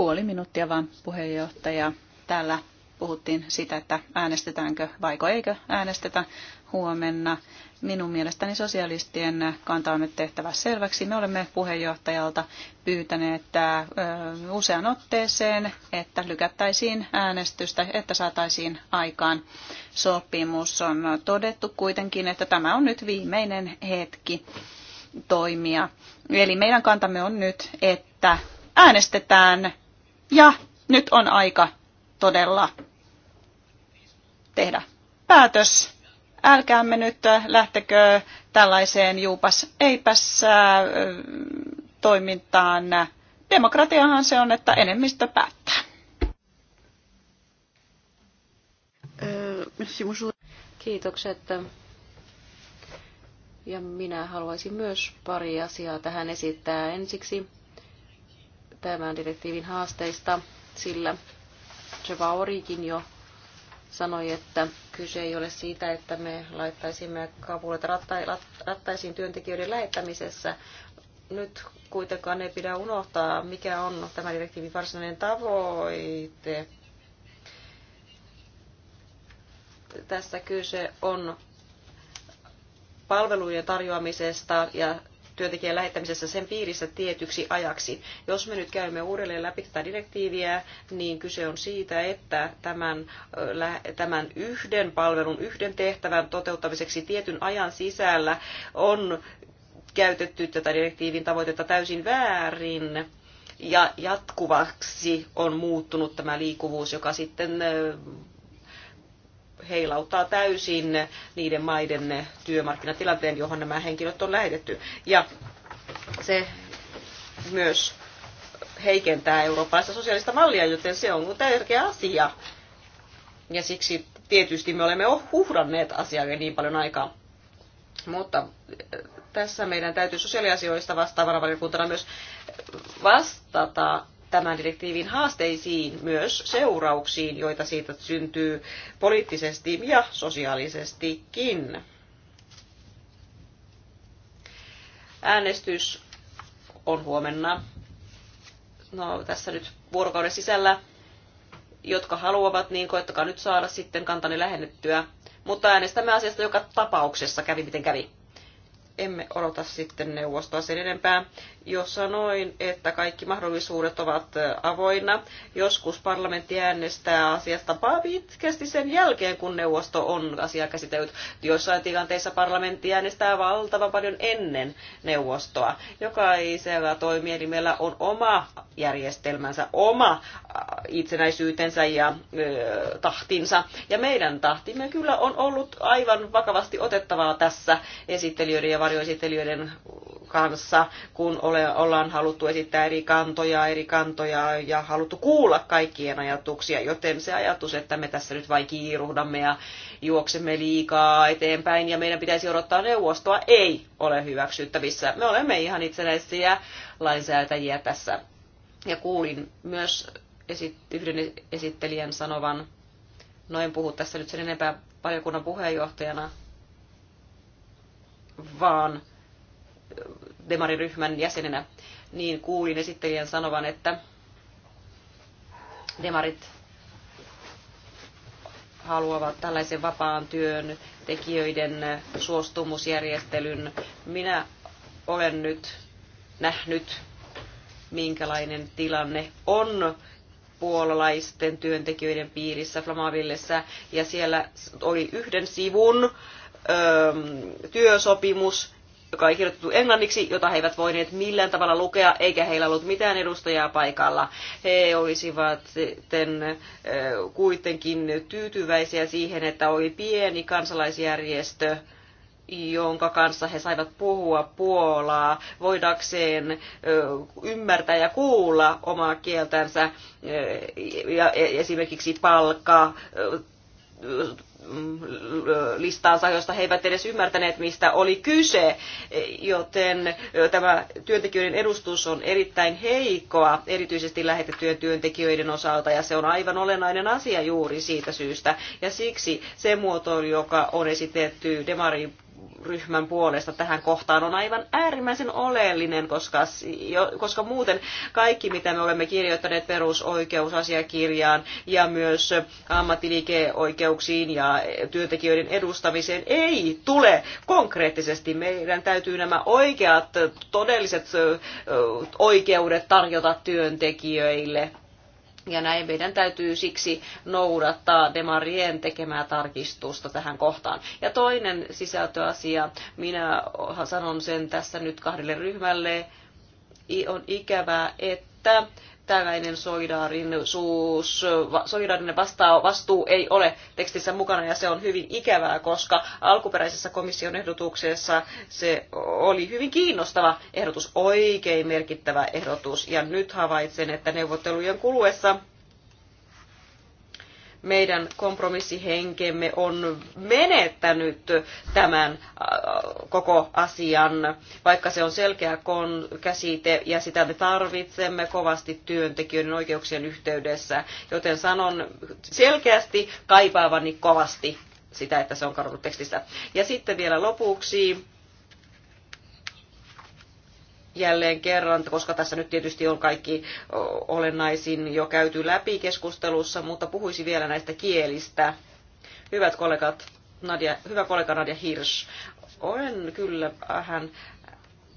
Puoli minuuttia vaan puheenjohtaja. Täällä puhuttiin sitä, että äänestetäänkö vaiko eikö äänestetä huomenna. Minun mielestäni sosialistien kanta on nyt tehtävä selväksi. Me olemme puheenjohtajalta pyytäneet että usean otteeseen, että lykättäisiin äänestystä, että saataisiin aikaan sopimus. On todettu kuitenkin, että tämä on nyt viimeinen hetki toimia. Eli meidän kantamme on nyt, että äänestetään ja nyt on aika todella tehdä päätös. Älkäämme nyt äh, lähtekö tällaiseen juupas eipäs äh, toimintaan. Demokratiahan se on, että enemmistö päättää. Kiitokset. Ja minä haluaisin myös pari asiaa tähän esittää ensiksi tämän direktiivin haasteista, sillä Javaorikin jo sanoi, että kyse ei ole siitä, että me laittaisimme kapulat rattaisiin työntekijöiden lähettämisessä. Nyt kuitenkaan ei pidä unohtaa, mikä on tämä direktiivin varsinainen tavoite. Tässä kyse on palvelujen tarjoamisesta ja työntekijän lähettämisessä sen piirissä tietyksi ajaksi. Jos me nyt käymme uudelleen läpi tätä direktiiviä, niin kyse on siitä, että tämän, tämän yhden palvelun, yhden tehtävän toteuttamiseksi tietyn ajan sisällä on käytetty tätä direktiivin tavoitetta täysin väärin ja jatkuvaksi on muuttunut tämä liikkuvuus, joka sitten heilauttaa täysin niiden maiden työmarkkinatilanteen, johon nämä henkilöt on lähetetty. Ja se myös heikentää eurooppalaista sosiaalista mallia, joten se on tärkeä asia. Ja siksi tietysti me olemme uhranneet asiaa jo niin paljon aikaa. Mutta äh, tässä meidän täytyy sosiaaliasioista vastaavana valiokuntana myös vastata tämän direktiivin haasteisiin, myös seurauksiin, joita siitä syntyy poliittisesti ja sosiaalisestikin. Äänestys on huomenna. No, tässä nyt vuorokauden sisällä, jotka haluavat, niin koettakaa nyt saada sitten kantani lähennettyä. Mutta äänestämme asiasta joka tapauksessa, kävi miten kävi emme odota sitten neuvostoa sen enempää. Jo sanoin, että kaikki mahdollisuudet ovat avoinna. Joskus parlamentti äänestää asiasta pitkästi sen jälkeen, kun neuvosto on asiaa käsitellyt. Joissain tilanteissa parlamentti äänestää valtavan paljon ennen neuvostoa. Jokaisella toimielimellä on oma järjestelmänsä, oma itsenäisyytensä ja ö, tahtinsa. Ja meidän tahtimme kyllä on ollut aivan vakavasti otettavaa tässä esittelijöiden ja varjoesittelijöiden kanssa, kun ole, ollaan haluttu esittää eri kantoja, eri kantoja ja haluttu kuulla kaikkien ajatuksia, joten se ajatus, että me tässä nyt vain kiiruhdamme ja juoksemme liikaa eteenpäin ja meidän pitäisi odottaa neuvostoa, ei ole hyväksyttävissä. Me olemme ihan itsenäisiä lainsäätäjiä tässä. Ja kuulin myös esit, yhden esittelijän sanovan, noin puhu tässä nyt sen enempää valiokunnan puheenjohtajana, vaan demariryhmän jäsenenä, niin kuulin esittelijän sanovan, että demarit haluavat tällaisen vapaan työn tekijöiden suostumusjärjestelyn. Minä olen nyt nähnyt, minkälainen tilanne on puolalaisten työntekijöiden piirissä Flamavillessa, ja siellä oli yhden sivun Ähm, työsopimus, joka ei kirjoitettu englanniksi, jota he eivät voineet millään tavalla lukea, eikä heillä ollut mitään edustajaa paikalla. He olisivat sitten äh, kuitenkin tyytyväisiä siihen, että oli pieni kansalaisjärjestö, jonka kanssa he saivat puhua Puolaa, voidakseen äh, ymmärtää ja kuulla omaa kieltänsä äh, ja esimerkiksi palkka listaansa, josta he eivät edes ymmärtäneet, mistä oli kyse, joten tämä työntekijöiden edustus on erittäin heikkoa, erityisesti lähetettyjen työntekijöiden osalta, ja se on aivan olennainen asia juuri siitä syystä, ja siksi se muotoilu, joka on esitetty Demarin ryhmän puolesta tähän kohtaan on aivan äärimmäisen oleellinen, koska, koska muuten kaikki, mitä me olemme kirjoittaneet perusoikeusasiakirjaan ja myös ammattiliikeoikeuksiin ja työntekijöiden edustamiseen, ei tule konkreettisesti. Meidän täytyy nämä oikeat, todelliset oikeudet tarjota työntekijöille ja näin meidän täytyy siksi noudattaa Demarien tekemää tarkistusta tähän kohtaan. Ja toinen sisältöasia, minä sanon sen tässä nyt kahdelle ryhmälle, on ikävää, että tällainen solidaarisuus, solidaarinen vastaa, vastuu ei ole tekstissä mukana ja se on hyvin ikävää, koska alkuperäisessä komission ehdotuksessa se oli hyvin kiinnostava ehdotus, oikein merkittävä ehdotus ja nyt havaitsen, että neuvottelujen kuluessa meidän kompromissihenkemme on menettänyt tämän äh, koko asian, vaikka se on selkeä käsite ja sitä me tarvitsemme kovasti työntekijöiden oikeuksien yhteydessä, joten sanon selkeästi kaipaavani niin kovasti sitä, että se on kadonnut tekstistä. Ja sitten vielä lopuksi jälleen kerran, koska tässä nyt tietysti on kaikki olennaisin jo käyty läpi keskustelussa, mutta puhuisi vielä näistä kielistä. Hyvät kollegat, Nadia, hyvä kollega Nadia Hirsch, olen kyllä vähän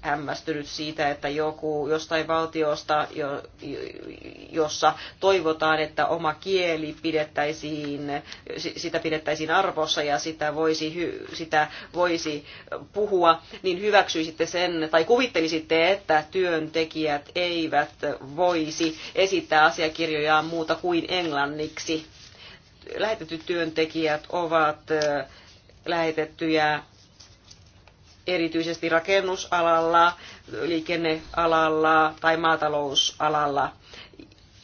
hämmästynyt siitä, että joku jostain valtiosta, jo, jossa toivotaan, että oma kieli pidettäisiin, sitä pidettäisiin arvossa ja sitä voisi, sitä voisi puhua, niin hyväksyisitte sen tai kuvittelisitte, että työntekijät eivät voisi esittää asiakirjojaan muuta kuin englanniksi. Lähetetyt työntekijät ovat lähetettyjä erityisesti rakennusalalla, liikennealalla tai maatalousalalla.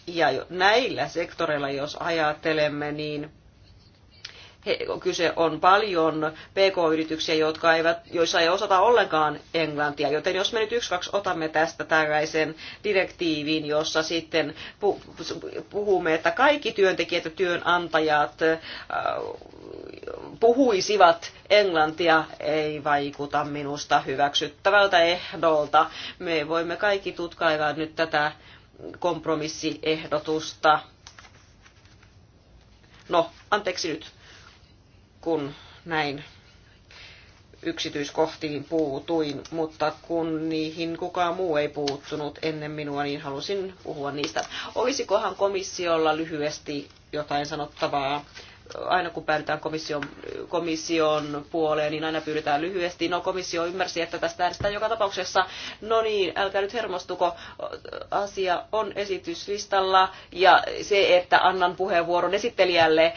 Ja näillä sektoreilla, jos ajattelemme, niin he, kyse on paljon pk-yrityksiä, jotka eivät, joissa ei osata ollenkaan englantia. Joten jos me nyt yksi kaksi otamme tästä tällaisen direktiivin, jossa sitten puhumme, että kaikki työntekijät ja työnantajat äh, puhuisivat englantia, ei vaikuta minusta hyväksyttävältä ehdolta. Me voimme kaikki tutkailla nyt tätä kompromissiehdotusta. No, anteeksi nyt kun näin yksityiskohtiin puutuin, mutta kun niihin kukaan muu ei puuttunut ennen minua, niin halusin puhua niistä. Olisikohan komissiolla lyhyesti jotain sanottavaa aina kun päädytään komission, komission puoleen, niin aina pyydetään lyhyesti. No komissio ymmärsi, että tästä äänestetään joka tapauksessa. No niin, älkää nyt hermostuko. Asia on esityslistalla ja se, että annan puheenvuoron esittelijälle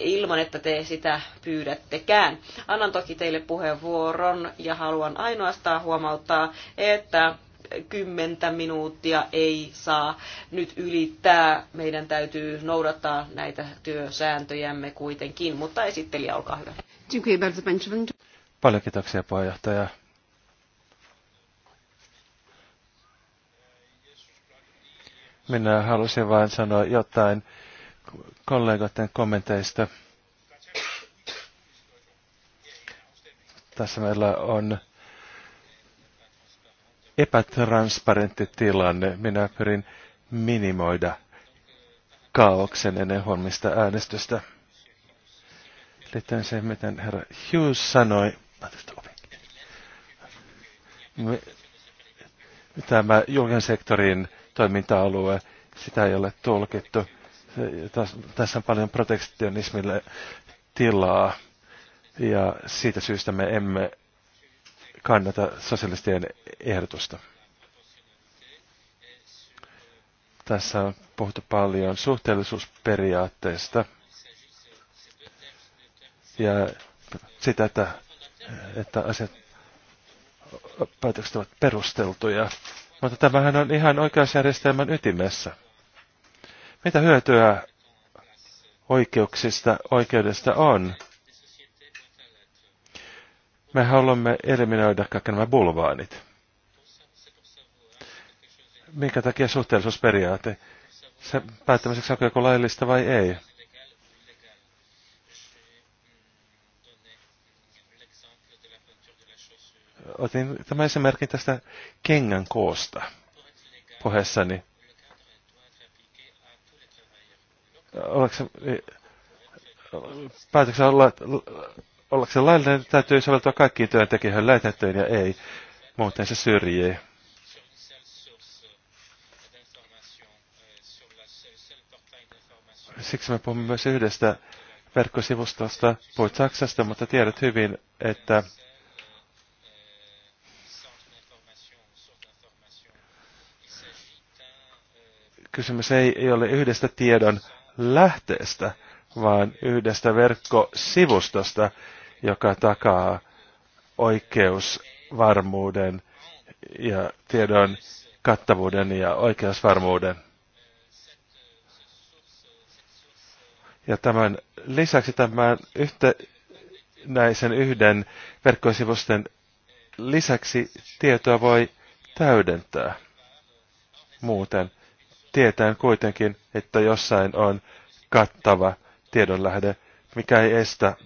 ilman, että te sitä pyydättekään. Annan toki teille puheenvuoron ja haluan ainoastaan huomauttaa, että kymmentä minuuttia ei saa nyt ylittää. Meidän täytyy noudattaa näitä työsääntöjämme kuitenkin, mutta esittelijä, olkaa hyvä. Paljon kiitoksia puheenjohtaja. Minä halusin vain sanoa jotain kollegoiden kommenteista. Tässä meillä on epätransparentti tilanne. Minä pyrin minimoida kaauksen ennen huomista äänestystä. Liittyen se, miten herra Hughes sanoi, tämä julkisen sektorin toiminta-alue, sitä ei ole tulkittu. Tässä on paljon protektionismille tilaa ja siitä syystä me emme kannata sosialistien ehdotusta. Tässä on puhuttu paljon suhteellisuusperiaatteesta ja sitä, että, että asiat päätökset ovat perusteltuja. Mutta tämähän on ihan oikeusjärjestelmän ytimessä. Mitä hyötyä oikeuksista, oikeudesta on, me haluamme eliminoida kaikki nämä bulvaanit. Minkä takia suhteellisuusperiaate? Se päättämiseksi onko joku laillista vai ei? Otin tämän esimerkin tästä kengän koosta puheessani. Oletko päätöksellä olla ollakseen laillinen niin täytyy soveltua kaikkiin työntekijöihin, lähetettyyn ja ei. Muuten se syrjii. Siksi me puhumme myös yhdestä verkkosivustosta. Puhuit Saksasta, mutta tiedät hyvin, että kysymys ei, ei ole yhdestä tiedon lähteestä, vaan yhdestä verkkosivustosta, joka takaa oikeusvarmuuden ja tiedon kattavuuden ja oikeusvarmuuden. Ja tämän lisäksi tämän yhtä, näisen yhden verkkosivusten lisäksi tietoa voi täydentää muuten, tietään kuitenkin, että jossain on kattava tiedonlähde, mikä ei estä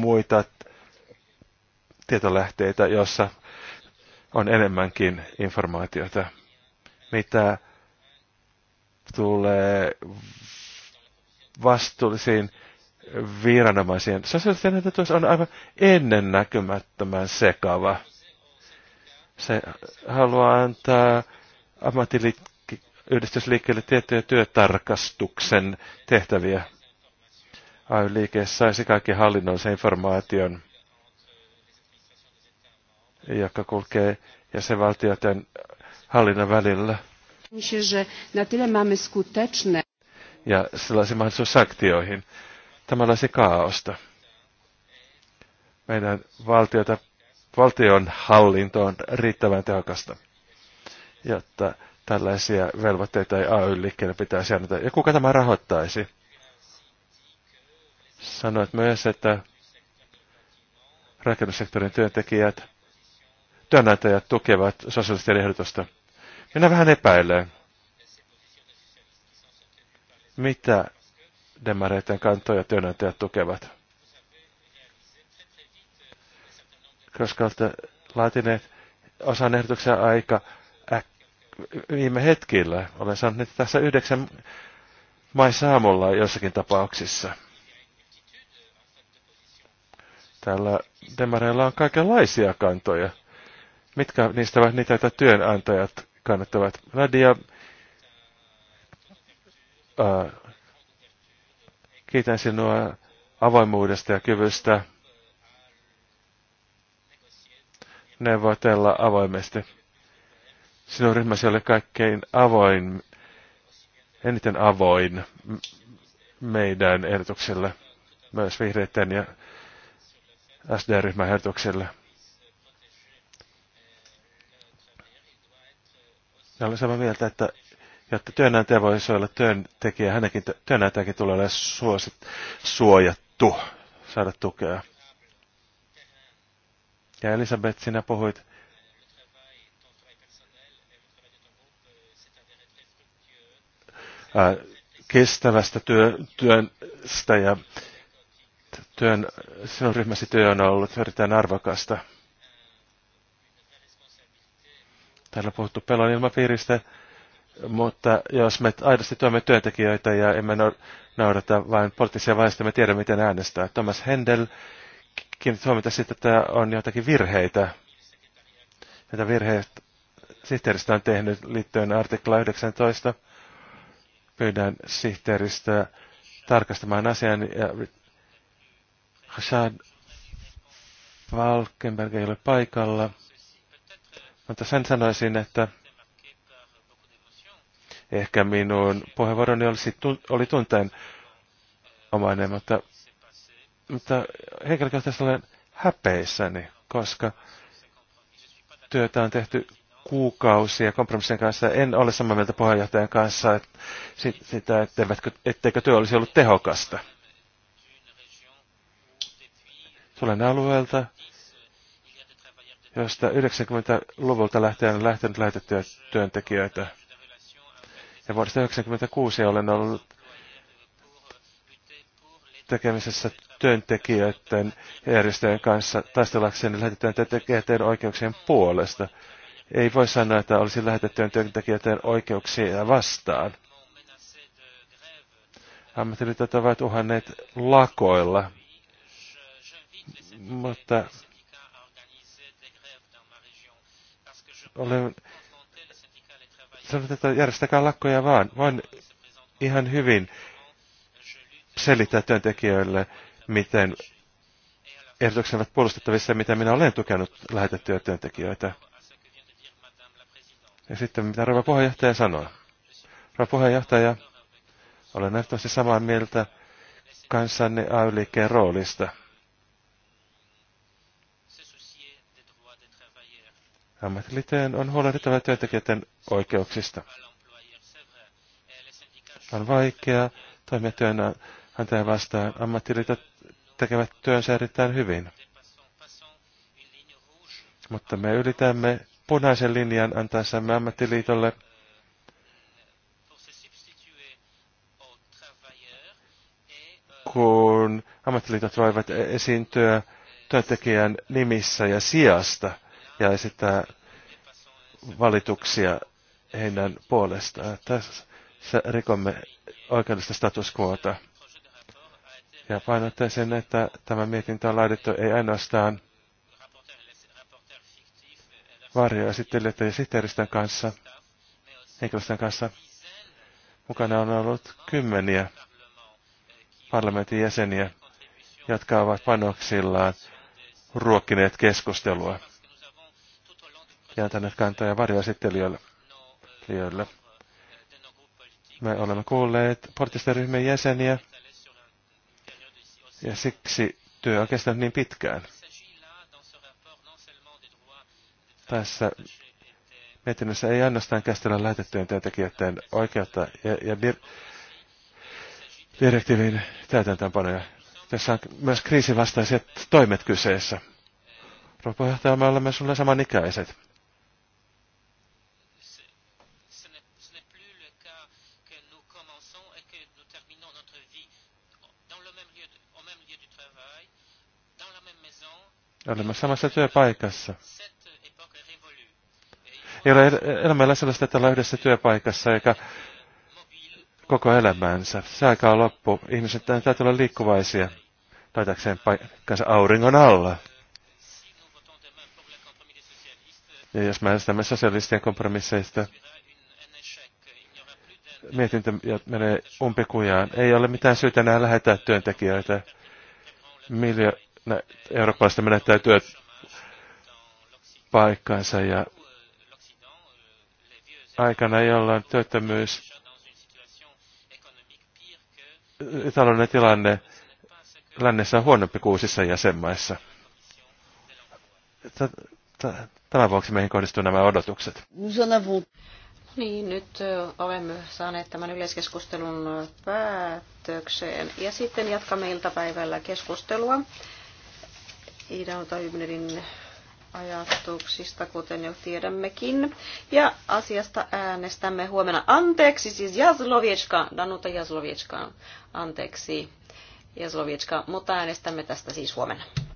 muita tietolähteitä, joissa on enemmänkin informaatiota. Mitä tulee vastuullisiin viranomaisiin. Sosiaalisten ehdotus on aivan ennennäkymättömän sekava. Se haluaa antaa ammattiyhdistysliikkeelle tiettyjä työtarkastuksen tehtäviä. AY-liike saisi kaikki hallinnollisen informaation, joka kulkee jäsenvaltioiden hallinnan välillä. Ja sellaisen mahdollisuus sanktioihin. Tämä olisi kaaosta. Meidän valtiota, valtion hallinto on riittävän tehokasta, jotta tällaisia velvoitteita ei AY-liikkeelle pitäisi antaa. Ja kuka tämä rahoittaisi? Sanoit myös, että rakennussektorin työntekijät, työnantajat tukevat sosiaalista ehdotusta. Minä vähän epäilen, mitä demareiden kantoja työnantajat tukevat. Koska olette laatineet osan ehdotuksia aika viime hetkillä. Olen saanut niitä tässä yhdeksän maissa aamulla jossakin tapauksissa. Täällä demareilla on kaikenlaisia kantoja. Mitkä niistä ovat niitä, joita työnantajat kannattavat? Nadia, ää, kiitän sinua avoimuudesta ja kyvystä neuvotella avoimesti. Sinun ryhmäsi oli kaikkein avoin, eniten avoin meidän ehdotuksille, myös vihreiden ja SD-ryhmän hertokselle. Ja olen samaa mieltä, että jotta työnantaja voisi olla työntekijä, hänenkin työnantajakin tulee olla suosit, suojattu, saada tukea. Ja Elisabeth, sinä puhuit ää, kestävästä työ, työstä ja työn, sinun ryhmäsi työ on ollut erittäin arvokasta. Täällä on puhuttu pelon ilmapiiristä, mutta jos me aidosti tuomme työntekijöitä ja emme no- noudata vain poliittisia vaiheita, me tiedämme, miten äänestää. Thomas Hendel kiinnitti huomiota siitä, että on jotakin virheitä, mitä virheitä sihteeristä on tehnyt liittyen artikla 19. Pyydän sihteeristä tarkastamaan asian ja Hassan Valkenberg ei ole paikalla, mutta sen sanoisin, että ehkä minun puheenvuoroni olisi, oli tunteen omainen, mutta, mutta henkilökohtaisesti olen häpeissäni, koska työtä on tehty kuukausia kompromissien kanssa. En ole samaa mieltä puheenjohtajan kanssa että sitä, etteikö työ olisi ollut tehokasta. Tulen alueelta, josta 90-luvulta lähtien on lähtenyt lähetettyä työntekijöitä. Ja vuodesta 1996 olen ollut tekemisessä työntekijöiden järjestöjen kanssa taistellakseen lähetettyjen työntekijöiden oikeuksien puolesta. Ei voi sanoa, että olisi lähetettyjen työntekijöiden oikeuksia vastaan. Ammattiliitot ovat uhanneet lakoilla mutta olen sanonut, että järjestäkää lakkoja vaan. Voin ihan hyvin selittää työntekijöille, miten ehdotukset ovat puolustettavissa ja miten minä olen tukenut lähetettyä työntekijöitä. Ja sitten mitä rouva puheenjohtaja sanoi. Rouva puheenjohtaja, olen nähtävästi samaa mieltä kanssanne AY-liikkeen roolista. Ammattiliittojen on huolehdittava työntekijöiden oikeuksista. On vaikea toimia työnantajan vastaan. Ammattiliitot tekevät työnsä erittäin hyvin. Mutta me ylitämme punaisen linjan antaessamme ammattiliitolle kun ammattiliitot voivat esiintyä työntekijän nimissä ja sijasta – ja esittää valituksia heidän puolestaan. Tässä rikomme oikeudellista status quota. Ja sen, että tämä mietintö on laadittu ei ainoastaan varjoesittelijöiden ja sihteeristön kanssa, henkilöstön kanssa. Mukana on ollut kymmeniä parlamentin jäseniä, jotka ovat panoksillaan ruokkineet keskustelua ja antaneet kantoja varjoesittelijöille. Me olemme kuulleet portistaryhmien jäseniä ja siksi työ on kestänyt niin pitkään. Tässä mietinnössä ei ainoastaan käsitellä lähetettyjen työntekijöiden oikeutta ja, ja dir- direktiivin täytäntöönpanoja. Tässä on myös kriisivastaiset toimet kyseessä. Rouva puheenjohtaja, me olemme sinulle samanikäiset. Olemme samassa työpaikassa. Ei ole elämällä sellaista, että ollaan yhdessä työpaikassa eikä koko elämänsä. aika on loppu. Ihmiset täytyy olla liikkuvaisia taitakseen paikkansa auringon alla. Ja jos mä äänestämme sosialistien kompromisseista, mietintö menee umpikujaan. Ei ole mitään syytä enää lähettää työntekijöitä miljo- nä, eurooppalaisten työt paikkansa ja aikana, jolloin työttömyys taloudellinen tilanne lännessä on huonompi kuin uusissa jäsenmaissa. Tämän vuoksi meihin kohdistuu nämä odotukset. Niin, nyt olemme saaneet tämän yleiskeskustelun päätökseen ja sitten jatkamme iltapäivällä keskustelua. Idauta Hybnerin ajatuksista, kuten jo tiedämmekin. Ja asiasta äänestämme huomenna. Anteeksi, siis Jaslovietska, Danuta Jaslovietska, anteeksi Jaslovietska, mutta äänestämme tästä siis huomenna.